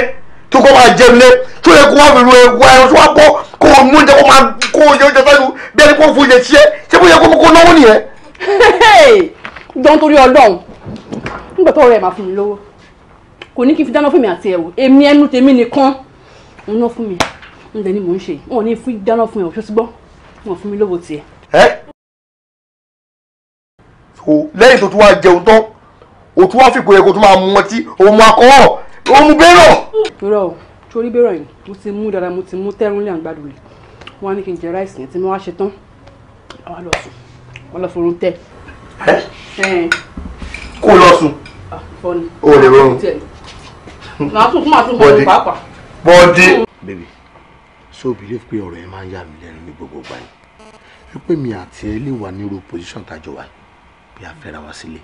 B: tó kó máa jẹun lé tó yẹ kó wá fi ru ẹwà ẹran tó wá bọ́ kó o mú oúnjẹ kó máa kó oúnjẹ oúnjẹ sẹ́nu bí ẹni kó fún oúnjẹ tiẹ̀ ṣé bó jọ̀ọ́ nítorí Ọlọ́run nígbà tó
C: rẹ̀ máa fún mi lówó kò ní kí n fi dáná fún mi àti ẹ̀wò èmi ẹnu tèmi nìkan òun náà fún mi ń lẹ ni mò ń ṣe wọn ò ní fi dáná fún ẹ òṣù sígbọ́ wọn fún mi lówó tiẹ̀.
B: ẹ so lẹ́yìn tó tún wá jẹun tán o tún wá fìpò yẹ kó tún máa mu ọtí o mu akọ́wọ́ o mu bẹ́rọ̀.
C: irọ́ o torí bẹ́rọ̀ yìí mo ti mú dáadáa mo ti mú tẹ́rùn lé àgbàdo rẹ̀ wọ́n á ní kí n jẹ ráìsì yẹn tí mo wá ṣe tán àwa
B: lọ sùn wọ́n lọ forún tẹ́ ẹ kó lọ sùn ah, o lè rọrùn bọ́dí bọ́dí. baby so believe pé ọ̀rọ̀ yẹn máa ń yà mí lẹ́nu ní gbogbo ìgbà ni wípé mi àti ẹ lè wà ní irú position tájọ wà bí a fẹ́ra wa sílé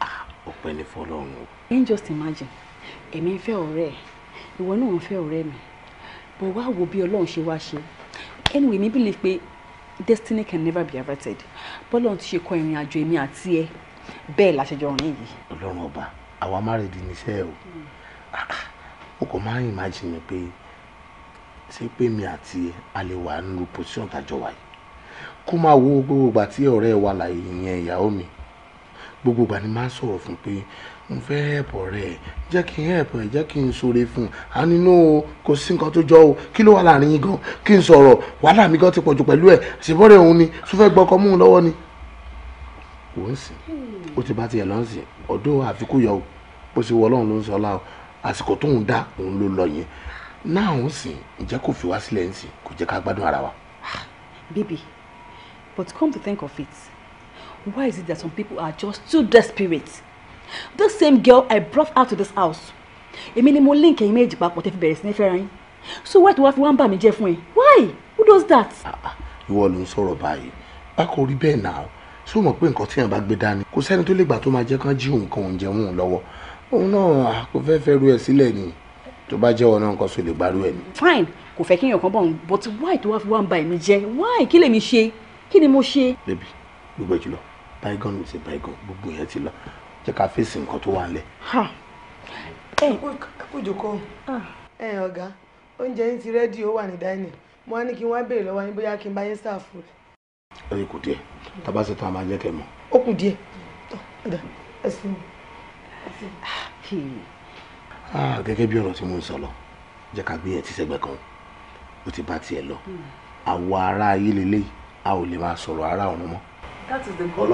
B: ah, ọpẹ́ ní fọlọ́run o.
C: can just imagine èmi ń fẹ́ ọ̀rẹ́ ẹ̀ ìwọ náà ń fẹ́ ọ̀rẹ́ mi bó wá wo bí ọlọ́run ṣe wá ṣe anyway mi believe pé destiny can never be averted bọ́lọ̀ ti ṣe kọ ìrìn àjò èmi àti ẹ bẹ́ẹ̀ la ṣe jọ rìn yìí.
B: ọlọ́run ọba àwa márèdì níṣẹ́ o ah, ah, o kò máa ń imagine pé ṣé pé mi àti ẹ a lè wà nínú position tàjọ wa yìí kó máa wo gbogbo ìgbà tí ọ̀rẹ́ wa là ìyẹn ìyàwó mi gbogbo ìgbà ni máa ń fún pé mo fẹ́ help ọ̀rẹ́ jẹ́ kí n help ẹ̀ jẹ́ kí n sọ̀rọ̀ fún un à nínú o kò sí nǹkan tó jọ o kí ló wà láàrin yín gan kí n sọ̀rọ̀ wàhálà mi gan ti pọ̀jù pẹ̀lú ẹ̀ ṣèbọ̀rẹ̀ òun ni tó fẹ́ gbọ́kọ mú un lọ́wọ́ ni. kò ń sìn ó ti bá tiẹ̀ lọ́n sìn ọ̀dọ́ àfikún yọ o bó ṣe wọ ló ń sọ ọlá o àsìkò tóun dá òun ló lọ yẹn náà ń sìn ǹjẹ́ kò fi wá ah,
C: but come to think of it why is it that some people are just too desperate The same girl I brought out to this house èmi ni mo link ẹ̀yin méjì papọ̀ tẹ́ fi bẹ̀rẹ̀ sí ní fẹ́ra yín so why do wá fi wá ń bà mí jẹ́ fún why who does that. Ah, ah,
B: ìwọ ló ń sọ̀rọ̀ báyìí bákan rí bẹ́ẹ̀ náà ṣó mọ̀ pé nǹkan tí èèyàn bá gbé dání kò sẹ́ni tó lè gbà tó máa jẹ́ kán jí nǹkan oúnjẹ wọn lọ́wọ́ òun náà kò fẹ́ fẹ́ ru ẹ̀ sílẹ̀ ni tó bá jẹ́wọ́ náà nǹkan sọ lè gbárù ẹ̀ ni. fine kò fẹ́ kí èèyàn kan bọ̀ ń but why do wá fi wá ń bà èmi why kí lèmi ṣe kí ni mo ṣe. baby gbogbo ẹ ti lọ bygone is a bygone gbogbo yẹn ti lọ jẹ́ ká fèsì nǹkan tó wà nílẹ̀. ẹ kú jòkó ẹ ọ̀gá oúnjẹ yín ti rẹ́dí ó wà ní dáínì mo wá ní kí n wá béèrè lọ́wọ́ yín bóyá kí n bá yín sáàfù rẹ̀. ẹ kù díẹ̀ tábà ṣe tán a máa jẹ́ kẹ́ mọ̀. ó kù díẹ̀ ẹ sùn. Ah, gẹ́gẹ́ bí ọ̀rọ̀ tí mo ń sọ lọ jẹ́ ká gbé yẹn ti sẹ́gbẹ̀ kan ó ti bá tiẹ̀ lọ hmm. àwa ará ayé lélẹ́yìí a ò lè máa sọ̀rọ̀ ará ọ̀run mọ́ that is the good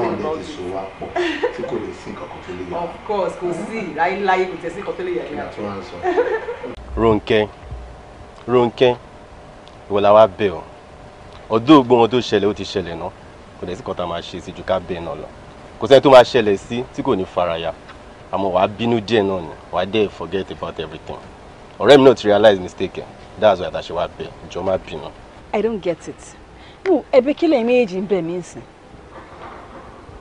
B: thing about it. of course kò sí láyéláyé kò tẹ̀ sí nǹkan tó lè yà. kí ni àtúwà ń sọ.
E: Rónkẹ́ Rónkẹ́ ìwọ la wá bẹ̀ ọ́ ọdún ògbó wọn tó ṣẹlẹ̀ ó ti ṣẹlẹ̀ náà kò dẹ̀ sí kan tá a máa ṣe sí ju ká bẹ́ẹ̀ náà lọ kò sẹ́ni tó máa ṣẹlẹ̀ sí tí kò ní faraya àmọ́ wàá bínú díẹ̀ náà ni wàá dẹ̀ forget about everything ọ̀rẹ́ mi náà realize mistake that's why àtàṣe wá bẹ̀ jọ má bínú.
C: I don't get it. ẹ̀bẹ̀ kílẹ̀ méjì ń bẹ̀ mí sìn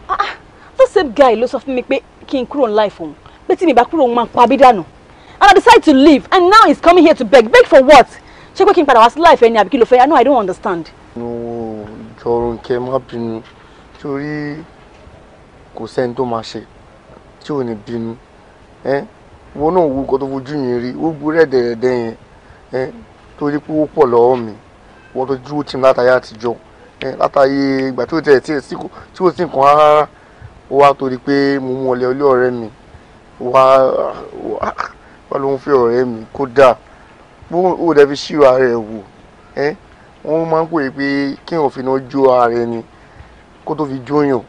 C: ah, ah the same guy ló sọ fún mi pé kí n kúrò ní life òun pé tí mi bá kúrò òun máa pa abídànù and I decide to leave and now he's coming here to beg beg for what ṣé pé kí n padà wá sí life ẹni àbí kí ló fẹ́ I know I don't understand.
B: no Jọ̀rúnkẹ́ má bínú torí kò sẹ́ni tó máa ṣe tí ò ní bínú wọn náà wo nǹkan tó fojú mi rí ó gbúrẹ́ ẹ̀dẹ̀ẹ̀dẹ̀ yẹn torí pé ó pọ̀ lọ́wọ́ mi wọ́n tó dúró tì mí látàyà àtijọ́ látàyè ìgbà tí ó tẹ̀ tí ó sì kàn án rárá ó wá torí pé mo mú ọlẹ́ ọlẹ́ ọ̀rẹ́ mi wá wá ló ń fẹ́ ọ̀rẹ́ mi kódà ó dẹ̀ fi ṣírò ara ẹ̀ wò wọ́n máa ń pòye pé kéèyàn fi náà jó ara ẹni kó tó fi jóyàn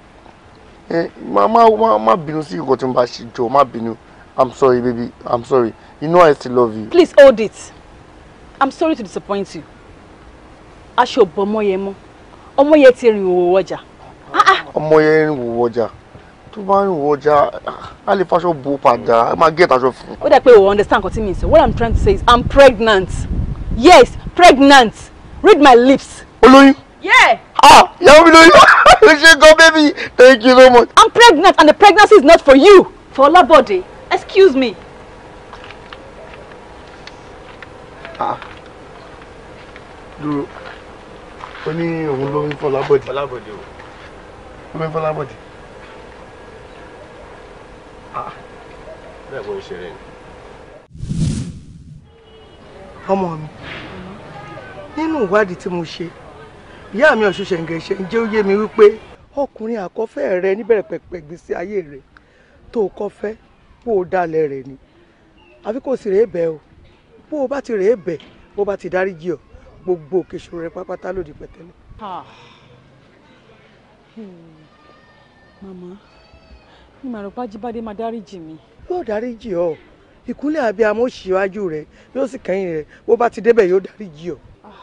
B: má bínú sí nǹkan tí mo bá ṣe jọ má bínú i'm sorry baby i'm sorry you know i still love you.
C: please hold it i'm sorry to disappoint you aṣọ ò bọ́ mọ́ yẹn mọ́ ọmọ yẹn ti rìn òwò ọjà.
B: Ah, ah. ọmọ yẹn rìn òwò ọjà tó bá rìn òwò ọjà á lè faṣọ bo padà á máa gé ìtaṣọ fún. ó
C: dà pé o understand nǹkan tí mi sọ what i'm trying to say is i'm pregnant yes pregnant read my lips. olóyún. yeah. ah Yeah. mi lóyún o ṣe gan baby thank you so much. i'm pregnant and the pregnancy is not for you for body. excuse me.
B: ah dúró ó ní òun ló ń fọlábọ̀dì fọlábọ̀dì o ó ló ń fọlábọ̀dì.
E: Ah. bẹ́ẹ̀ bó ń ṣeré ni.
B: ọmọ mi nínú ìwádìí tí mo ṣe ìyá mi ọ̀ṣun ṣẹ̀ǹgẹ̀ṣẹ̀ ń jẹ́ ó yé mi wípé ọkùnrin àkọ́fẹ́ rẹ níbẹ̀rẹ̀ pẹ̀pẹ̀ gbèsè ayé rẹ tó o kọ́fẹ́ bó o dalẹ̀ rẹ̀ ni àfi kò sì rèé bẹ́ẹ̀ o bó o bá ti rèé bẹ́ẹ̀ bó o bá ti dáríjì ọ́ gbogbo òkè ìṣòro rẹ pápátá lòdì pẹ̀tẹ́lẹ̀.
D: Ah.
C: Hmm. màmá mi màrò pájíbádé máa dáríjì mi.
B: yóò dáríjì ọ ìkúnlẹ̀ abiyamọ síwájú rẹ yóò sì kẹ́yìn rẹ bó bá ti débẹ̀ yóò dáríjì ọ. Ah.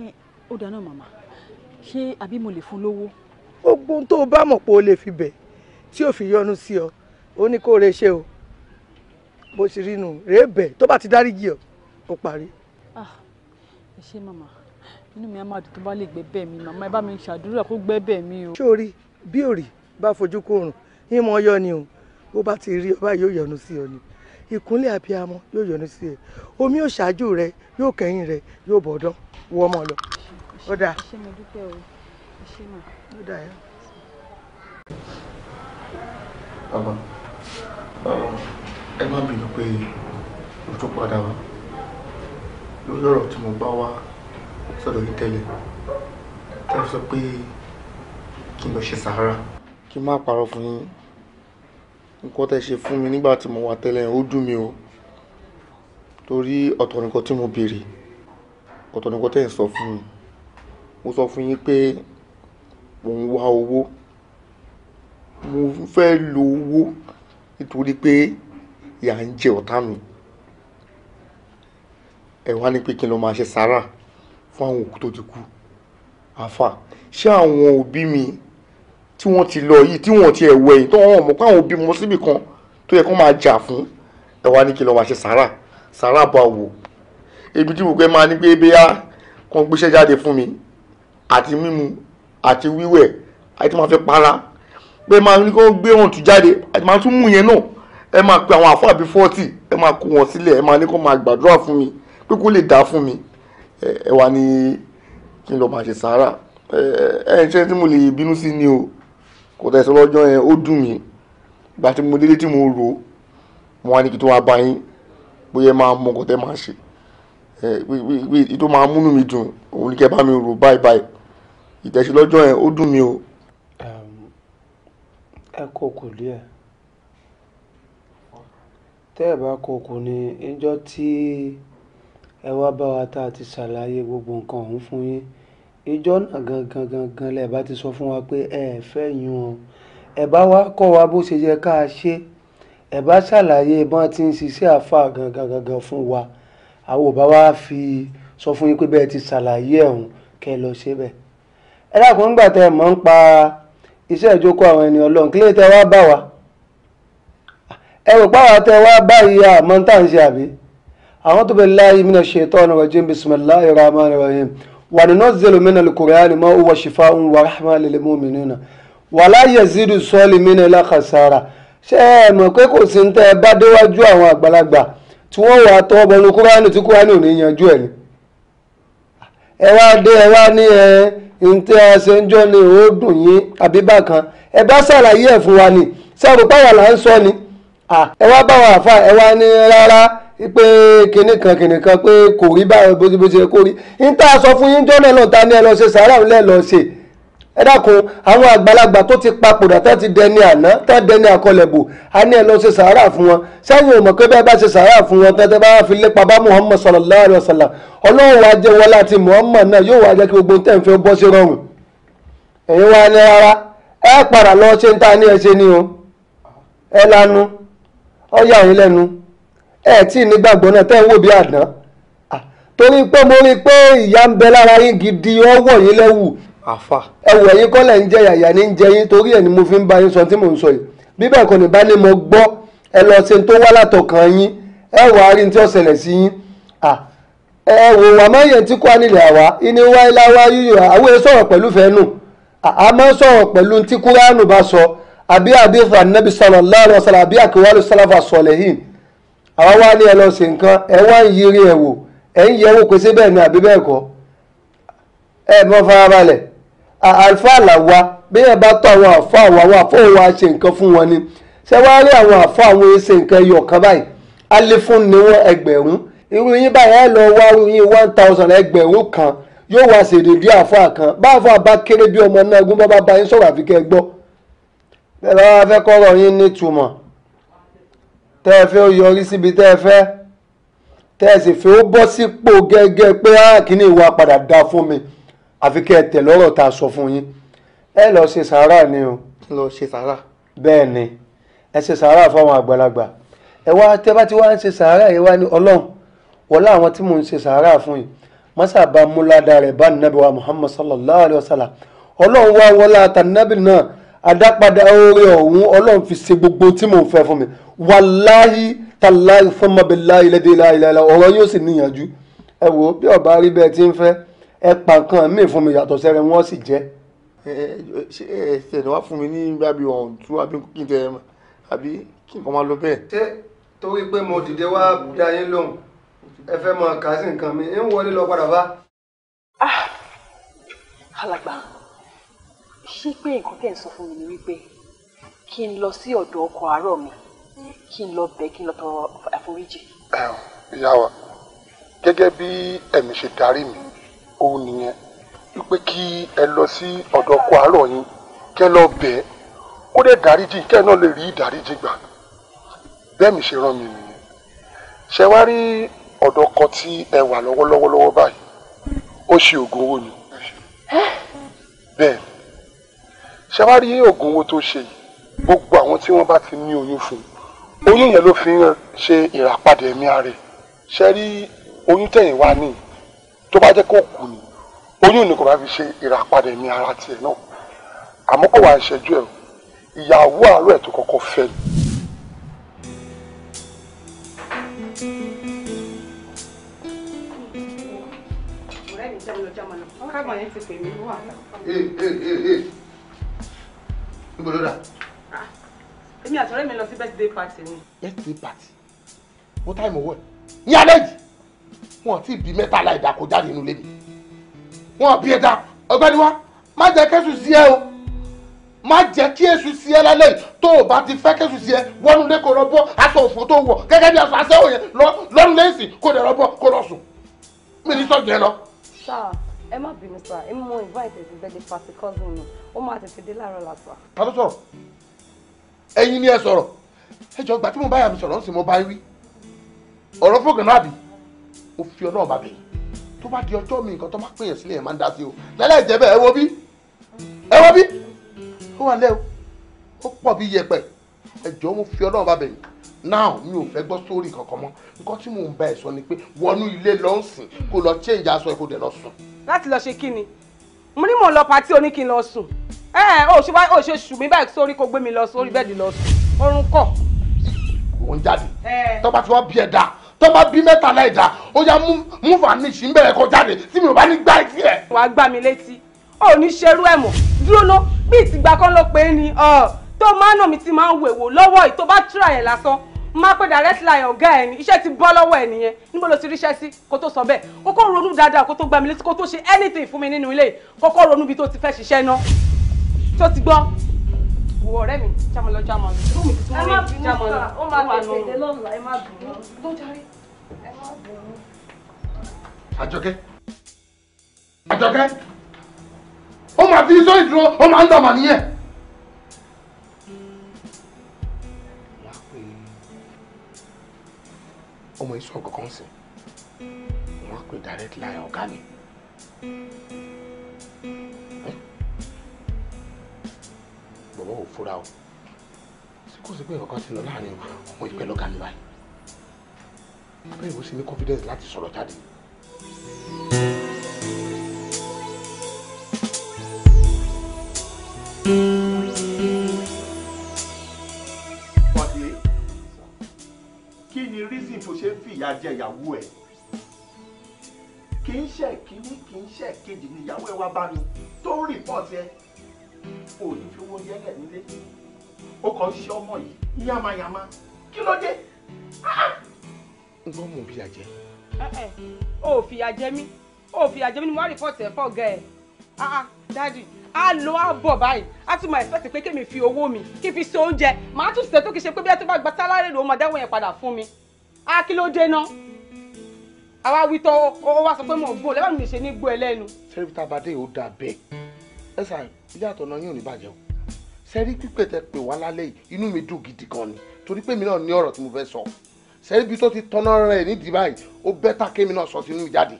B: Eh, ó dáná màmá ṣé àbí mo lè fún lówó. gbogbo ohun tó o bá mọ̀ pé o lè fi bẹ̀ tí o fi yọnu sí ọ ó ní kó o rẹ ṣe o bó ti rí nu rèé bẹ̀ tó bá ti dáríjì ọ ó parí
C: ẹ ṣe màmá inú mi á máa dùn tó bá lè gbẹ bẹ́ẹ̀ mi màmá ẹ bá mi
B: ṣàdúrà kó gbẹ bẹ́ẹ̀ mi o. sórí bí òrì bá fojú kóòrùn ìmọ̀ ọyọ ni o bó bá ti rí ọba yóò yọ́nú sí ọ ni ìkúnlẹ̀ abiyamọ yóò yọ́nú sí ẹ omi ò ṣáájú rẹ yóò kẹ́yìn rẹ yóò bọ̀dán wọ́ ọmọ lọ. ó dáa ó
G: dáa yẹn.
F: bàbá
B: bàbá ẹ má bínú pé o tún padà wá lórí ọ̀rọ̀ tí mo bá wá sọ́dọ̀ yín tẹ́lẹ̀ tí wọ́n sọ pé kí n lọ ṣe sàárà. kí n má parọ́ fún yín nǹkan tẹ́ ṣe fún mi nígbà tí mo wà tẹ́lẹ̀ ó dùn mí o torí ọ̀tọ̀ nìkan tí mo béèrè ọ̀tọ̀ nìkan tẹ́ ń sọ fún mi mo sọ fún yín pé mò ń wá owó mo fẹ́ lo owó nítorí pé ìyà ń jẹ ọ̀tá mi ẹ wá ní pé kí n lọ máa ṣe sára fún àwọn òkú tó ti kú àfà ṣé àwọn òbí mi tí wọ́n ti lọ yìí tí wọ́n ti ẹ̀wọ̀ ẹ̀yìn tó wọ́n mọ̀ pé àwọn òbí mọ síbì kan tó yẹ kó máa jà fún ẹ wá ní kí n lọ máa ṣe sára sára bá wò ebi tí mo pẹ́ máa ní pé bíyà kan gbéṣẹ́ jáde fún mi àti mímu àti wíwẹ̀ àti máa fẹ́ para pé máa ní kó gbé ohun tù jáde àti máa tún mú yẹn náà ẹ máa pe àwọn àfáà bíi fọ́ọ̀tì ẹ máa kó wọn sílẹ̀ ẹ máa ní kó máa gbàdúrà fún mi pé kó lè dáa fún mi ẹ wà ní kí n lọ máa ṣe sàárà ẹ ẹ ṣe tí mo lè bínú sí ni o kò tẹ̀sán lọ́jọ́ yẹn ó dùn mí ìgbà tí mo délé tí mo rò ó mo wá ní kí tó wá bá yín bóyá máa mọ nǹkan tẹ́ máa ṣe ẹ máa múnú mi dùn òun ní kẹ́ bá mi rò báyìí báyìí ìtẹ̀sí lọ́jọ́ yẹn ó dùn mí o. ẹ kò kò lé ẹ tẹ́ ẹ bá kò kò ní ẹjọ́ tí. Tí ẹ wá bá wa tá a ti ṣàlàyé gbogbo nǹkan ọ̀hún fún yín ìjọ náà gangan gangan lẹ́ẹ̀ bá ti sọ fún wa pé ẹ ẹ fẹ́ yun o ẹ bá wa kọ́ wa bó ṣe yẹ ká a ṣe ẹ bá ṣàlàyé bọ́n ti ń ṣiṣẹ́ àáfàá gangan gangan fún wa àwọn ò bá wa fi sọ fún yín pé bẹ́ẹ̀ ti ṣàlàyé ẹ̀hún kẹ́ ẹ lọ ṣe bẹ́ẹ̀ ẹ dákun nígbà tẹ́ mọ̀ ń pa iṣẹ́ ìjókòó àwọn ènìyàn ọlọ́run kílẹ̀ tẹ́ wá bá wa ẹ rò pàwọn tẹ́ wá báyìí àmọ́ ń tà ń ṣe àbí أعوذ بالله من الشيطان الرجيم بسم الله الرحمن الرحيم وننزل من القرآن ما هو شفاء ورحمة للمؤمنين ولا يزيد الظالمين إلا خسارة ṣé ẹ mọ̀ pé kò sí ní tẹ́ ẹ bá déwájú àwọn àgbàlagbà tí wọ́n wà á tọwọ́ bọnu kúránì tí kúránì ò ní yanjú ẹ̀ ni. ẹ wá dé ẹ wá ní ẹ ní tẹ́ ẹ ṣe ń jọ́ ni ó yín àbí ẹ bá ṣàlàyé ẹ̀ fún wa ni ṣé là ń sọ ni ẹ wá bá wa àfà ẹ wá ní rárá pé kinní kan kinní kan pé kò rí báwọn bó ti yẹ kó rí n tá a sọ fún yín jọ́nà náà ta ni ẹ lọ ṣe sàárà ń lẹ́ lọ ṣe ẹ dákun àwọn àgbàlagbà tó ti papòdà tá ti dẹni àná tá dẹni àkọlẹ̀bù a ní ẹ lọ ṣe sàárà fún wọn sẹ́yìn ò mọ̀ pé bẹ́ẹ̀ bá ṣe sàárà fún wọn tẹ́tẹ́ bá fi lépa bá Muhammad sallallahu alayhi wa sallam ọlọ́run wa jẹ́ wọn láti Muhammad náà yóò wá jẹ́ kí gbogbo tẹ̀ ń fẹ́ bọ́ sí rọrùn èyí wá ní rárá ẹ padà lọ ṣe ń ta ní ẹ ṣe ni o ẹ lanu ọ yà yín lẹ́nu ẹ tí nígbàgbọ́ náà tẹ́ ń wò bí àdán torí pé mo rí i pé ìyá ń bẹ lára yín gidi ọwọ́ yín lẹ́wù ẹwù ń jẹ yàyà ní ń jẹ yín ni mo fi ń ba yín sọ tí mò ń sọ yìí bí bẹ́ẹ̀ bá ní mo gbọ́ ẹ lọ ṣe tó wá látọkàn yín ẹ wà á rí ní sí yín ẹ wò wà má yẹn tí àwa ìní wá ilá wá yíyọ àwọn èèyàn sọ̀rọ̀ pẹ̀lú sọ̀rọ̀ pẹ̀lú kúránù bá sọ àbí àwa wá ní ẹ lọ nǹkan ẹ wá ń yiri ẹ wò ẹ ń yẹwò pé ṣé bẹ́ẹ̀ ni àbí bẹ́ẹ̀ kọ́ ẹ mọ farabalẹ̀ àlùfáà làwa bí ẹ bá tọ́ àwọn àfọ àwọn àwọn àfọ wa ṣe nǹkan fún wọn ni ṣé wá rí àwọn àfọ àwọn ẹsẹ̀ nǹkan ẹyọ kan báyìí alẹ́ fún ni wọ́n ẹgbẹ̀rún irú yín báyìí ẹ lọ wá irú yín one thousand ẹgbẹ̀rún kan yóò wá ṣèdèdí àfọ àkàn bá àfọ àbá kéré bí ọmọ náà gún bá bá bá yín sọ̀rọ̀ àfikẹ́ gbọ́ bẹ́ẹ̀ bá wá yín nítumọ̀ tẹ́ẹ̀fẹ́ ẹ fẹ́ ó yọrí síbi ó bọ́ sípò gẹ́gẹ́ pé kíní ìwà padà fún mi àfi Tẹ ẹ tẹ̀ tá a sọ fún yín ẹ lọ ṣe sàárà ni o. lọ ṣe sàárà. bẹ́ẹ̀ ni ẹ ṣe sàárà fáwọn àgbàlagbà ẹ wá tẹ́ bá ti wá ń ṣe sàárà yẹn wá ní ọlọ́run wọlé àwọn tí mò ń ṣe sàárà fún yìí bá bá nàbẹ̀wá sallallahu alayhi wa àdápadà oore ọ̀hún ọlọ́run fi ṣe gbogbo tí mò ń fẹ́ fún mi wàláhí tàláhí fọmọbìláhí lẹ́dẹ̀ẹ́láhìláhìlá ọ̀rọ̀ yóò sì níyànjú ẹ wò ó bí ọba rí bẹ́ẹ̀ ti ń fẹ́ ẹ pa nǹkan míì fún mi yàtọ̀ sẹ́rẹ̀ wọ́n sì jẹ́. ẹ ẹ ṣẹ̀dá wá fún mi ní bábí ọ̀hún tú àbí kí n tẹ ẹ mọ àbí kí n kọ́ máa lọ bẹ́ẹ̀. ṣé torí pé mo dìde wá dá yín lóhùn ẹ fẹ́ mọ kàásì nǹkan mi ń wọlé lọ padà bá. Ah, alàgbà
C: ṣé pé nǹkan tẹ̀ ń sọ fún mi ni wípé kí n lọ sí ọ̀dọ̀ ọkọ àárọ̀ mi kí n lọ bẹ̀ kí n lọ tọrọ àforíjì.
B: ẹ ọ ìyá wa gẹ́gẹ́ bí ẹ̀mí ṣe darí mi òun nìyẹn wípé kí ẹ lọ sí ọ̀dọ̀ ọkọ àárọ̀ yín kẹ́ lọ bẹ̀ kó dẹ̀ dáríjì kẹ́ náà lè rí ìdáríjì gbà bẹ́ẹ̀ mi ṣe rán mi nìyẹn ṣe wá rí ọ̀dọ̀ kan tí ẹ wà lọ́wọ́lọ́wọ́ báyìí ó ṣe oògùn owó ni bẹ́ẹ̀ ṣé wàá rí oògùn owó tó ṣe yìí gbogbo àwọn tí wọ́n bá ti ní oyún fún oyún yẹn ló fi ń ṣe ìràpadà ẹ̀mí ààrẹ ṣe rí oyún tẹ̀yìn wá ní tó bá jẹ́ kó kù ní oyún ni kò bá fi ṣe ìràpadà ẹ̀mí ara tiẹ̀ náà àmọ́ kò wá ìṣẹ́jú ẹ̀ ìyàwó àárọ̀ ẹ̀ tó kọ́kọ́ fẹ́
C: ọ̀rẹ́ mi jẹ́ mi lọ ọ̀rẹ́ mi ti pè mí wà níbo ló dà. Ah, èmi àtọ̀rẹ́ lọ sí birthday
B: party ni. birthday party What time mọ̀ wọ́ ẹ̀ ní alẹ́ yìí wọ́n ti bí mẹ́ta láìda kó jáde nínú ilé mi wọ́n bí ẹja ọ̀gbẹ́ni wa má jẹ́ kẹ́sù sí ẹ o má jẹ́ kí èṣù sí ẹ lálẹ́ yìí tó o bá ti fẹ́ kẹ́sù sí ẹ wọnú lé kó rọ́bọ́ aṣọ òfò tó wọ̀ gẹ́gẹ́ bí aṣọ aṣẹ́wò yẹn lọ́nu lẹ́sìn kó dẹ̀ rọ́bọ́ kó lọ sùn mi ní sọ́jọ́ ẹ lọ.
C: sáà ẹ má bínú sá ẹ mọ invite ẹ sí birthday party cousin mi ó máa tètè dé láàárọ̀ làtà.
B: ta ló sọ̀rọ̀ ẹ̀yin ni ẹ sọ̀rọ̀ ẹ jọ gbà tí mo bá yà mi sọ̀rọ̀ ń sì mo bá wí ọ̀rọ̀ fóògùn náà bì mo fi ọ náà bá bẹ̀yìn tó bá di ọjọ́ mi nǹkan tó máa pèyàn sílẹ̀ yẹn máa ń dá sí o lálẹ́ ìjẹ́ bẹ́ẹ̀ ẹ wo bí ẹ wo bí ó wà lẹ́ o ó pọ̀ bí yẹpẹ̀ ẹ jọ mo fi ọ náà bá bẹ̀yìn now mi ò fẹ́ gbọ́ sórí kankan mọ́ nǹkan tí mò ń bá ẹ̀ sọ ni pé wọnú ilé lọ ń sìn kó lọ change aṣọ ẹ̀ kó dẹ̀ lọ sùn. láti lọ ṣe kí ni mo ní mò ń lọ pàtí oní kí n lọ sùn ẹ ẹ ò ṣe ò ṣe ṣù mí báyìí sórí kó gbé mi lọ sórí bẹ́ẹ̀dì lọ sùn oorun kọ̀. òun jáde tó bá ti wá bí ẹ dáa tó bá bí mẹ́ta láì dáa ó yá mú vanish ń bẹ̀rẹ̀ kó jáde tí mi ò bá ní gbá etí ẹ̀. wàá gbá mi létí ò ní ṣerú ẹ̀ mọ̀ dúró ná bí ìtìgbà kan ló pé ni tó máa nà mí ti máa ń wèwò lọ́wọ́ ì tó bá tíra
C: ẹ̀ lásán máa pe direct line ọ̀gá ẹ̀ ni iṣẹ́ ti bọ́ lọ́wọ́ ẹ̀ nìyẹn níbo ló ti ríṣẹ́ sí kó tó sọ bẹ́ẹ̀ kókó ronú dáadáa kó tó gbá mi létí kó tó ṣe anything fún mi nínú ilé kókó ronú bí tó ti fẹ́ ṣiṣẹ́ ná tó ti gbọ́ wo ọ̀rẹ́ mi jámọ́ lọ jámọ́ lọ rúmi tuntun rí jámọ́ lọ ó máa tètè dé lọ́la ẹ má bínú ló járe ẹ má bínú.
B: àjọkẹ́ àjọkẹ́ ó máa fi sóyè dúró ó máa ń dàmà nìyẹn. ọmọ yìí sọ nǹkan kan sí wọ́n pè direct line ọ̀gá mi. bọ̀bọ̀ ò fura o ṣé kò sí pé ọ̀kan ti lọ láàrin ọmọ yìí pẹ̀lú ọ̀gá mi báyìí bẹ́ẹ̀ ó sì ní confidence láti sọ̀rọ̀ jáde. thank you ni reason tó ṣe ń fi ìyà jẹ ìyàwó ẹ̀ kì í ṣe kíní kì í ṣe kejì ni ìyàwó ẹ̀ wá bá mi tó ń rìpọ́ọ̀tì ẹ̀ ò ní fi owó yẹlẹ̀ nílé ó kàn ń ṣe ọmọ yìí yamayama kí ló dé. ǹgbọ́n mò ń fi àjẹ́. o
C: ò fi àjẹ́ mi o ò fi àjẹ́ mi ni mo wá rìpọ́ọ̀tì ẹ̀ fọ́ ọ̀gá ẹ̀ dáàdì á lọ á bọ̀ báyìí á tún máa expect pé kémi fi owó mi kí fi ṣe oúnjẹ màá tún ṣètò kí ṣe pé bí a tó bá gba sálárì lòun máa dáwọ́ yẹn padà fún mi á kí ló dé náà àwa wí tọ
B: ọ wá sọ pé mò ń gbọ́ lẹ́wọ̀n mi ṣe ní gbọ́ ẹ lẹ́nu. sẹ́rí tá a bá dé ò dà bẹ́ẹ̀ ẹ sàn ilé àtọ̀nà yín ò ní bàjẹ́ o sẹ́rí pípẹ́ tẹ pè wá lálẹ́ yìí inú mi dùn gidi gan ni torí pé mi náà ní ọ̀rọ̀ tí mo fẹ́ sọ sẹ́rí bí tó ti tọ́nà rẹ̀ nídìí báyìí ó bẹ́tà kémi náà sọ sínú mi jáde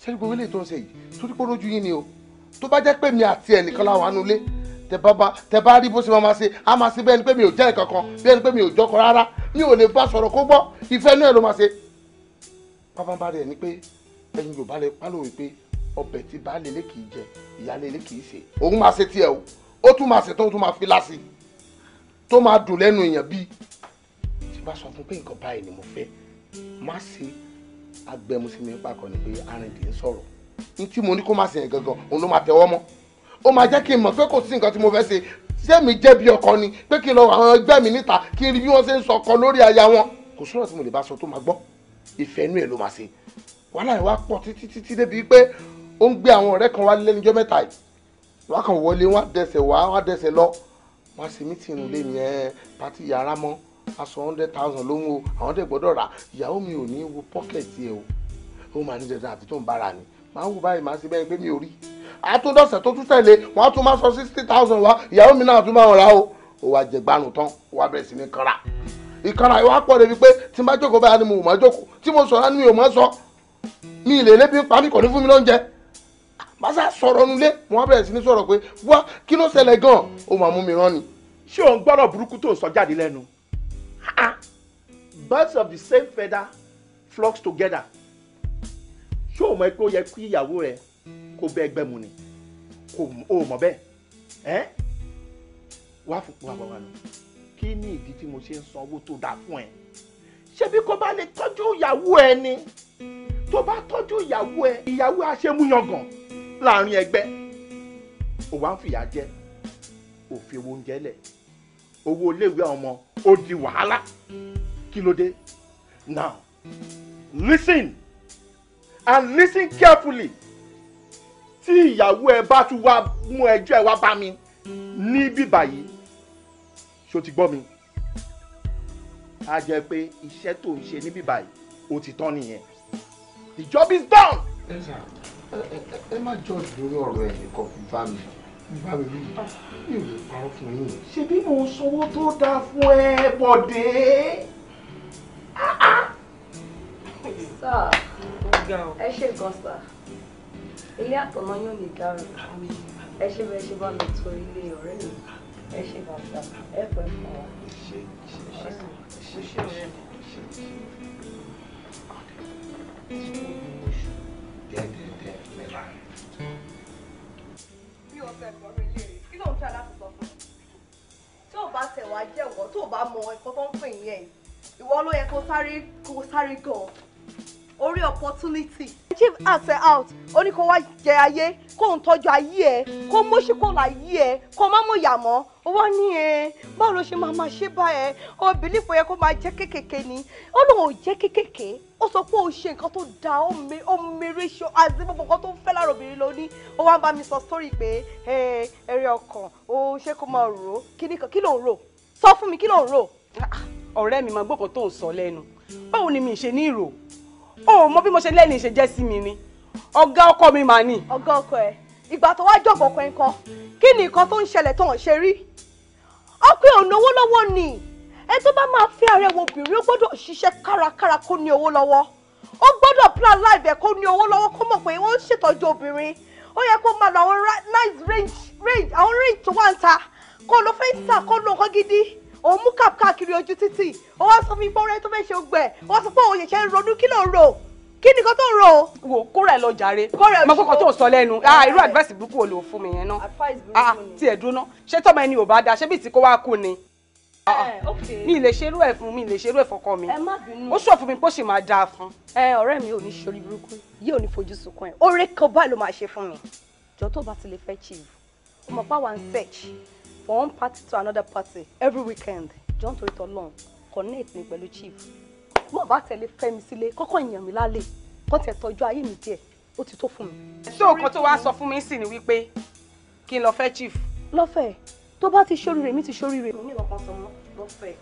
B: sẹ́rí gbogbo eléyìí tó ń ṣe yìí torí pé ó lójú yín ni o tó bá jẹ́ pé mi àti ẹnìkan láwọn anulé tẹ bá rí bó ṣe máa ṣe a máa ṣe bẹ́ẹ̀ ni pé mi ò jẹ́ ìkankan bẹ́ẹ̀ ni pé mi ò jọkọ rárá mi ò lè bá sọ̀rọ̀ kó gbọ́ ìfẹ́ náà ló máa ṣe. pápá bá rẹ̀ ni pé ẹ̀yin yorùbá lè pálọ̀ wípé ọbẹ̀ tí baálé ilé kì í jẹ ìyáálé ilé kì í ṣe òun máa ṣe tiẹ̀ o ó tún máa ṣe tó tún máa fi láṣì tó máa dùn lẹ́nu èèyàn bíi tí bá sọ fún pé nǹkan báyìí ni mo fẹ́ má ṣe agbẹmusí pàkọ́ ni pé arìndín ní tí mo ní kó má ṣe gangan òun ló máa tẹ̀wọ́ mọ́ ó máa jẹ́ kí n mọ̀ pé kò sí nǹkan tí mo fẹ́ ṣe ṣé mi jẹ́ bí ọkọ ni pé kí n lọ àwọn ẹgbẹ́ mi níta kí n rí bí wọ́n ṣe ń sọ ọkọ lórí aya wọn kò sọ̀rọ̀ tí mo lè bá sọ tó máa gbọ́ ìfẹ́ inú ẹ̀ ló máa ṣe wàhálà ìwà pọ̀ títí títí débi pé ó ń gbé àwọn ọ̀rẹ́ kan wá lẹ́nijọ́ mẹ́ta yìí wọ́n wọlé wọ́n dẹsẹ̀ wá wọ́n dẹsẹ̀ lọ wọ́n á ṣe lé ní ẹ pati yàrá mọ́ aṣọ hundred thousand ló ń àwọn dẹ̀ gbọ́dọ̀ rà ìyàwó mi ò ní wo pọ́kẹ̀tì ẹ o ó máa ní dandan àti tó ń bára ni màá wù báyìí màá sì bẹ́ẹ̀ pé mi ò rí àtúndọ̀sẹ̀ tó tún tẹ̀lé wọ́n á tún máa sọ sixty thousand wá ìyàwó mi náà tún máa rà ó ó wá jẹ gbanu tán ó wá bẹ̀rẹ̀ sí ní kanra ìkanra ìwà pọ̀ débi pé tí n bá jókòó báyà ni mo mọ̀ jókòó tí mo sọ̀rọ̀ ni mi ò mọ̀ sọ mi ì lè lébi pa mi kò ní fún mi lóúnjẹ màsà sọ̀rọ̀ nulẹ̀ mo wá bẹ̀rẹ̀ sí ní sọ̀rọ̀ pé wá kí ló ṣẹlẹ̀ gan-an máa mú mi rán ni. ṣé o ń gbọ́dọ̀ burúkú tó ń sọ jáde lẹ́nu birds of the same feather flocks together ṣé o mọ̀ pé ó yẹ kí ìyàwó rẹ kó bẹ́ ẹgbẹ́ mu ni kò mọ̀ bẹ́ẹ̀ ẹ́ wá fún wa bàbá mi kí ni ìdí tí mo ṣe ń san owó tó dáa fún ẹ ṣebí kó bá lè tọ́jú ìyàwó ẹ ni tó bá tọ́jú ìyàwó ẹ ìyàwó aṣemúyangàn láàrin ẹgbẹ́ ò wá ń fìyà jẹ òfin owó oúnjẹ lẹ̀ owó iléèwé ọmọ ó di wàhálà kí ló dé now listen and listen carefully tí ìyàwó ẹ bá tún wá mú ẹjọ́ ẹ wá bá mi níbí báyìí ṣó ti gbọ́ mi a jẹ́ pé iṣẹ́ tó ń ṣe níbí báyìí ó ti tán nìyẹn the job is done. ẹ má jọ lórí ọ̀rọ̀ ẹ̀ nìkan fi bá mi bá mi rí mi ò lè parọ́ fún yín. ṣebí mo sanwó tó dáa fún ẹ bọ̀dé. Ah,
C: ah. sáà
F: ga o. ẹ ṣe nǹkan sá ilé àtọ̀nà yóò lè dárò ẹ ṣe bẹ́ẹ̀ ṣe bá mi tó ilé ọ̀rẹ́ mi ẹ ṣe bàbá
B: ẹ pẹ́ fún wa. ṣe ṣe ṣe ṣe ọ̀rẹ́ mi. Dẹ́dẹ́dẹ́ mẹ́ta.
C: Mi ò fẹ́ gbọ́ mi léèrè, kí ló ń fẹ́ láti sọ fún mi? Tí ò bá tẹ̀ wá jẹ́ wọ́n, tó bá mọ ẹ̀kọ́ tó ń pè yẹn, ìwọ ló yẹ kó sáré kó sáré gan orí opportunity. chief àṣẹ out ó ní kó wá jẹ ayé kó ń tọ́jú ayé ẹ kó móṣù kó là yí ẹ kó má mọ̀ yà mọ́ ó wá ní ẹ báwo ló ṣe máa máa ṣe bá ẹ ó bìlífò yẹ kó máa jẹ kékèké ni ó lóun ò jẹ kékèké ó sọ pé ó ṣe nǹkan tó da ó mi ó mèrè ṣo àti gbogbo nǹkan tó ń fẹ́ lára obìnrin lóní ó wá ń bá mi sọ sórí pé ẹ ẹrẹ ọkàn ó ṣe kó máa rò ó kíní kan kí ló ń rò sọ fún mi kí ló ń rò. Ah, ọ̀rẹ́ mi máa gbọ́kàn tó ń sọ lẹ́nu báwo ni mi ṣe ní ìrò o mọ bí mo ṣe lẹ́nu ìṣe jẹ́ sí mi ni ọ̀gá ọkọ mi mà ní. ọ̀gá ọkọ ẹ̀ ìgbà tó wá jọ̀gbọ̀ pẹ́ nǹkan kí ni nǹkan tó ń ṣẹlẹ̀ tó hàn ṣe rí ọkọ ẹ̀ ò náwó lọ́wọ́ ni ẹ tó bá máa fẹ́ ààrẹ wo obìnrin ó gbọ́dọ̀ ṣiṣẹ́ kárakára kó ní owó lọ́wọ́ ó gbọ́dọ̀ plan life ẹ̀ kó ní owó lọ́wọ́ kó mọ̀ pé ó ń ṣètọ́jú obìnrin ó yẹ kó máa lo àwọn nice range range àwọn range tó wà ń ta kó lọ fẹ́ ń ta kó gidi òun mú kàp káàkiri ojú títì ó wá sọ fún mi bọ́ọ̀rẹ́ tó fẹ́ ṣe ògbẹ́ ó sọ pé òun ṣẹ̀ṣẹ̀ ń ronú kí ló ń rò kí ni kan tó ń rò. wò kóra ẹ lọ jàre mo kọ́kọ́ tó sọ lẹ́nu ah, irú advice burúkú wo ló fún mi yẹn náà ah, tí ẹ dúná ṣé tọ́mọ ẹni ò bá dáa ṣé bí ti kó wá kú ni
D: ah, eh, mi
C: lè ṣerú ẹ fún mi lè ṣerú ẹ fọkọ mi ó sọ fún mi pé ó sì máa dáa fún. ẹ eh, ọ̀rẹ́ mi ò ní ṣorí burúkú yìí ò ní fojú sunkún ẹ oore kan báyìí ló máa ṣe fún mi jọ tó bá ti lè fẹ́ chief ó mọ̀ wa ń search from one party to another party every weekend john torí tọ́lọ́n connect mi pẹ̀lú chief mo bá tẹ̀lé fẹ́mi sílé kọ́kọ́ ìyàn mi lálẹ́ kọ́tẹ̀ tọ́jú ayé mi díẹ̀ ó ti tó fún mi. ṣé òkan tó wàá sọ fún mi sì ni wípé kí n lọ fẹ́ chief. lọ́fẹ̀ẹ́ tó bá ti ṣoríire mi ti ṣoríire. mo ní ìlọ́kan sọ mọ́ lọ́fẹ̀ẹ́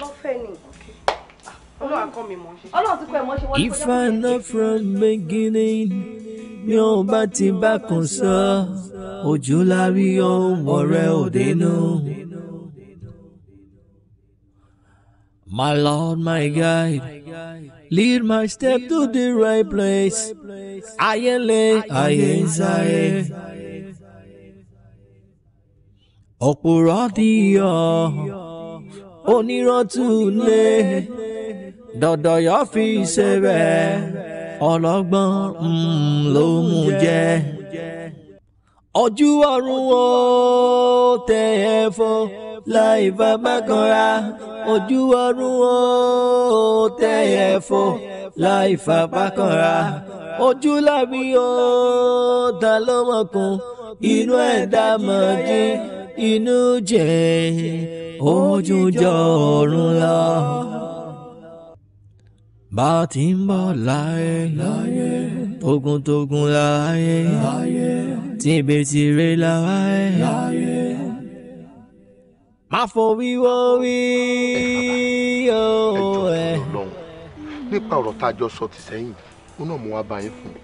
C: lọ́fẹ̀ẹ́ ni. If I
A: know from beginning, mi ò bá ti bá kan sọ, ojú la rí ohun ọ̀rẹ́ òdenu. My Lord, my guide, lead my step to the right place. Ayele, ayenzaye. Òpùrọ́ di ọ́, onírọ́ tún lé dọ̀dọ̀ yọ fi ṣe bẹ́ẹ̀ ọlọ́gbọ́n mm, ló mú jẹ. ojú ọ̀run o tẹ̀ ẹ́ fọ́ láì bàbá kanra ojú ọ̀run o tẹ̀ ẹ́ fọ́ láì bàbá kanra ojú làbí o ta ló mọ̀ kún inú ẹ̀dá jí inú jẹ́ ojú jọ ọ̀run lọ bá ti ń bọ̀ láyé láyé togun-togun láyé láyé tìbètìrè láyé láyé. má fọ wíwọ́ wí
B: ooo ẹ. Eh. nípa ọ̀rọ̀ tá a jọ sọ ti sẹ́yìn ó náà mú wa bá yín fún un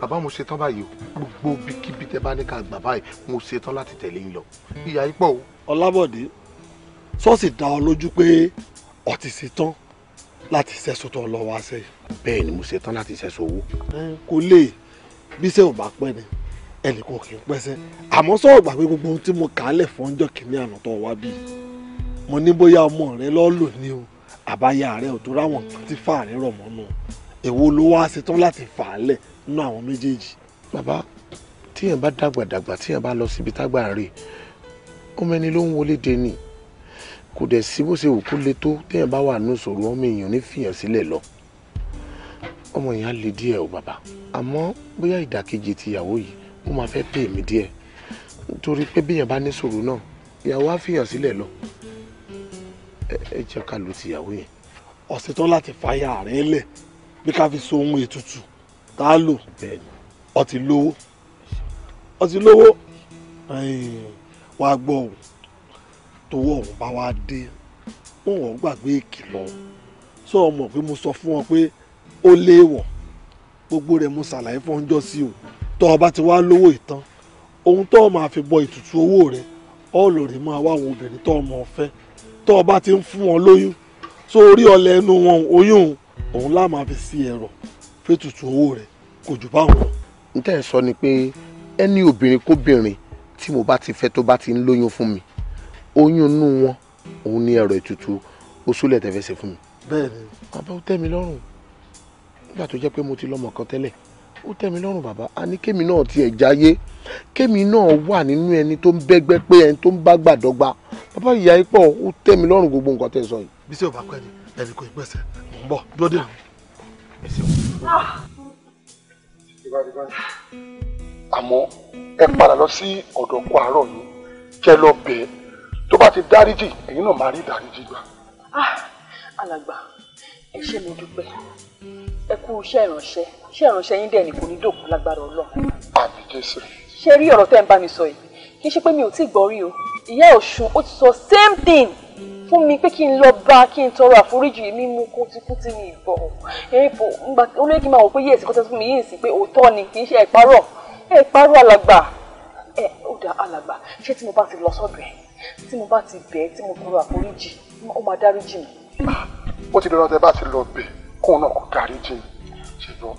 B: bàbá mo ṣetán báyìí o gbogbo bíkíbi tẹ bá ní ká gbà báyìí mo ṣetán láti tẹ̀lé yín lọ ìyá yín pọ̀ o. ọlábọ̀dé ṣọ́ọ̀ṣì dá ọ lójú pé ọtí ṣetán láti ṣẹ́sọ tó lọ wá sẹ́yìn. bẹ́ẹ̀ ni mo ṣe tán láti ṣẹ́sọ owó. kò lè bí sẹ́ ò bá pẹ́ ni ẹnì kan kì í pẹ́sẹ́ àmọ́ sọ̀rọ̀ gbà pé gbogbo ohun tí mo kà á lẹ̀ fún ọjọ́ kìíní àná tó wá bí mo ní bóyá ọmọ rẹ lọ́ọ́ lò ní o àbáyá rẹ ò tó ráwọn nǹkan tí fà rẹ rọ̀ mọ́nú èwo ló wá ṣetán láti fà á lẹ̀ nínú àwọn méjèèjì. bàbá tíyẹn bá dàgbàdàgbà tíyẹn bá lọ síbi tágbà rè kò dẹ̀ sí bó ṣe wù kó le tó téèyàn bá wà nù sọ̀rọ̀ ọmọ èèyàn ní fìyàn sílẹ̀ lọ ọmọ yẹn á le díẹ̀ o bàbá àmọ́ bóyá ìdàkejì ti ìyàwó yìí ó máa fẹ́ pè mí díẹ̀ nítorí pé béèyàn bá ní sòrò náà ìyàwó á fìyàn sílẹ̀ lọ ẹ jẹ́ ká lu tìyàwó yẹn. ọ̀sẹ̀ tó láti fàyà rẹ̀ lẹ̀ bí ká fi so ohun ètùtù tá a lò ọtí lówó ọtí lówó wàá gbọ́ tówó ọ̀hún bá wá dé wọn ò gbàgbé ìkìlọ̀ sọ ọmọ pé mo sọ fún ọ pé ó léèwọ̀ gbogbo rẹ̀ mo ṣàlàyé fún ọjọ́ sí o tó o bá ti wá lówó ìtàn ohun tó o máa fi bọ ìtùtù owó rẹ̀ ọ lò rí máa wá àwọn obìnrin tó o mọ̀ fẹ́ tó ti ń fún wọn lóyún so orí ọlẹ ẹnu wọn oyún òun láà máa fi sí ẹ̀rọ fẹ́tùtù owó rẹ̀ kò jù báwọn lọ. n tẹ́ ẹ sọ ni pé ẹni obìnrin kóbìnrin tí mo bá ti fẹ́ tó bá ti ń lóyún fún mi oyún inú wọn òun ni ẹ̀rọ ètùtù oṣúlẹ̀ tẹ́fẹ́ ṣe fún mi. bẹ́ẹ̀ni. bàbá ó tẹ́ mi lọ́rùn nígbà tó jẹ́ pé mo ti lọ́mọ kan tẹ́lẹ̀ ó tẹ́ mi lọ́rùn bàbá a ní kémi náà tiẹ̀ jáyé kémi náà wà nínú ẹni tó ń bẹ́gbẹ́ pé ẹni tó ń bá gbàdọ́gba bàbá ìyá ipò ó tẹ́ mi gbogbo nǹkan tẹ́ sọ yìí. bí ò bá pẹ́ ni ẹnì kò gbẹ̀sẹ̀ mò ń bọ̀ dúró dé àmọ́ ẹ padà lọ sí ọ̀dọ̀ kó àárọ̀ yìí kẹ́ lọ bẹ̀ẹ́ tó bá ti dáríjì ẹ̀yin náà máa rí dáríjì gbà. Ah, alàgbà ẹ ṣé mo dúpẹ́ ẹ kú iṣẹ́ ìránṣẹ́
C: iṣẹ́ ìránṣẹ́ yín dẹ̀ ní kò ní dòkú lágbára ọlọ́run. àmì jésù. ṣé rí ọ̀rọ̀ tẹ́ ń bá mi sọ yìí kì í ṣe pé mi ò tí ì gbọ́ rí o ìyá ọ̀ṣun ó ti sọ same thing fún mi pé kí n lọ bá kí n tọrọ àforíjì mi mú kútíkútí ní ìbọn èèpo ńgbà ó lé kí n máa wò pé yíyèsí kọ́tẹ́ fún mi yíyèsí pé òótọ́ ni kì í ṣe ẹ̀párọ̀ ẹ̀párọ̀ alàgbà ẹ̀ ó dá alàgbà ṣé tí mo bá ti lọ sọ́dọ̀ ẹ̀ tí mo bá ti bẹ̀ ẹ́ tí mo tọrọ àforíjì ó máa dáríjì mi.
B: ó ti dọ̀rọ̀ tẹ bá ti lọ bẹ̀ kóun náà kò dáríjì ṣe lọ.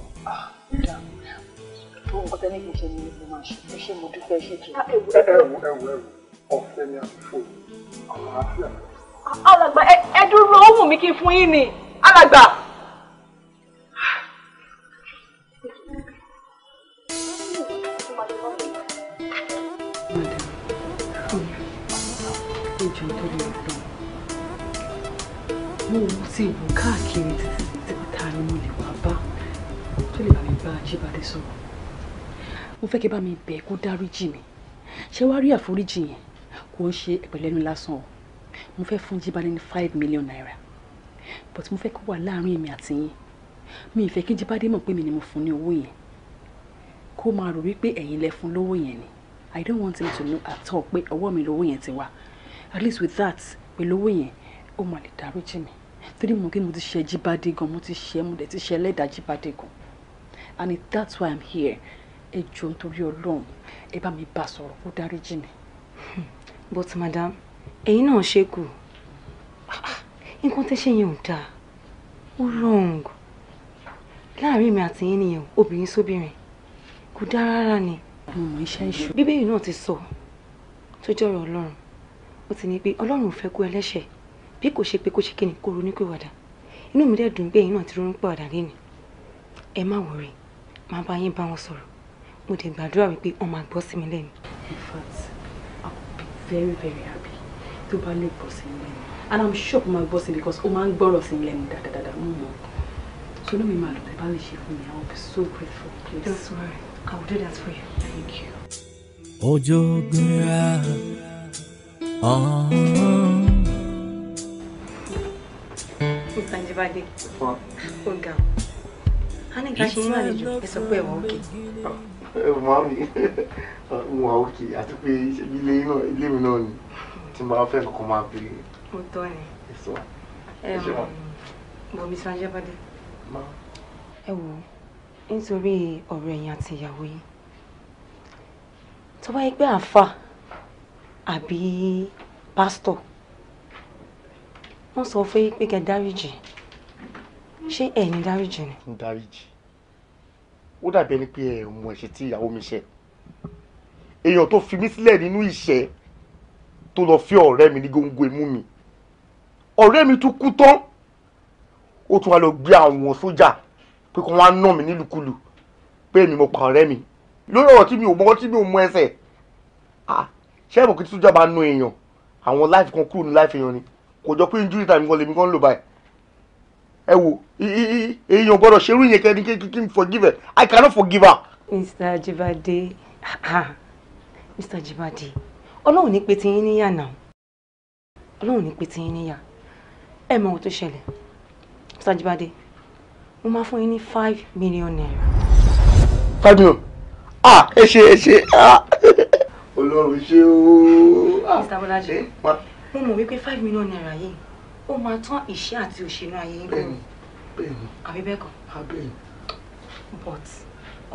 B: tó nǹkan tẹ́lẹ̀ kì í ṣe ni mo máa ṣe kí ṣe mo dúpẹ́ ṣe jù. ẹwù ẹwù ẹwù ọ̀fẹ́ ni àfífò àwọn àfíà.
C: alàgbà ẹ dúró ó wù mí kí n fún yín ni alàgbà.
D: Thank you. ẹjọ́ nítorí ọdún mo wù sí ìwò káàkiri títí ni mo lè wá bá
C: tó lè bá mi bá Ajíbádé sọ̀rọ̀ mo fẹ́ kí bá mi bẹ̀ kó dáríjì mi ṣé wàá rí àforíjì yẹn kò ń ṣe ẹ̀pẹ̀lẹ́nu lásán o mo fẹ́ fún Jíbádé ní five million naira but mo fẹ́ kó wà láàrin èmi àti yín mi ì kí Jíbádé mọ̀ pé mi ni mo fún ní owó yẹn kó máa rò wípé ẹ̀yin lẹ fún lówó yẹn ni i don't want him to know at all pé ọwọ́ mi lówó yẹn ti wá at least with that pẹ̀lú owó yẹn ó mà lè dáríjì mi torí mo kí mo ti ṣe jíbádé gan mo ti ṣe mo dẹ̀ ti ṣe ẹlẹ́dàá jíbádé gan
F: and that's why i'm here ẹ jọ̀ọ́ nítorí ọlọ́run ẹ bá mi bá sọ̀rọ̀ kó dáríjì mi. but madam ẹ̀yin náà ṣe kù nǹkan tẹ́ ṣe yẹn ò dáa ó wrong láàrin mi àti yín nìyẹn obìnrin sóbìnrin kò dáa rárá ni. mo mọ iṣẹ́ ìṣù. bíbélì náà ti sọ tó jọ̀rọ̀ ọlọ́run ó ti ní pé ọlọ́run ò fẹ́ kú ẹlẹ́ṣẹ̀ bí kò ṣe pé kó ṣe kíni kó ronú pé wàdà inú mi dẹ̀ dùn pé náà ti ronú pé wàdà lénìí ẹ má wọrí má bá yín bá wọn sọ̀rọ̀ mo dẹ̀ gbàdúrà wípé wọ́n máa gbọ́ sí mi lẹ́nu. in fact i will be very very happy tó bá lè gbọ́ sí mi lẹ́nu and i'm sure mo
C: máa gbọ́ sí because ó máa ń gbọ́rọ̀ sí mi lẹ́nu dáadáa mo mọ̀ so inú mi máa lọ bá lè ṣe fún mi i
F: will be so grateful please. don't worry i will do that for you. thank you.
A: ojoojúmọ́. Oh.
F: Ìtànjíbádé. Ọ̀gá. A ní ká ṣe yín àlejò. Ẹ sọ pé ẹ̀wọ̀n òkè.
B: Màámi, mo wà òkè àti pé ilé mi náà ni tí mo bá fẹ́ kọ́kọ́ máa béèrè.
F: Mo tọ́ ni. Ẹ sọ. Bọ̀mí Sanjẹ́bádé. Ẹ wò ó, nítorí ọ̀rọ̀ ẹ̀yin àti ìyàwó yín. Tó bá yẹ pé àáfàá àbí pásítọ̀ wọ́n sọ fún yín pé kẹ́ dáríjì ṣé ẹ̀ ní dáríjì ni. ń
B: dáríjì ó dàbí ẹni pé ẹ mọ ẹ̀ṣẹ̀ tí ìyàwó mi ṣe èèyàn tó fi mí sílẹ̀ nínú ìṣẹ́ tó lọ fi ọ̀rẹ́ mi ní góńgó imú mi ọ̀rẹ́ mi tún kú tán ó tún wá lọ gbé àwọn sójà pé kí wọ́n á nà mí nílùkulù pé èmi mo pa ọ̀rẹ́ mi lórí ọ̀rọ̀ tí mi ò mọ tí mi ò mọ ẹsẹ̀ ah ṣé ẹ̀mọ̀ kí tíjọba nu èèyàn àwọn láìfi kan kúrò ní láìfi èèyàn ni kò jọ pé injury time kan lèmi kan lò báyìí ẹ wo èèyàn gbọ́dọ̀ ṣerú yẹn kẹ́ni kí n
F: forgive her I cannot forgive her. Mr. Ajibade Mr. Ajibade ọlọ́run ní pé tiyín níyà náà ọlọ́run ní pé tiyín níyà ẹ mọ ohun tó ṣẹlẹ̀ Mr. Ajibade mo máa fún yín ní five million naira.
B: five million ah ẹ ṣe ẹ ṣe ah. Ọlọ́run ṣe ooo. Ah, Mr. Bọ́lájí eh,
F: mo mọ̀ wípé five million naira yìí ó máa tán ìṣẹ́ àti òṣèlú ayé yín lóhùn àbí bẹ́ẹ̀ kọ́ ah, but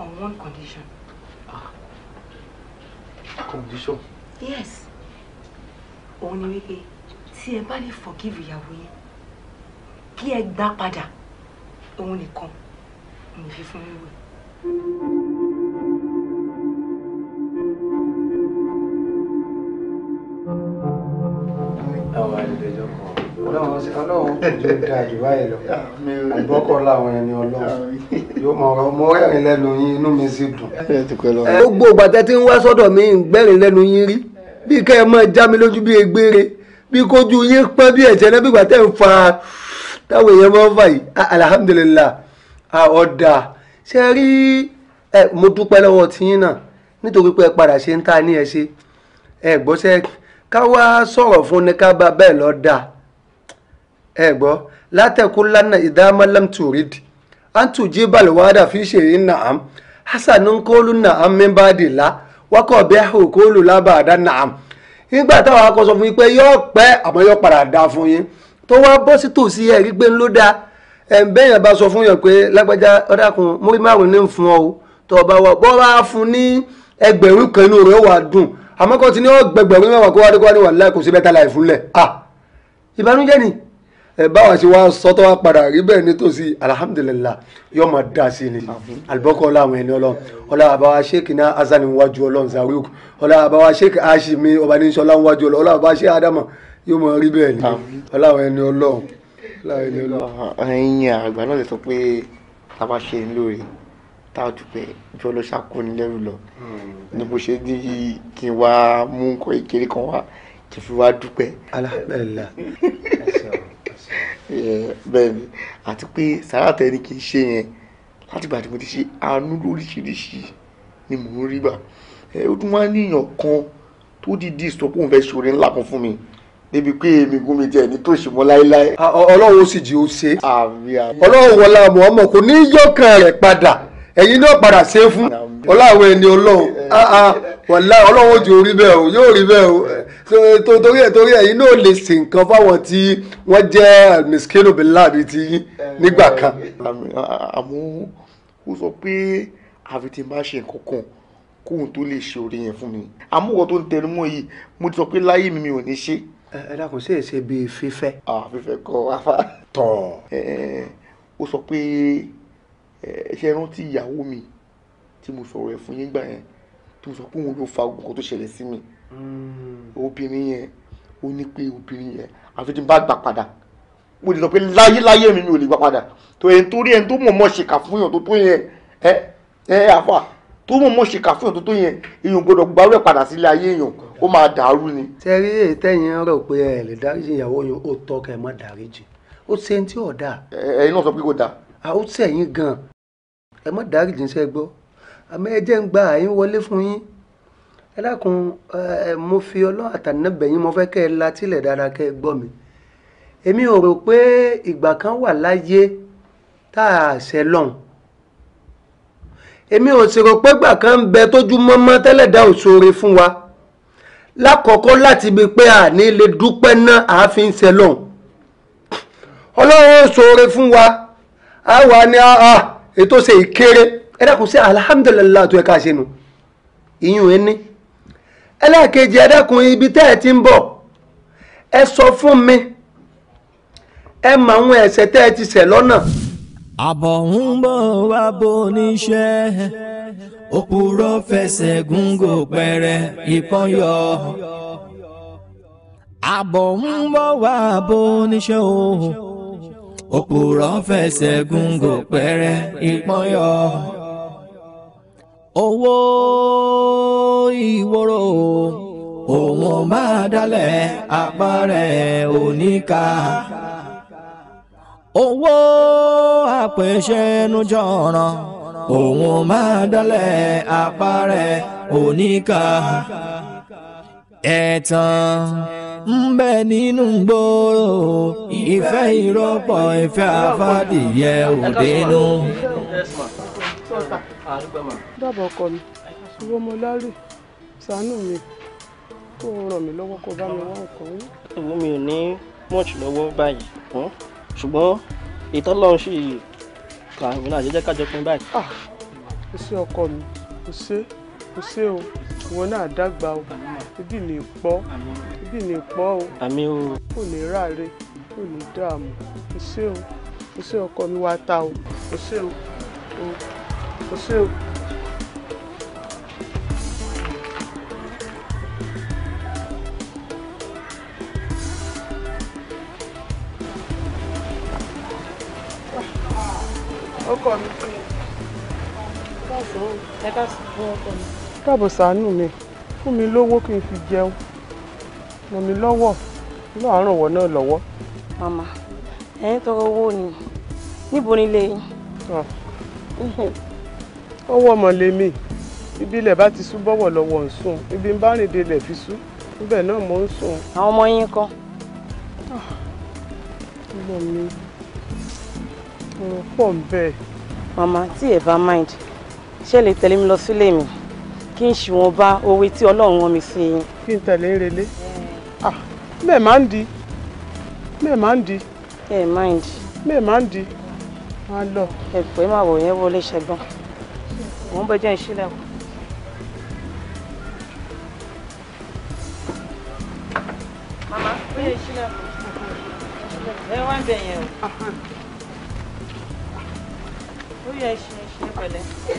F: on one condition. Ah, condition. yes òun ni wípé tí ẹ bá lè forgive ìyàwó yín kí ẹ gbà padà òun nìkan ò ní fi fún yín wẹ̀.
D: àwọn ìdẹjọ́ kan
B: ọlọ́run kò jó dáa jù báyìí lọ àgbọ́kọ̀ làwọn ẹni ọlọ́run yóò mọ ọ̀rọ̀ mo rẹ́rìn lẹ́nu yín inú mi sì dùn. gbogbo ìgbà tẹ́ ti ń wá sọ́dọ̀ mi ń gbẹ́rìn lẹ́nu yín rí bí kẹ́ ẹ máa já mi lójú bí egbére bí kójú yín pọ́n bí ẹ̀jẹ̀ náà bí ìgbà tẹ́ ń fa táwọn èèyàn máa ń fà yìí ah, alihamudulilayi ọ̀dà ah, ṣe rí mo dúpẹ́ lọ́wọ́ tiyín náà nítorí pé ẹ padà ṣe ń ta ní ẹ ṣe ẹ gbọ́sẹ̀ ká wá sọ̀rọ̀ fún ni ká bá bẹ́ẹ̀ lọ dáa ẹ gbọ́ látẹ̀kú lánà ìdámọ́lẹ́m tùrìd àǹtù jí balùwádà fi ṣe yín nàám hasan nkólu nàám mímbàdìlá wákọ̀ bí àhùkólu lábàdà nàám nígbà táwọn akọ́sọ fún yín pé yóò pẹ́ àmọ́ yóò padà dá fún yín tó wá bọ́ sí tòsí ẹ̀ rí gbé ńlọ dáa ẹ̀ ń bẹ́yàn bá sọ fún yàn pé àmọ́ kọ́ ti ní ọ́ gbẹgbẹ̀rún mẹ́wàá kó wá dé kó wá ní wàhálà kò sí bẹ́ẹ̀ tala ìfúnlẹ̀ ah ìbànújẹ́ ni ẹ báwa ṣe wá sọ́tọ́ wá padà rí bẹ́ẹ̀ nítòsí alihamudulilayi yóò máa dá sí ni alibọ́kọ́ ọlá àwọn ẹni ọlọ́run ọlá àbáwá sheik ní azani wájú ọlọ́run zaruk ọlá àbáwá sheik ashimi ọbaníṣọlá wájú ọlọ́run ọlá sheik adama yóò máa rí bẹ́ẹ̀ ni ọlá àwọn ẹni ọlọ́run ọlá àwọn ẹni ọlọ́run. ẹ̀yin àgbà tá a dùpẹ́ ju ọlọ́ṣà kò ní lẹ́rù lọ hmm. ni mo ṣe ní kí n wá mú nǹkan ìkéré kan wá kí n fi wá dúpẹ́. alhamdulilah bẹ́ẹ̀ ni àti pé sàrà tẹ́ni kì í ṣe yẹn látìgbà tí mo ti ṣe àánú lóríṣiríṣi ni mò ń rí gbà ó tún wá níyàn kan tó dìdí sọ pé òun fẹ́ ṣoore ńlá kan fún mi níbi pé èmi gún mi jẹ ní tòṣì mọ́ láéláé. ọlọ́run ó sì jí ó ṣe. ọlọ́run wọlá muhammed kò ní yọkàn rẹ̀ padà ẹ̀yin náà padà ṣe é fún ọláwọ ẹni ọlọ́run ah, ah, wàlá ọlọ́run ojú orí bẹ́ẹ̀ o yóò rí bẹ́ẹ̀ o torí ẹ̀ torí ẹ̀yin náà lè ṣe nǹkan fáwọn tí wọ́n jẹ́ miskino bilabi ti nígbà kan. àmọ́ ó sọ pé àfi tí n bá ṣe nǹkan kan kóun tó lè ṣe orí yẹn fún mi àmúwọ̀ tó ń tẹnu mọ́ yìí mo ti sọ pé láyé mi mi ò ní ṣe. ẹ dákun sí èsè bíi fífẹ́. Ah, fífẹ́ kọ́ wá fà. tọ̀. ó sọ pé ṣe rántí ìyàwó mi tí mo sọ̀rọ̀ ẹ̀ fún yín gbà yẹn tí mo sọ pé òun ló fa gbogbo tó ṣẹlẹ̀ sí mi hmm. obìnrin yẹn ó ní pé obìnrin yẹn àfi tí n bá gbà padà mo lè sọ pé láyéláyé mi mi ò lè gbà padà tó yẹn torí ẹni tó mọ̀ọ́mọ̀ ṣèkà fún yàn tó tó yẹn ẹ ẹ àfà tó mọ̀ọ́mọ̀ ṣèkà fún yàn tó tó yẹn èèyàn gbọdọ̀ gbárù ẹ̀ padà sílé ayé èèyàn ó máa dàrú ni. sẹ́rí èyí tẹ̀yìn rò pé ẹ lè dáríjì ìyàwó yẹn ó tọ́ kẹ́ ẹ má dáríjì ó ṣe ń tí ò dáa. ẹ̀yin náà sọ pé kò dáa àwọn tí ẹ̀yin gan ẹ mọ̀ dárí jíṣẹ́ gbọ́ àmọ́ ẹ jẹ́ ń gba àyín wọlé fún yín ẹ dákun ẹ mo fi ọlọ́run àtànábẹ̀yìn mo fẹ́ kẹ́ ẹ la tilẹ̀ dáadáa kẹ́ ẹ gbọ́ mi èmi ò rò pé ìgbà kan wà láyé tá a ṣe lọ́hùn èmi ò sì rò pé ìgbà kan ń bẹ tójú mọ́mọ́ tẹ́lẹ̀ dá òṣòre fún wa lákọ̀ọ́kọ́ láti bi pé a ní lè dúpẹ́ náà àáfin ṣe lọ́hùn ọlọ́run ó fún wa àwa ni ah, ah, ètò ṣe ìkéré ẹ dákun sí alhamdulilayi tó yẹ ká ṣe nu ìyún ẹni ẹlẹ́ẹ̀kejì ẹ dákun ibi tẹ́ ẹ ti ń bọ̀ ẹ sọ fún mi ẹ mọ àwọn ẹ̀ṣẹ̀ tẹ́ ẹ ti ṣẹ̀ lọ́nà. àbọ̀ ń bọ̀ wá bó
A: níṣẹ́ òpùrọ̀ fẹsẹ̀ gúngò pẹ̀rẹ̀ ìpọ́n yọ. àbọ̀ ń bọ̀ wá bó níṣẹ́ o òpùrọ̀ fẹsẹ̀ gúngò pẹ́rẹ́ ìpọ́nyọ. owó ìwòrò òun máa dálẹ̀ àpárẹ̀ oníka. owó àpèsẹ́nujọ́ràn òun máa dálẹ̀ àpárẹ̀ oníka. ẹ̀tàn. E ń bẹ nínú gbòòrò ìfẹ́ ìrọ́pọ̀ ìfẹ́ àfàdìyẹ òdenu.
G: dábàá ọkọ mi ìwọ ọmọ lárè ṣàánú mi kó o ràn mí lọ́wọ́ kó o bá mi wá nǹkan.
E: ìwọ mi ò ní mọ̀ọ́ṣì lọ́wọ́ báyìí hm? ṣùgbọ́n ìtọ́lọ́run sì kà mí náà jẹ́jẹ́ kájọ pin báyìí. ó ah,
G: ṣe ọkọ mi ó ṣe ó ṣe o ìwọ náà dàgbà o ibi ní pọ́ ibi ní pọ́ o àmì o kò ní ráre kò ní dààmú o ṣé o o ṣé ọkọ mi wá ta o o ṣé o o ṣé o. ọkọ mi. ẹ káàsán ọkọ mi. káàbọ̀ ṣàánú mi fún mi lówó kí n fi jẹun ràn mí lọ́wọ́ náà ràn wọ́n náà lọ́wọ́. màmá
F: ẹ̀yin tọrọ owó ni níbo ni ilé yín.
G: ọwọ́ ah. ọmọ lèmi ibi ilẹ̀ bá ti sú bọ́wọ̀ lọ́wọ́ ń sùn ibi ń bá rìn de ilẹ̀ fi sú níbẹ̀ náà mò ń sùn. àwọn ọmọ yín kan.
D: Ah.
B: ọmọ mi mo pọ̀ ń bẹ́ẹ̀. màmá tí ẹ bá mind ṣé lè tẹ̀lé mi lọ sílé mi kí n ṣùwọ̀n bá òwe tí ọlọ́run wọn mi sí
G: yín. kí n tẹ̀lé relé ah, mẹ́ẹ̀ máa ń di mẹ́ẹ̀ máa ń di. ẹ máa ń di. mẹ́ẹ̀ máa ń di máa lọ. ẹ pé màá wò yẹn wọlé ṣẹgbọn
F: mò ń bẹjọ ìṣílẹ o. màmá bẹjọ ìṣílẹ o ẹ wá ń bẹ yẹn o. ó yẹ ẹ ṣe ẹ ṣe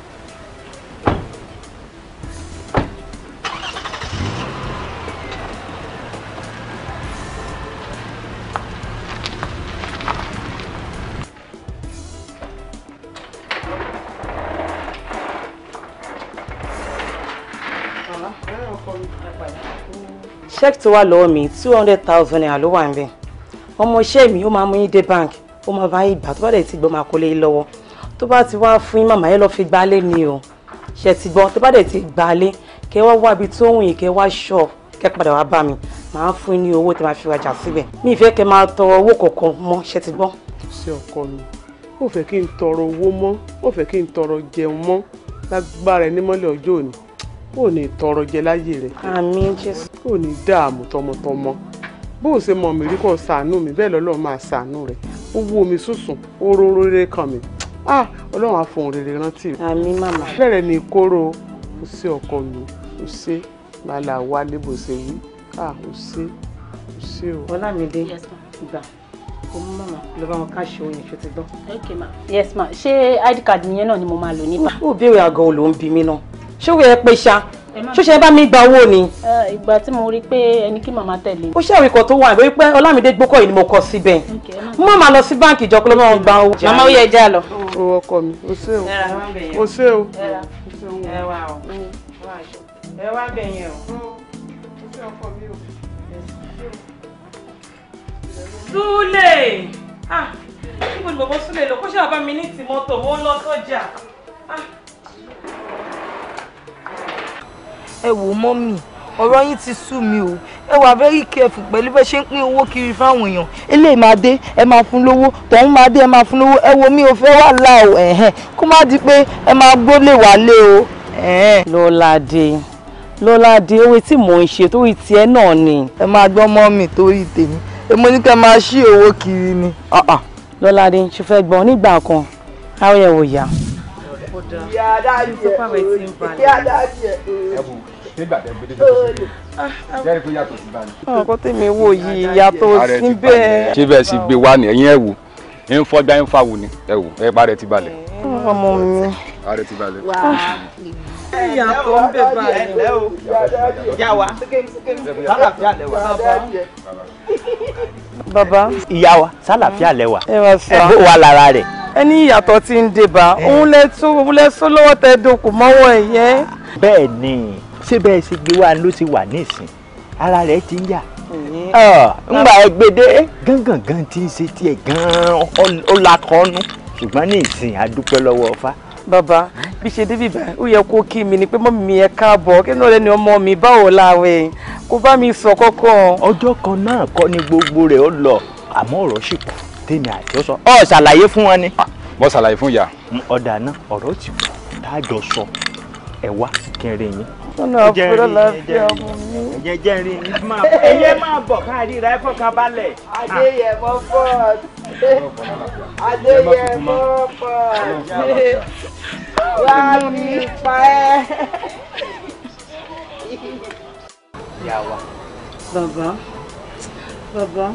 B: check to wà lọ́wọ́ mi two hundred thousand naira ló wà ń bẹ̀ ọmọ iṣẹ́ mi ó máa mú yín dé bank ó máa bá yín gbà tó bá dẹ̀ ti gbọ́ máa kó lé yín lọ́wọ́ tó bá ti wá fún yín màmá yẹn lọ́ọ́ fi gbálé ni o ṣe ti gbọ́ tó bá
C: dẹ̀ ti gbálé kẹ́ wá wábi tó wùn yín kẹ́ wá ṣọ́ọ̀ kẹ́ padà wá bá mi màá fún yín ní owó tẹ́ máa fi rajà síbẹ̀ mi ìfẹ́ kẹ́ máa tọrọ owó kọ̀ọ̀kan mọ́
G: ṣe ti gbọ́. ṣé ọkọ mi ó fẹ́ kí n tọrọ owó mọ́ ó fẹ́ kí n tọrọ jẹun mọ́ lágbára ẹni mọ́lẹ̀ ọjọ́ òní ò ní tọrọ jẹ láyé rẹ. àmín jésù. ò ní dààmú tọmọtọmọ bó o ṣe mọ̀ mí rí kó ṣàánú mi bẹ́ẹ̀ lọ́lọ́ máa ṣàánú rẹ̀ ó wú omi sùsùn ó róró rere kan mi ah ọlọ́run àfohùn rere rántí rẹ̀. àmín màmá. bẹ́ẹ̀rẹ̀ ni kóró o ṣe ọkọ mi o ṣe màlà wa lébo ṣe wí ah o ṣe
F: o ṣe o. ọlámídé gbà kó mú màmá lọ bá wọn ká ṣe oyin ṣe ti gbọ́. ma yes ma ṣé id card nìyẹn náà ni mo
C: máa lò nípa.
B: ó béèrè àgọ́ òòlù ń bí mi náà ṣòwò ẹ pé ṣá ṣóṣe bá mi gba owó ni.
C: ìgbà tí mo rí i pé ẹni kí màmá tẹ̀lé.
B: ó ṣe àríkọ tó wà lórí pé ọlámídé gbókọ̀ yìí ni mo kọ síbẹ̀ mo máa lọ sí báǹkì ìjọ kúlọ́ máa gba owó. màmá ó yẹ ẹja lọ.
G: o ọkọ mi o ṣé o o ṣé o. ẹ wá o
C: ẹ
F: wá bẹ̀yẹn
D: o.
C: Súlè! Ah! Níbo ni bàbá Súlè lọ?
B: Kó ṣáà bá mi ní tìmọ́tò, ó ń lọ sọ́jà. Ah!
C: ẹ wò mọ́mì ọ̀rọ̀ yín ti sú mi o ẹ wà very careful pẹ̀lú bẹ́ẹ̀ ṣe ń pín owó kiri fáwọn èèyàn eléyìí máa dé ẹ máa fún lówó tọ̀hún máa dé ẹ máa fún lówó ẹ wo mi ò fẹ́ wà láò ẹ̀hẹ́n kó má di pé ẹ máa gbólé wálé o.
B: lọ́ládé lọ́ládé owó tí mò ń ṣe torí tiẹ̀ náà ni. ẹ máa gbọ́ mọ́ mi torí tèmi èmo ní ká máa ṣí owó kiri ni. lọ́ládé ṣe fẹ́ gbọ́n nígbà kan káwé ẹ̀ wò yá. ìyá adájẹ́ ìyá adájẹ́ nígbà tẹ gbé ah, ọkọ ah, tèmi wò yìí yàtọ̀ síbẹ̀. ṣé bẹ́ẹ̀ sì gbé wá ní ẹ̀yìn ẹ̀ wò ń fọ́jà ń fàwò ni ẹ̀ wò ẹ̀ bá rẹ̀ ti balẹ̀. Eh, ọmọ mi. ààrẹ ti balẹ̀.
A: ìyàtọ̀ ń bẹ̀ báyìí o. yà wá sálàfíà lẹ́wà.
B: bàbá. ìyá wa sálàfíà lẹ́wà. ẹ wá sá. ẹ bó wa lára rẹ̀ ẹni ìyàtọ̀ ti ń dé bá eh. òun lẹ́sọ́ lọ́wọ́ tẹ́ dokùn mọ́wọ́ ẹ̀yẹn. bẹ́ẹ̀ ni ṣé bẹ́ẹ̀ ṣe gbé wa ló ti wà nísìn ara rẹ̀ ti ń yà ńgbà gbèdé gángangan ti ń ṣe tiẹ̀ gan-an ó lakọ́nú ṣùgbọ́n ní ìsìn adúpẹ́ lọ́wọ́ ọfá. bàbá bí ṣe débi báyìí ó yẹ kó kí mi ni pé mọ́mí mi ẹ káàbọ̀ kí ló lẹ́nu ọmọ mi báwo láwẹ̀ kó bá mi sọ kọ́kọ́. ọjọ́ kan náà kọ́ ni gbogbo rẹ̀ ó lọ àmọ́ ọ̀rọ̀ sì kù tèmi àti ọ̀sán ọ̀ ṣàlàyé fún
E: wọn ni. Ah, mo ṣàlàyé fún ìyá. ọ̀dà náà ọ̀rọ̀ ti kù tá a jọ sọ ẹ wá yín ọ̀nà àfúrọ̀ láfíà mú mi. ẹ̀jẹ̀ jẹ́rin máa bọ̀
B: ẹ̀yẹ máa bọ̀ káàdì rẹ̀ fọkàn balẹ̀. adéyẹmọ fọt adéyẹmọ fọt
D: wá mi pa ẹ́.
F: bàbá bàbá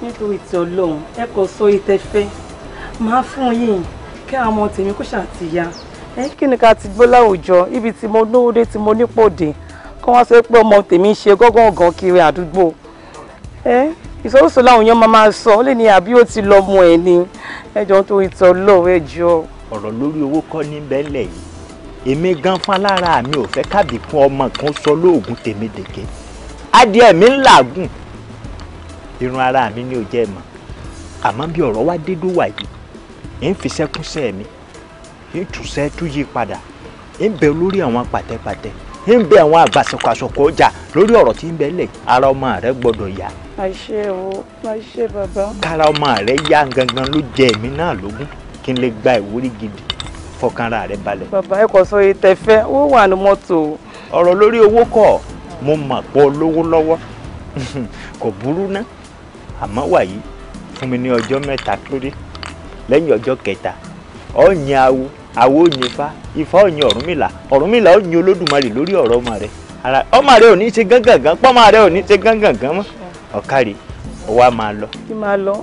F: nítorí tí ọlọ́run ẹ kò sọ ìtẹ́fẹ́ máa fún yín kí àwọn ọmọ tèmi kó ṣàtìyà ẹ kí ni ká ti gbó láwùjọ ibi tí mo
B: lówó dé tí mo nípò dé kí wọ́n sọ pé ọmọ tèmi ń ṣe gọ́gàn ọ̀gàn kiri àdúgbò ẹ ìsọ̀rọ̀sọ láwọn èèyàn máa máa sọ ó lè ní àbí ó ti lọ mọ ẹ ni ẹjọ́ tó ìtọ́ lọ́wọ́ ẹjọ́. ọ̀rọ̀ lórí owó kọ́ ní bẹ́lẹ̀ yìí èmi gan fálára mi ò fẹ́ kábìkún ọmọ kan sọ lóògùn tèmi dèké adìẹ mi ń làágùn irun ara mi ni ò jẹ́ mọ́ àmọ́ bí ọ̀rọ̀ wá dé dó wà yìí ń fi sẹ́kúnṣẹ́ mi ìtúsẹ́ tún yí padà ń bẹ lórí àwọn pàtẹ́pàtẹ́ ń bẹ àwọn àgbàsọkàsọkọ ọjà lórí ọ̀rọ̀ tí ń bẹ lẹ̀ ara ọmọ rẹ yá.
G: àṣẹ o àṣẹ bàbá.
B: kára ọmọ rẹ yá gangan ló jẹ èmi náà lógún kí n lè gba ìwúrí gidi fọkànra rẹ bàbá ẹ kò sọ wà ní mọ́tò. lórí owó mo mà pọ̀ lówó kò
E: burú ná wàyí fún mi ní péré àwo ò yin ifá ifá ò yin ọ̀rúnmìlà ọ̀rúnmìlà ò yin olódùmarè lórí ọ̀rọ̀ ọmọ rẹ ara ọmọ rẹ ò ní ṣe gángangan pọ́nmọ rẹ ò ní ṣe gángangan mọ́ ọ̀kárì ọwọ́ a máa lọ. kí máa lọ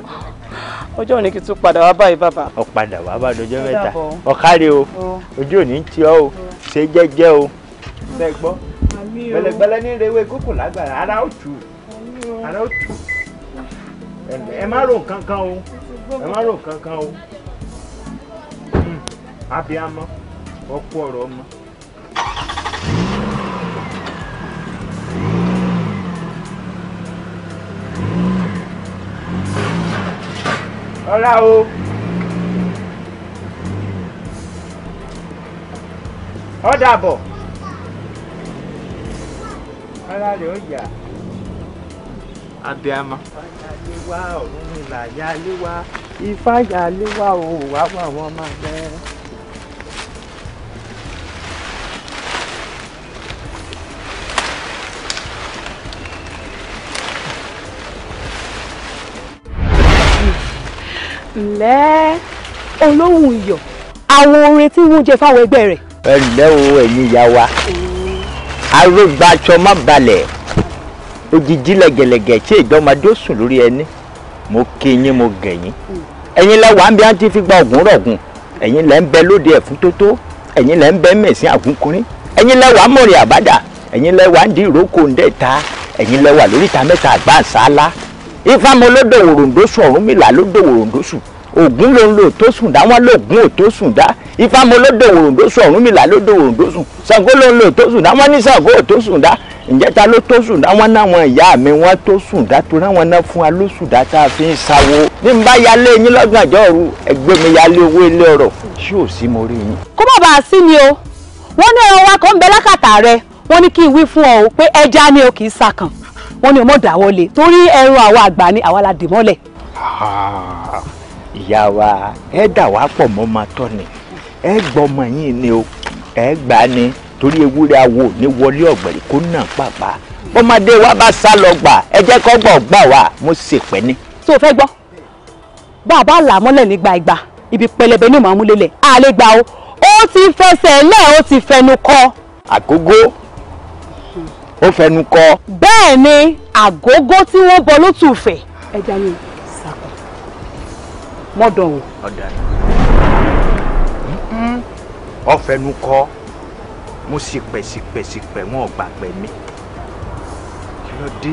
E: ọjọ́ òní kí tún padà wá báyìí bàbá. ọ padà wá bá dọjọ́ mẹ́ta ọ̀kárì o ojú òní ti ọ́ o ṣe jẹ́jẹ́ o.
B: ṣe gbọ́ gbẹlẹgbẹlẹ ní rewé kókò lágbára ara ó tù ara ó tù
E: ẹ má rò nǹkan o ẹ má rò o abbiamo o ọ̀rọ̀ ọmọ. ọlá o. ó dàbọ̀ abbiamo rẹ̀ ó yà. abiamọ. ọ̀yàlé wa ọ̀run ìlà yálé wa wa ò
G: wá wà
D: ǹlẹ́
B: olóhùn iyọ̀ àwọn orin tí wọ́n jẹ fáwọn ẹgbẹ́ rẹ̀. ẹ ǹlẹ́ o ẹ̀yin ìyá wa arógbàṣọ má balẹ̀ òjijì lẹ̀gẹ̀lẹ̀gẹ̀ tí
E: ìjọmọdé sùn lórí ẹni mo kí yín mo gẹ̀ yín ẹ̀yin lẹ wà ń bí wọ́n ti fi gba ògùn rọ̀gùn ẹ̀yin lẹ ń bẹ lóde ẹ̀fún tótó ẹ̀yin lẹ ń bẹ mẹ̀sìn àgúnkùnrin ẹ̀yin lẹ
B: wà mọ̀rìn àbádà ẹ̀yin lẹ wà ń di ìrókò ń dẹ̀ ta ẹ̀yin lẹ wà lóríta mẹ́ta àgbà ń sálá ifámọ ló dòwò ròǹdóṣù ọ̀rúnmìlà ló dòwò ròǹdóṣù ògún ló ń lò tó sùn dá wọn lògún ò tó sùn dá ifámọ ló dòwò ròǹdóṣù ọ̀rúnmìlà ló dòwò ròǹdóṣù ṣàngó ló ń lò tó sùn dá wọn ní ṣàngó ò tó sùn dá ǹjẹ́ ta ló tó sùn dá wọn náwọn ìyá mi wọn tó sùn dá torí wọn náà fún wa ló sùn dá tá a fi ń sáwó bí n bá yálé yín lọ́gànjọ́ òru ẹgbẹ́ mi yálé owó ilé ọ̀rọ̀ ṣé ò sí mo rí yín.
C: kó bàbá sí ni o wọ́n ní ẹran wa kan ń bẹ lákàtà rẹ wọ́n ní kí n wí fún ọ pé ẹja ni o kì í sakàn wọ́n ní ọmọ dàwọ́ lé torí ẹrù àwa àgbà ni àwa la dè mọ́lẹ̀.
B: ìyá wa ẹ dà wá pọ̀ mọ́ máa tọ́ ni ẹ gbọ́mọ yín ni o ẹ gbà á ni torí ewúrẹ́ awo ní wọlé ọ̀gbẹ̀rẹ̀ kó nà pàpà bọ́mọdé wa bá sá lọ gbà ẹ jẹ́ kó gbọ̀ gbà wá mo sì pẹ́ ni. tó o fẹ́ gbọ́
C: bàbá là mọ́lẹ̀ nígbà ìgbà ibi pẹlẹbẹ ní màmúlélẹ̀ àlégbà o ó ti fẹsẹ̀ lẹ́ẹ̀ ó ti fẹnu kọ.
B: àgógó ó fẹnu kọ. bẹ́ẹ̀
C: ni àgógó tí wọ́n bọ lótùfẹ̀ ẹja ni sàkó mọ́dọ̀ wò.
E: ó fẹnu kọ mo sì pẹ̀sìpẹ̀sìpẹ̀ wọn ò gbàgbẹ́ mi kí ló dé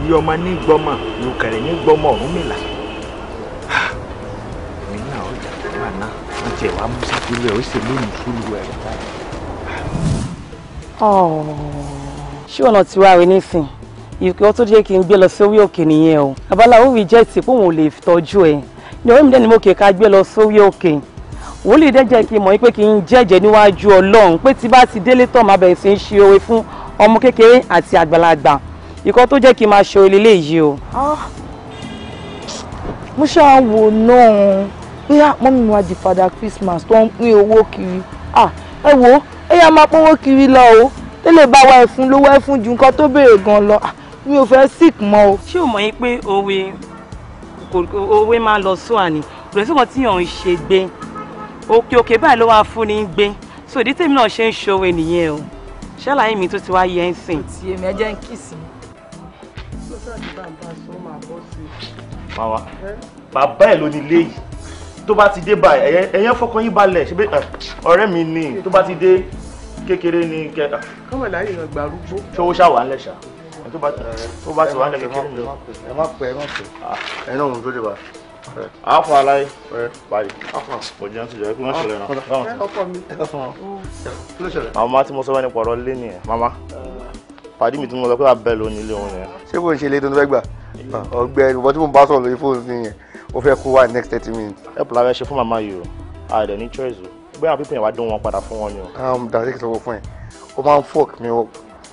B: iye ọmọ ní gbọmọ lùkẹ̀rẹ̀ ní gbọmọ Ọ̀rúnmìlà
E: èmi náà ó jà tó wà náà wọ́n tiẹ̀ wá mú sáfìlẹ̀ ó sì lóyún fúlùú ẹ̀rọ báyìí.
F: Oh. ṣé ọ̀nà tí wàá rí nísìn ìpè ọ́ tó jẹ́
B: kí n gbé lọ sórí òkè nìyẹn o Abala, rí jẹ́ ìsìnkú òun ò lè tọ́jú ẹ̀ ní ọ̀rẹ́ mi dẹ́ni mo kè ká gbé lọ sórí òkè wòlíì dẹ́jẹ́ kí n mọ̀ pé kí n jẹ́jẹ́ níwájú ọlọ́run pé tí bá ti délé tán máa bẹ̀rẹ̀ sí í ṣe oore fún ọmọ kékeré àti àgbàlagbà ìkọ́ tó jẹ́ kí n máa
F: ṣe oore léyìí o.
C: Ah. mo ṣáà wò náà bóyá mọ́mí wa di Father Christmas tó ń pín owó kiri ah, ẹ wò ẹ yá máa pọ́wọ́ kiri lọ o tẹ́lẹ̀ bá wa ẹ̀fún lówó ẹ̀fún ju nǹkan tó béèrè gan lọ ah, mi ò fẹ́ sick
B: mọ́ o. ṣé o mọ̀ yín pé òwe òwe máa lọ sún àní kò lè tí yàn ń ṣe gbé òkè òkè báyìí ló wáá fún ni gbé so ìdí tèmi náà ṣe ń ṣòwe nìyẹn o ṣàlàyé mi tó ti wá yẹ ń sìn. ti èmi ẹ jẹ́ ń kì sí. bàbá ẹ̀ ló ní tó bá ti dé báyìí ẹ̀yẹ́ fọkàn yín balẹ̀ ṣe pé ọ̀rẹ́ mi ni tó bá ti dé kékeré ni kẹta. Ah. kọ́mọ̀ láyé lọ gba arúgbó. ṣé owó ṣàwà ńlẹ̀ ṣá tó bá ti wà ńlẹ̀ kékeré ni. ẹ má
E: pẹ ẹ má pẹ ah. ẹ náà òun tó dé bá. àáfà aláì báyìí kò jẹun ti jẹ kí wọ́n ṣẹlẹ̀ náà. Ah,
B: ọkọ mi kí ló ṣẹlẹ̀. màmá tí mo sọ wá nípa ọ̀rọ̀ lé nìyẹn màmá pàdí mi tí mo sọ pé abẹ́ ló nílé òun yẹn. ṣé kò ń ṣe ilé tó ń fẹ́ gbà ọgbẹ́ ìbọn tí mo bá sọ̀rọ̀ lórí fóònù nìyẹn ó fẹ́ kó wá next thirty minutes. ẹ pọ̀ lára ẹ ṣe fún màmá yìí o àìdẹ̀ ní choice o bóyá àwọn pípín yẹn wá dún wọn padà fún wọn ni o. àwọn dàdí kìí sọ fún ẹ ó máa ń fọk mi o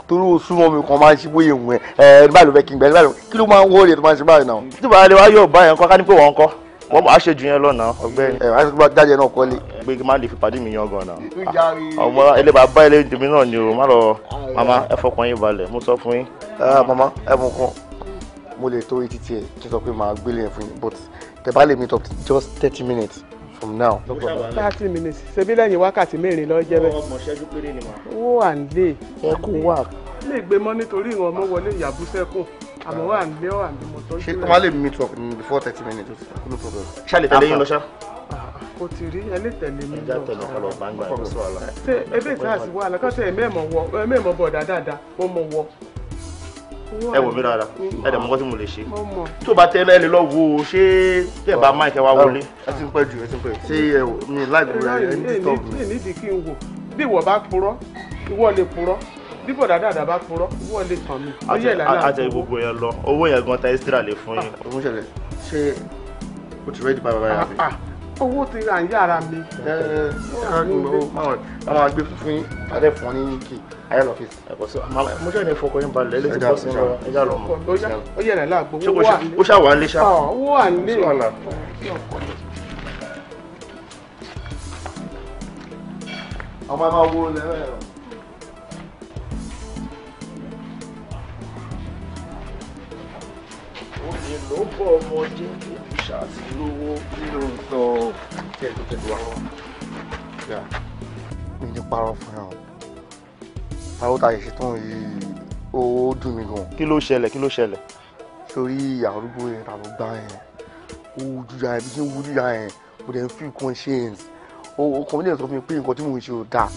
B: torí o súnmọ́ mi kan máa ń ṣe bóyá ìwọ̀n ẹ ẹ nígbà ló fẹ́ kí n gbẹ nígbà ló kí ló máa ń wọ́ọ̀rì ẹ̀ tó máa ń ṣe báyìí náà. tí bàbá rẹ wá yóò bá yẹn kọ́ ká ní pé wọ́n ń kọ́ wọ́n bá ṣe jù yẹn lọ́nà ọgbẹ́ni. ẹ wáá gbọ́ jáde náà kọ́lé. gbé kí máa lè fi pàdé mi yan gan-an. Ah, ọmọ ẹlẹ́bà bá ẹlẹ́dùnmí náà ni o má lọ mama ẹ fọkàn yín balẹ̀ mo sọ fún yín. Ah, mama ẹ mú kún mo lè torí títí ẹ̀ kí n sọ pé màá gbélé ẹ̀ fún yín but tẹ bá lè meet up just thirty minutes from now. no
G: problem. thirty minutes ṣebí lẹ́yìn wákàtí mẹ́rin lọ jẹ́ bẹ́ẹ̀. ọmọ ṣẹ́jú péré ni màá. wo à ń lè. ẹ kú wà. lè gbé mọ́ nítorí ìwọ̀n ọmọ wọlé ìyàbúsẹ́kùn àmọ́ wà ń lé wà ń bímọ tọ́jú. ṣé o máa lè
B: meet up before thirty minutes no problem. ṣáàlì tẹ̀lé yín lọ ṣá.
G: Ah, ah, o ti rí ẹni tẹ̀lé mi lọ. ẹja tẹ̀lé ọpọlọ gbangba ẹ̀ ṣe ebí ìta àti wàhálà kọ́sẹ̀ ẹ̀mẹ́ẹ̀mọ̀ bọ̀ dáadáa ó mọ̀ wọ ẹ wò mí rárá
B: ẹ dẹ̀ mọ nǹkan tí mo lè ṣe tó bá tẹ ẹ lè lọ wo ṣé tẹ bá máa kẹ wá wọlé. ẹ ti ń pẹ́ jù ẹ ti ń pẹ́ jù ṣé ẹ mi láì bẹ̀rẹ̀ ẹ ní tọ́ mi.
G: ẹ nídìí kí n wò bí ìwọ bá purọ́ ìwọ lè purọ́ bí bọ̀dá dáadáa bá purọ́ ìwọ lè tàn mí.
B: àtẹ gbogbo yẹn lọ owó yẹn gan ta extra lè fún yín. òun ṣẹlẹ̀ ṣé o ti rẹ́ẹ̀dì báyìí báyìí àbí. owó ti ra ìyá ara mi. ẹ ẹ ẹ máa gbé fún yín adé fún ọ ní kì í iron office ẹ̀kọ́ sí mo ṣe ní fọkọ yín balẹ̀ létí bọ́sì ń lọ ẹja lọ mọ. ó
G: yẹ rẹ̀ láàgbó owó wà ní. ó ṣà wà nílé ṣá. owó ah, wà nílé.
B: ọmọ ẹ máa wo lẹ́rẹ̀ rẹ̀. olè ló bọ̀ ọmọdé òbí ṣàtìlówó kí ló ń sọ tẹ̀lé tẹ̀lé wa. mi ní parọ́ fún ẹ o sanwó tá a ṣe tán yìí ó dùn mí gan. kí ló ṣẹlẹ̀ kí ló ṣẹlẹ̀. sórí àrùgbó yẹn tàbí gbá yẹn ó wúdúra yẹn bí ṣe ń wúdúra yẹn kò dẹ̀ ń feel conscience ó kàn mílíọ̀nù sọ fún mi pé nǹkan tí mò ń ṣe ò dáa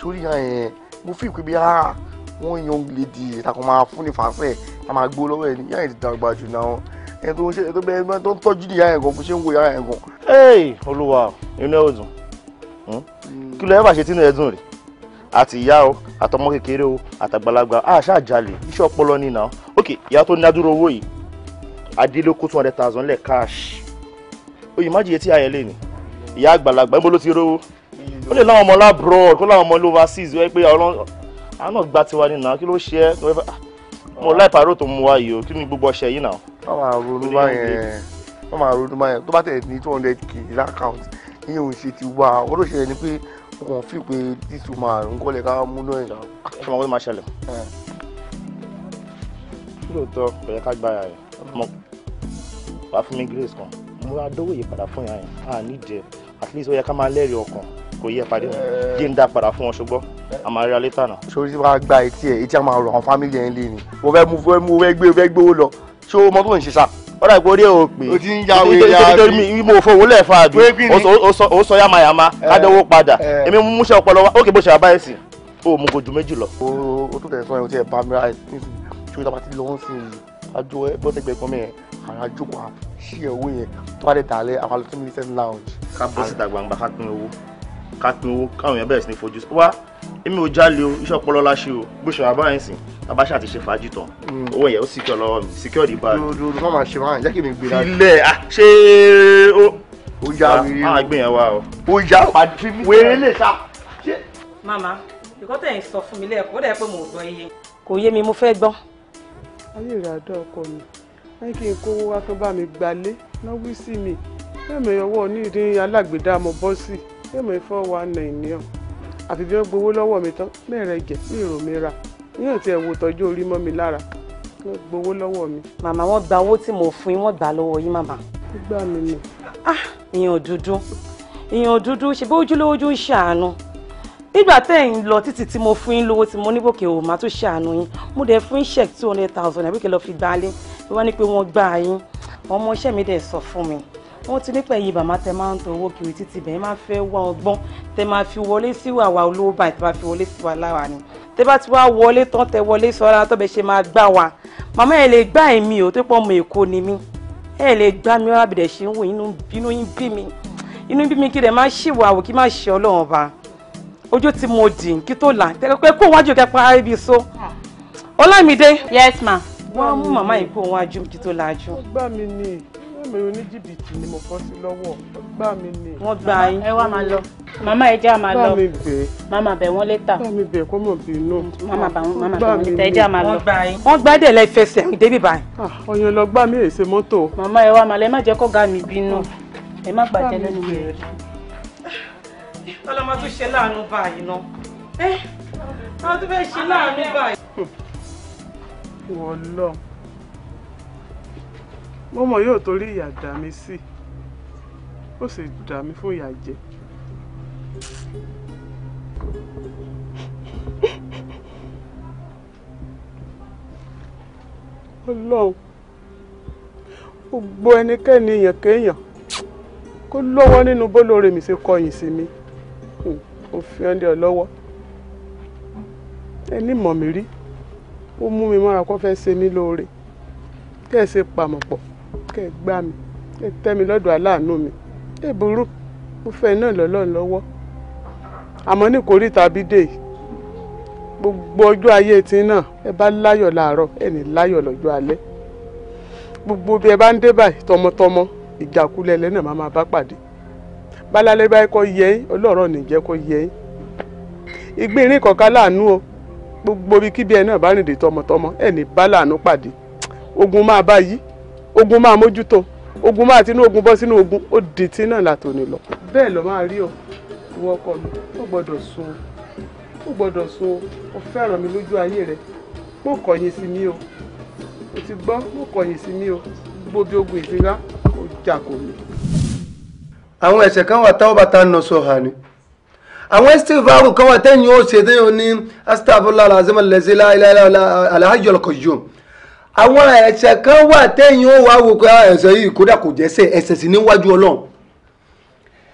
B: sórí yẹn mo feel pé bí a wọ́n yan lèdì ìtàkùn máa fún ní fàṣẹ tá máa gbó lọ́wọ́ ẹ̀ ní yáyẹn ti dàgbà jù náà ẹni tó ń ṣe tó bẹ́ẹ̀ tó ń tọ́jú ní yáyẹn gan bó ṣe ń wo yáyẹn gan. ee olúwa inú ẹ ò dùn hmm? Hmm. kí ló ẹ bá ṣe tínú ẹ dùn rèé àti ìyá o àtọmọ kékeré o àtàgbàlagbà a ṣáà jalè iṣẹ́ ọpọlọ ni náà ok ìyá tó ní adúrò owó yìí adílé kó two hundred thousand lẹ̀ cash oyè má jìyẹ tí ayẹ lè ní ìyá àgbàlagbà níbo ló ti rówó ó lè láwọn ọmọ labroad kó láwọn ọmọ overseas wẹ́ pé àwọn náà gba tiwa ni náà kí ló ṣe é ah, mo láì pàrọ̀ tó mu wa yìí o kí ni gbogbo ọṣẹ yìí náà. wọ́n máa ronú báyẹn wọ́n máa ronú báyẹn tó bá tẹ̀ ní two hundred k lákàtúntì ìyẹn ò ṣe ti wá ọ wọn fi pé this woman nǹkan lè ká mú náà ìyá. ṣé wọn kó máa ṣẹlẹ̀. lóòótọ́ kò yẹ ká gbára rẹ̀ ọmọ wàá fún mi grace kan mo ra dọ́wọ́ yìí padà fún yàrá yẹn a nídìí at least ó yẹ ká máa lẹ́rìí ọkàn kò yẹ pàdé wọn jí ń dá padà fún wọn ṣùgbọ́n a máa rí alẹ́ tànà. sori ti wàá gba etí ẹ etí a máa rọ àwọn fámìlì ẹ ń lé ni mo fẹ́ mú fẹ́ fẹ́ gbé fẹ́ lọ ṣé o mọ ń ṣe sáà wọ́n dàgbé orí ò pè mo fowó lẹ́ẹ̀fà àbí ó sọ yamayama kádẹ́wó eh, padà eh. èmi mú múṣẹ́ ọpọlọ wa ó bó ṣe àbáyé sí ó mú gojú méjì lọ. o tó tẹ̀sán ẹ̀ o ti ẹ̀ bá mi ra ẹ̀ ṣé ìjọba ti lọ́wọ́ sí i àjọ ẹ̀ bọ́sẹ̀gbẹ̀ kan mẹ́rin àwọn àjòkó ṣí ẹ̀ owó yẹn tó bá dẹ̀ dàlẹ́ àwọn alùpùpù ní seven lounge. ká bọ́ síta gbangba ká pín ká pin owó káwọn èèyàn bẹ̀rẹ̀ sí ní fojú sí wá èmi ò jálè o iṣẹ́ ọpọlọ la ṣe o bó ṣe wà báyìí sìn bàbá ṣáà ti ṣe fàájì tán mm. owó ẹ̀yẹ ó sì kí ọ lọ́wọ́ mi sì bá a. dúró dúró má ṣe máa jẹ́ kí mi gbé láti. ilé à ṣé ó. ó yá wèrè o máa gbé yẹn wá o. ó yá wèrè lè sá.
F: màmá ìkọ́ tẹ̀ sọ fún mi lẹ́ẹ̀kọ́ ó pé mo gbọ́ iye. kò yé mi
B: mo fẹ́ gbọ́n.
G: ayé ìràdọ̀ ọkọ mi wọ́n kí n kówó wá tó bá mi gbalé náwó sí mi bẹ́ẹ̀ ọwọ́ ní ìdí alágbèdá mo bọ́ sí yóò mọ ìfọ wa nà ènìyàn àfi bí wọ́n gbowó lọ́wọ́ mi tán mẹ́rẹ̀ jẹ̀ mí ìrò mi ra yóò tiẹ̀ wo tọ́jú orí mọ́ mi lára wọ́n gbowó lọ́wọ́ mi. màmá wọn gba owó tí mo fún yín wọ́n gbà lọ́wọ́ yín màmá. gbígbà mi ni. ah ìyàn dúdú
C: ìyàn dúdú ṣe bí ojúlówó ojú ń ṣàánú nígbà tẹ́yìn lọ títí tí mo fún yín lówó tí mo ní bòkè ò má tún ṣàánú yín mo dẹ̀ fún check two hundred thousand àbíkẹ́ lọ fi gbálé
B: wọ́n ní pé wọ́n gbá yín ọmọ mi dẹ̀ sọ fún mi wọ́n ti nípa ẹ̀yin bàmá tẹ máa ń tọ owó kiri títí bẹ́ẹ̀ máa fẹ́ wá ọgbọ́n tẹ máa fi wọlé sí wàwà olówó báyìí tẹ máa fi wọlé sí wa láwa ni tẹ bá ti wá wọlé tán tẹ wọlé sọ́ra tó bẹ́ẹ̀ ṣe máa gbá wa màmá ẹ̀ lè gbá èmi ò tó pọ̀ ọmọ èkó ni mí ẹ̀ lè gbá mi wá bìdẹ̀ ṣe ń wò inú yín bí mi inú bí mi kí dẹ̀ máa ṣìwà wò kí má ṣe ọlọ́run ọba ojú tí mo dì kí tó là tẹ́lẹ̀ kó wájú kẹ́pá ibi so Ọlámídé. yes ma. wọ́n mú màmá yìí mi ò ní jìbìtì ni mo kọ́ sí lọ́wọ́ gbà mí ni. wọ́n gba yín ẹ wá máa lọ màmá ẹ jẹ́ àmà lọ bá mi bẹ̀ màmá bẹ̀ wọ́n létà bá mi bẹ̀ kọ́ mọ̀ bí inú. màmá bá màmá bẹ̀ wọ́n létà ẹ jẹ́ àmà lọ wọ́n gba yín. wọ́n gbá dẹ̀ lẹ fẹsẹ̀ ń débi báyìí. Ah, ọyàn lọ gbá mi èsè mọ́tò. màmá ẹ wá máa lọ ẹ má jẹ́ kó ga mi bínú ah. ẹ má gbàjẹ́ lẹ́nu mi rẹ̀. ọlọ́mọ tún ṣe láàánú báyìí ná eh,
D: ọmọ tún fẹ́ ṣe láàánú báyìí.
G: wọ́n lọ́ọ̀ mo mọ̀ yóò torí ìyà dà mí sí ó sì dà mí fún ìyà jẹ. ọlọ́run gbogbo ẹnikẹ́ni èèyàn kéèyàn kó lọ́wọ́ nínú bólóore mi ṣe kọyìn sí mi ó fi ọ́n lé ọ lọ́wọ́ ẹni mọ̀ mí rí ó mú mi mọ́ra kó fẹ́ ṣe mí lóore kẹ́ ẹ ṣe pàmọ̀pọ̀ kẹ́ gbá mi kẹ́ ẹ tẹ́ mi lọ́dọ̀ aláàánú mi ẹ burú mo fẹ́ náà lọ́lọ́run lọ́wọ́ àmọ́ ní kòríta bídè gbogbo ọjọ́ ayé tí náà ẹ bá láyọ̀ làárọ̀ ẹ ní láyọ̀ lọ́jọ́ alẹ́ gbogbo bí ẹ bá ń dé báyìí tọmọtọmọ ìjàkulẹ̀ ẹlẹ́ náà máa bá pàdé balalẹ́ báyìí kọ́ yẹ yín ọlọ́rọ̀ nìjẹ́ kọ́ yẹ yín ìgbín ìrìn kọ̀ọ̀kan láàánú o gbogbo bí kíbi ẹ náà bá rìn dé tọmọtọmọ ẹ ní bá láàánú pàdé ogun máa bá yìí ogun máa mójútó ogun máa tinú ogun bọ́ sínú ogun ó di tí náà látò ní lọ. bẹ́ẹ̀ lọ máa rí ọ ìwọ ọkọ mi ó gbọ́dọ̀ so ó gbọ́dọ̀ so ó fẹ́ràn mi lójú ayé rẹ mo kọ̀yìn sí mi o o ti gbọ́ mo kọ̀yìn sí mi o gbogbo bí ogun ìfira ó jà kò mí.
B: àwọn ẹ̀ṣẹ̀ kan wà táwọn bàtà ń nọ sọ hà ni àwọn ẹ́sítẹ́fàrù kan wà tẹ́yìn ó ṣe tẹ́yìn ó ní astagfirullah alazim alẹ́sílá aláhàjọ́ ọkọ̀ yìí àwọn ẹ̀ṣẹ̀ kan wà téèyàn ó wá wò pé ah, ẹ̀ṣẹ̀ yìí kódà kò jẹ́ṣẹ̀ ẹ̀ṣẹ̀ sì níwájú ọlọ́run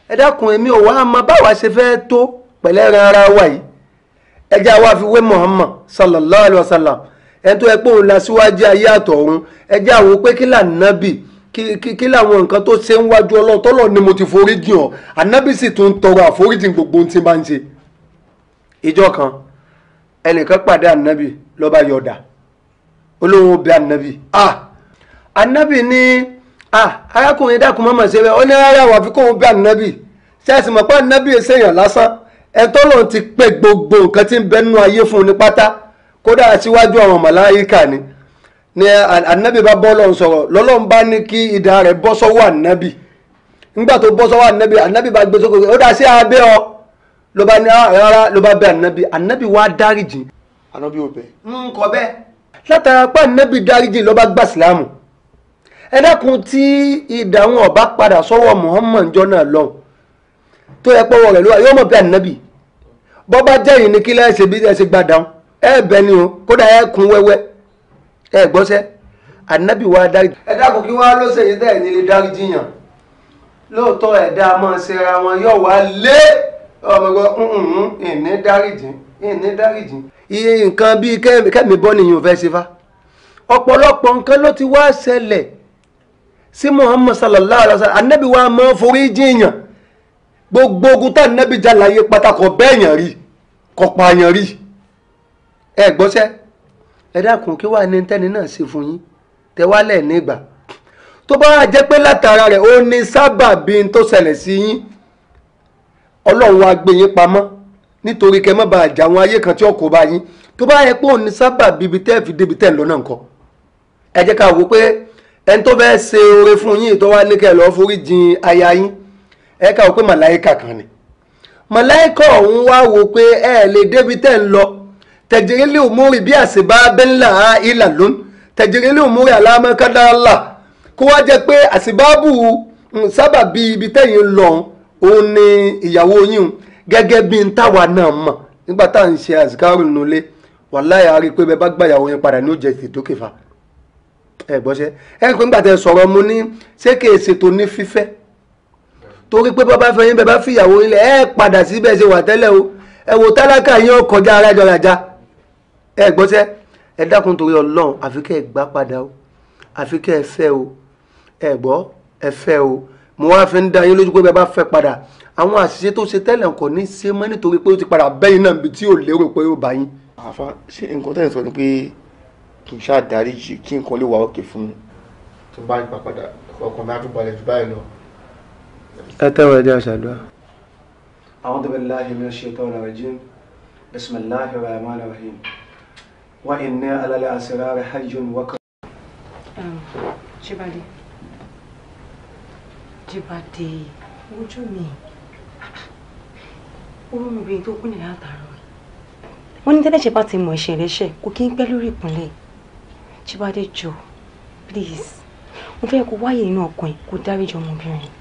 B: ẹ dákun èmi ò wá mọ báwa ṣe fẹ́ tó pẹ̀lẹ́ ran ara wa yìí ẹ jẹ́ àwa fi wé Muhammad sallallahu alayhi wa sallam ẹni tó yẹ pé òun la síwájú ayé àtọ̀run ẹ jẹ́ àwo pé kí lànàbì kí làwọn nǹkan tó ṣe ń wájú ọlọ́run tọ́lọ̀ ni mo ti forí jìn ọ́ ànábì sì tún tọrọ àforíjìn gbogbo ohun tí bá ń ṣe ìjọ kan ẹnìkan pàdé ànábì ló yọ̀dà olóhùn obì ànábì ah, ànábì ní ah, arákùnrin dákun mọ́mọ́ ṣe bẹ́ẹ̀ ó ní rárá wà fi kóhun obì ànábì ṣẹ́ẹ̀sì mọ̀ pé ànábì ṣèyàn lásán ẹ̀tọ́ lòun ti pé gbogbo nǹkan tí ń bẹ ayé fún un ní pátá kódà síwájú àwọn ni ni ànábì bá bọ́ lọ́n sọ̀rọ̀ lọ́lọ́n bá ní kí idà rẹ̀ bọ́ sọ́wọ́ ànábì nígbà tó bọ́ sọ́wọ́ ànábì ànábì bá gbé sókè ó dá sí abẹ́ ọ ló bá ah, látara pa nẹ́bì dáríjì lọ́ba gbà sílámù ẹ tí ìdáhùn ọba padà sọ́wọ́ Muhammad jọ náà lọ tó yẹ pọ́wọ́ rẹ̀ lówà yóò mọ̀ bí ànábì bọ́bá jẹ́rìí ní kí lẹ́ẹ̀ bí ẹ ṣe gbàdán ẹ ni o kódà ẹ kún wẹ́wẹ́ ẹ gbọ́sẹ́ ànábì wà dáríjì. ẹ dákun kí wọ́n á ló ṣèyí tẹ́ dáríjì yàn lóòótọ́ ẹ̀dá máa wọn yóò wá lé ọmọ ìní dáríjì ní dáríjì. iye nǹkan bíi kẹ́mi bọ́ nìyí ò fẹ́ ṣe fa ọ̀pọ̀lọpọ̀ nǹkan ló ti wá ṣẹlẹ̀ sí Muhammad sallallahu alayhi wa sallam anabi wa máa ń forí jiyàn gbogbo ogun tá anabi jalaye pátákọ̀ bẹ́ẹ̀ yàn rí kọ̀ pààyàn rí ẹ gbọ́sẹ́ ẹ dákun kí wàá ní tẹ́ni náà ṣe fún yín tẹ́wálẹ̀ nígbà tó bá jẹ́ pé látara rẹ̀ ó ní sábàbí tó ṣẹlẹ̀ sí yín ọlọ́run wa gbé yín pamọ́ nítorí kẹ́ má bàa jà àwọn ayé kan tí ọkọ̀ bá yín tó bá yẹ pé òun ní sábà bíbi tẹ́ fi débi tẹ́ lọ́nà nǹkan ẹ jẹ́ ká wò pé ẹni tó fẹ́ ṣe oore fún yín tó ní kẹ́ lọ́ọ́ forí jìn aya yín ẹ ká wò pé màláìkà kan ni màláìkà ọ̀hún wá wò pé ẹ lè débi tẹ́ ń lọ tẹ̀jẹ̀rẹ́ lè mórí bí àṣìbá bẹ́ńlá ìlà lón tẹ̀jẹ̀rẹ́ lè mórí alámọ́kádàlá kó wá jẹ́ pé àṣìbáàbù sábà bí ibi tẹ́yìn lọ òun ni ìyàwó yín gẹ́gẹ́ bí n táwa náà mọ̀ nígbà tá à ń ṣe àsìkárù nulẹ̀ wàláyà á rí i pé bẹ́ẹ̀ bá gbàyàwó yẹn padà ní ó jẹ ìdókè fa ẹ gbọ́ ṣe ẹ pé nígbà tẹ sọ̀rọ̀ mo ní ṣé kì í ṣètò ní fífẹ́ torí pé bàbá fẹ́ yín bẹ́ẹ̀ bá fìyàwó ilẹ̀ ẹ padà sí bẹ́ẹ̀ ṣe wà tẹ́lẹ̀ o ẹ wò tálákà yín ọkọjá ara jọraja ẹ gbọ́ ẹ dákun torí ọlọ́run àfi kẹ́ ẹ gbà padà o àfi kẹ́ ẹ fẹ́ o ẹ gbọ́ ẹ fẹ́ o mo wá fi ń dá yín lójú pé bẹ́ẹ̀ bá fẹ́ padà àwọn àṣìṣe tó ṣe tẹ́lẹ̀ kò ní ṣe mọ́ nítorí pé ó ti padà bẹ́yìn náà níbi tí ò lérò pé ó bá yín. àfa ṣé nǹkan tẹ́lẹ̀ sọ ni pé kì í ṣáà darí jì kí nǹkan lè wà òkè fún mi. tó bá yín papàdà ọkàn mi á tún balẹ̀ jù báyìí lọ.
G: ẹ tẹ́wọ̀ ẹ̀dí
E: àṣàdúrà.
B: a'udhu billahi minash shaitanir rajim bismillahir rahmanir rahim wa inna ala al-asrar hajjun wa.
F: ṣé Jíbádé ojú mi orú mi bíi tó kú ní látàárọ̀ wọ́n ní tẹ́lẹ̀ṣẹ̀ bá ti mọ̀ ẹ̀ṣẹ̀ rẹ́ṣẹ̀ kò kí ń pẹ́ lórí ìpínlẹ̀ Jíbádé jọ please mo fẹ́ kó wáyé inú ọkàn ẹ̀ kó dáríjọ ọmọbìnrin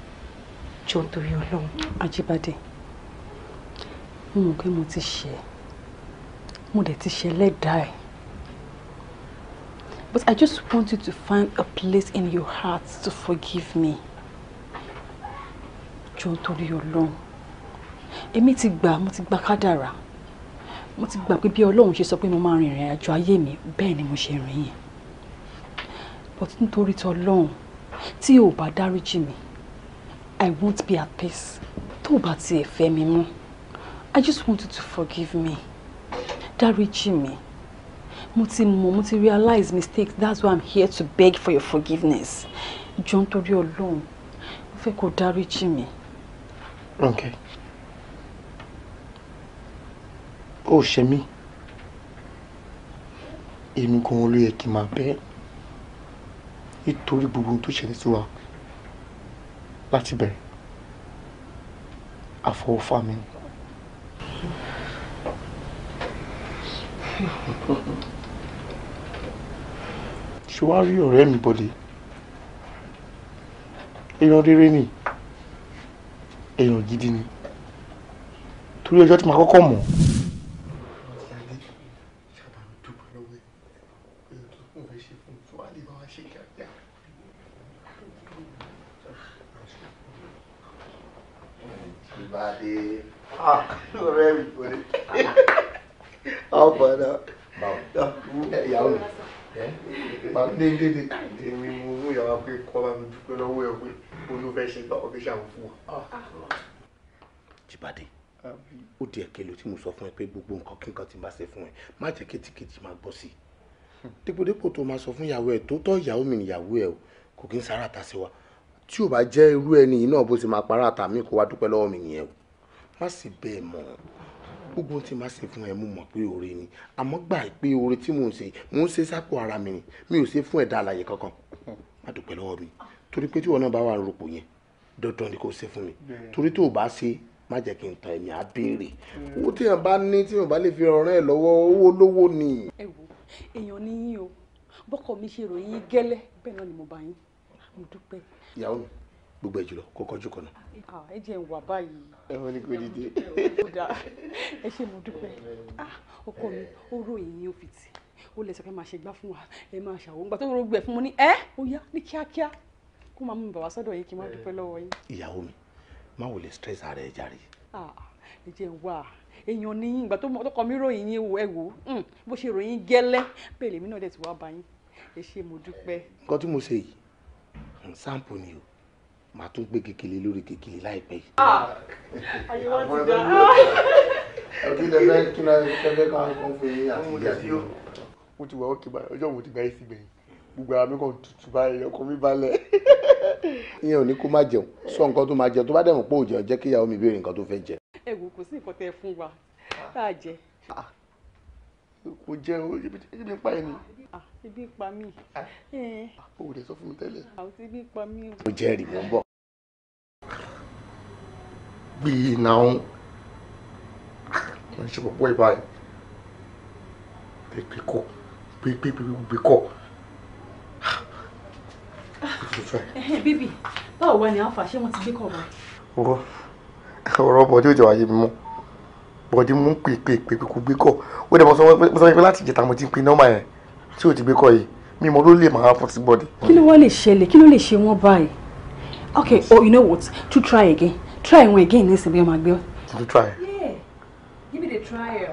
F: jọ torí Ọlọ́run. Ajíbádé mo mọ̀ pé mo ti ṣe mo dẹ̀ ti ṣe lẹ́dàá ẹ̀. But I just want you to find
C: a place in your heart to forgive me jọ nítorí ọlọ́run èmi ti gbà mo ti gbà kádàrà mo ti gbà pé bí ọlọ́run ṣe sọ pé mo máa rin ìrìn àjò ayé mi bẹ́ẹ̀ ni mo ṣe rìn yẹn but nítorí tọlọ́run tí ò bá dáríjì mi i won't be at peace tó o bá tiẹ̀ fẹ́ mi mú i just want you to forgive me dáríjì mi mo ti mọ̀ mo ti realize mistakes that's why i'm here to beg for your forgiveness jọ̀ọ́ nítorí ọlọ́run mo fẹ́ kó dáríjì mi.
B: Ok. Ó ṣe mí. Èmi gan-an ló yẹ kí n máa bẹ́ nítorí gbogbo ohun tó ṣẹlẹ̀ sí wa láti bẹ̀rẹ̀. Àfọwọ́fà mi ni. Ṣé wàá mi bọ̀dé? Èèyàn rere ni èèyàn gidi ni torí ọjọ́ tí màá kọ́kọ́ mọ̀ ọ̀pọ̀ náà ìyàwó mi màá dédé dé káàdé mi mo mú ìyàwó pé kọ́ bá mi dúpẹ́ lọ́wọ́ ẹ̀ pé olúfẹ́ ṣe gbà ọ́fíìsì àwọn fún wa. Ah. jìbàdì ó di ẹ̀kẹ́lò tí mo sọ fún ẹ pé gbogbo nǹkan kí nǹkan ti máa ṣe fún ẹ má jẹ́ kétíkétí máa gbọ́ sí i hmm. dípòdípò tó máa sọ fún ìyàwó ẹ tó tọ́ ìyàwó mi nìyàwó ẹ o kò kí n sára ta sí wa tí ò bá jẹ́ irú ẹni yìí náà bó ṣe máa para àtàmì kó wá dúpẹ́ lọ́wọ́ mi nìyẹn o má sì bẹ́ẹ̀ mọ̀ ọ́n gbogbo tí máa se fún ẹ mo mọ̀ pé oore ni àmọ́ gbà pé oore tí mò ń ṣe mò ń ṣe sápò ara mi ni mi ò ṣe fún ẹ̀dá alààyè kankan má dúpẹ́ lọ́wọ́ mi torí pé tí wọn náà bá wà rúpò yẹn dandan ni kò ṣe fún mi torí tó o bá ṣe má jẹ́ kí n tan ẹ̀mí á béèrè owó téèyàn bá ní téèyàn bá lè fi ràn ẹ́ lọ́wọ́ owó lówó ni.
C: ẹ wo èèyàn ní yín o bọ́kọ mi ṣe ròyìn gẹ́lẹ́ bẹ́ẹ̀ náà
B: ni mo bá yín mo dúpẹ́. ìyàwó mi gbogbo ẹ̀ jùlọ kó kọjú kan náà Ah, jẹ́ ń wà báyìí. ẹ wọ́n ní kò dìde. ẹ ṣe mo dúpẹ́ ah, ọkọ mi
C: ó rò yín ní òfìtì ó lè sọ pé máa ṣe gbá fún wa ẹ máa ṣàwọn gbà tó rọ gbẹ fún mo ní ẹ ó yá ní kíákíá kó máa mú mi bàbá sọ́dọ̀ yìí kí n má dúpẹ́ lọ́wọ́ yín.
E: ìyàwó mi má wò lè
B: stress ara ẹ jàre.
C: Ah, ẹ jẹ́ ń wà èèyàn ní ìgbà tó kọ mí ròyìn yín ẹ wò hmm, bó ṣe ròyìn gẹ́lẹ́ bẹ́ẹ̀ lèmi náà dẹ̀ ti wá bá yín ẹ ṣe mo dúpẹ́.
B: nǹkan tí mo ṣe yìí sample ni o màá tún gbé kékeré lórí kékeré láìpẹ́ yìí. àwọn ẹgbẹ́ mi ọdún tẹ́fẹ́ túnra tẹ́fẹ́ kan kan fún yín àti ìyá mi. mo ti wà ókè báyìí ọjọ́ wo ti gba èsì gbẹ̀yìn gbogbo ara mi kàn tutù báyìí ọkàn mi balẹ̀. ìyẹn ò ní kó má jẹun sọ nǹkan tó máa jẹ tó bá dẹ̀ mọ̀ pé òjò jẹ́ kíyàwó mi béèrè nǹkan tó fẹ́ jẹ. ẹ wò kò sí nǹkan tẹ fún wa tá a jẹ. Ah! kò jẹun ebi pa ẹ ebi pa mí. o ah. eh. ò lè sọ fún mi tẹ́lẹ̀. àwọn ti bí
G: pa mí. mo jẹ́rìí mo ń bọ̀.
B: gbìyì e náà wọ́n ṣe pọ̀pọ̀ ìbá yìí pépé e, e kọ́ pépé pépé kọ́.
F: Eh, bíbí báwo wà ní àǹfà ṣé wọ́n ti gbé kọ̀ báyìí.
B: ọ̀rọ̀ ọ̀rọ̀ bọ̀dé ò jẹ́ wáyé mi mọ́ bọ̀dé mú pèpè pèpè kò gbé kọ̀ ó dẹ̀ mọ́ sọ wípé láti ìjẹta mo ti ń pin nọ́mbà yẹn tí o ti gbé kọ́ yìí mi ló lè máa fún sí bọ́dì. kí ló
C: wá lè ṣẹlẹ̀ kí ló lè ṣe wọ́n báyìí okay oh you know what to try again try wọn
B: again ní ìsìnkú yẹn máa gbé to try. yeah
C: give me the try.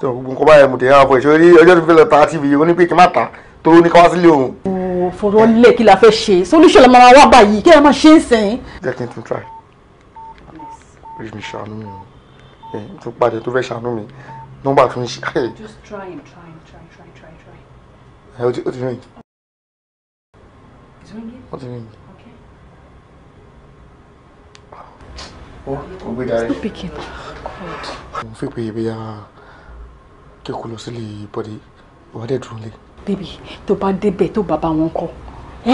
B: tó gbogbo nǹkan báyẹn mo tẹ̀ yára fọ ìṣòro ní ọjọ́ tó fi lọ ta tv yìí ó ní pé kí n má ta tó ní ká wá sílé òun. o oh, fọ̀rọ̀
C: lẹ̀ kí la fẹ́ ṣe solution la máa wá báyìí kí la máa ṣe é sẹ́yìn.
B: jẹ́ kí n tún try. rí mi ṣàánú mi o tó padà tó fẹ́ ṣàánú mi nọ́mbà tó ń ṣe.
C: just try and try and try
B: do you ti ring. o ti ring. ó kò gbé darí. stop picking god. mo fi pe ibi ya kẹ́kọ̀ọ́ lọ sílé bọ́dí wọ́n dẹ̀ dúró lé. bébì tó bá débẹ̀ tó bàbá wọn kọ́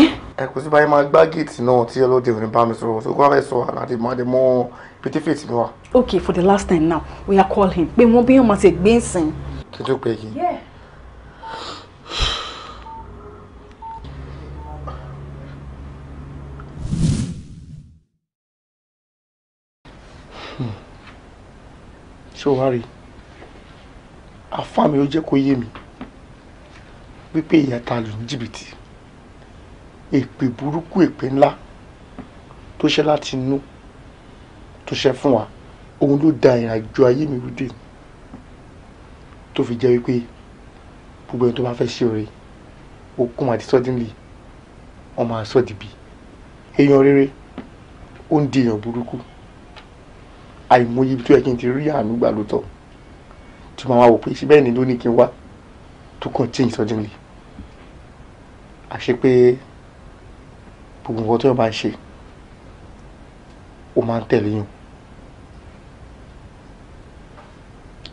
B: ẹ kò sí báyìí máa gbá géètì náà tí ọlọ́dẹ òní bá mi sọ̀rọ̀ tó kọ́ fẹ́ sọ àlàdé máa dé mọ́ pétífèsì mi wá.
C: okay for the last time now we are calling pé wọ́n bí wọ́n máa ti gbé ń sìn.
B: kí Yeah. ṣé o wá rí àfáà mi ó jẹ́ kó yé mi wípé ìyá ta lù ní jìbìtì èpè burúkú èpè ńlá tó ṣe láti inú tó ṣe fún wa òun ló da ìrìn àjò ayé mi rúdè tó fi jẹ́ wípé gbogbo ẹni tó bá fẹ́ ṣe oore okun àti suddenly ọmọ àsọdìbì èèyàn rere ó ń di èèyàn burúkú àìmọye ibi tó yẹ kí n ti rí àánú gbà ló tọ́ tí màá wò pé síbẹ̀ ni ló ní kí n wá tó kàn change suddenly àṣé pé gbogbo nǹkan tó yẹ máa ń ṣe ó máa ń tẹ̀lé yàn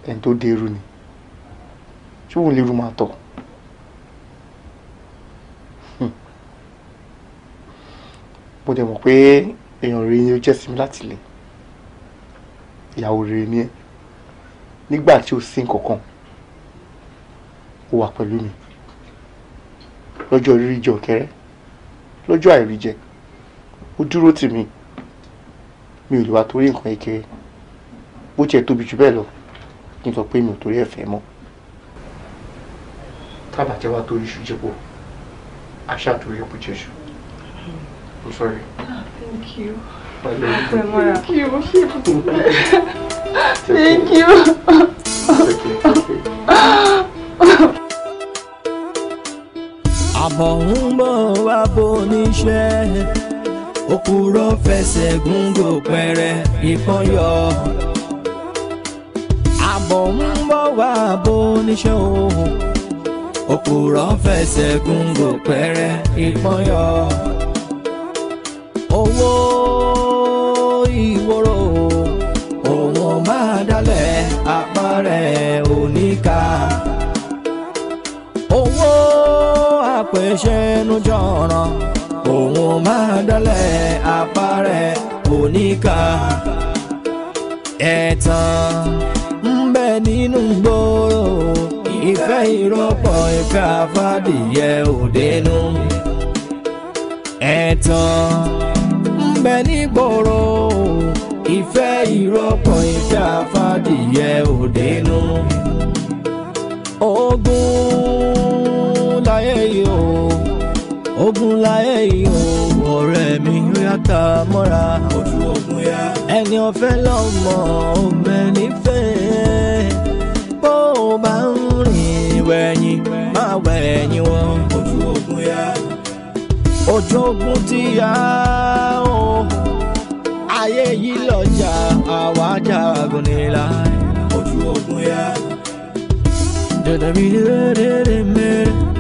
B: ẹni tó dé irú ni tí òun lè rú máa tọ̀ hmm. mo dẹ̀ mọ̀ pé èèyàn rèé ni ó jẹ́ sí láti lè ìyàwó rere ni ẹ nígbà tí o sí nǹkankan o wà pẹ̀lú mi lọ́jọ́ rírí jẹ ọ̀kẹ́rẹ́ lọ́jọ́ àìrí o dúró tì mí mi ò lè wá torí nǹkan kékeré bó tiẹ̀ tóbi jù bẹ́ẹ̀ lọ kí n sọ pé mi ò torí ẹ̀ fẹ́ mọ́ tábàjẹ́ wá torí iṣu jẹ́pọ̀ àṣà torí ẹ̀pù jẹ́ṣu I'm sorry.
D: Ah, thank you.
B: Thank
D: you. Thank you.
A: Àbọ̀ ń bọ̀ wá bóníṣẹ́, òkúrọ̀ fẹsẹ̀ gúngò pẹrẹ ìbọn yọ. Àbọ̀ ń bọ̀ wá bóníṣẹ́ òhun, òkúrọ̀ fẹsẹ̀ gúngò pẹrẹ ìbọn yọ. Owó. rẹ̀ oníkà. owó àpèsẹ́nujọ̀ràn òun máa dọ́lẹ̀ apá rẹ̀ oníkà. ẹ̀tàn ń bẹ nínú gbòòrò ìfẹ́ ìrọ́pọ̀ ìka fàdìyẹ òdenu. ẹ̀tàn ń bẹ nígboro ìfẹ́ ìrọ́pọ̀ ìfẹ́ àfádìyẹ òdenu. ogun láyé yìí o ogun láyé yìí o ọ̀rẹ́ mi yàtà mọ́ra ojú ogun yá ẹni ọ̀fẹ́ lọ́mọ ọmọ ẹni bó o bá ń rìn wẹ̀yìn má wẹ̀yìn wọn ojú ogun yá ojú ogun ti yá o. Oh ayé yìí lọ́jà àwa jagun nílá. ojú ogun yá.
D: dèdè mi dèrè dèrè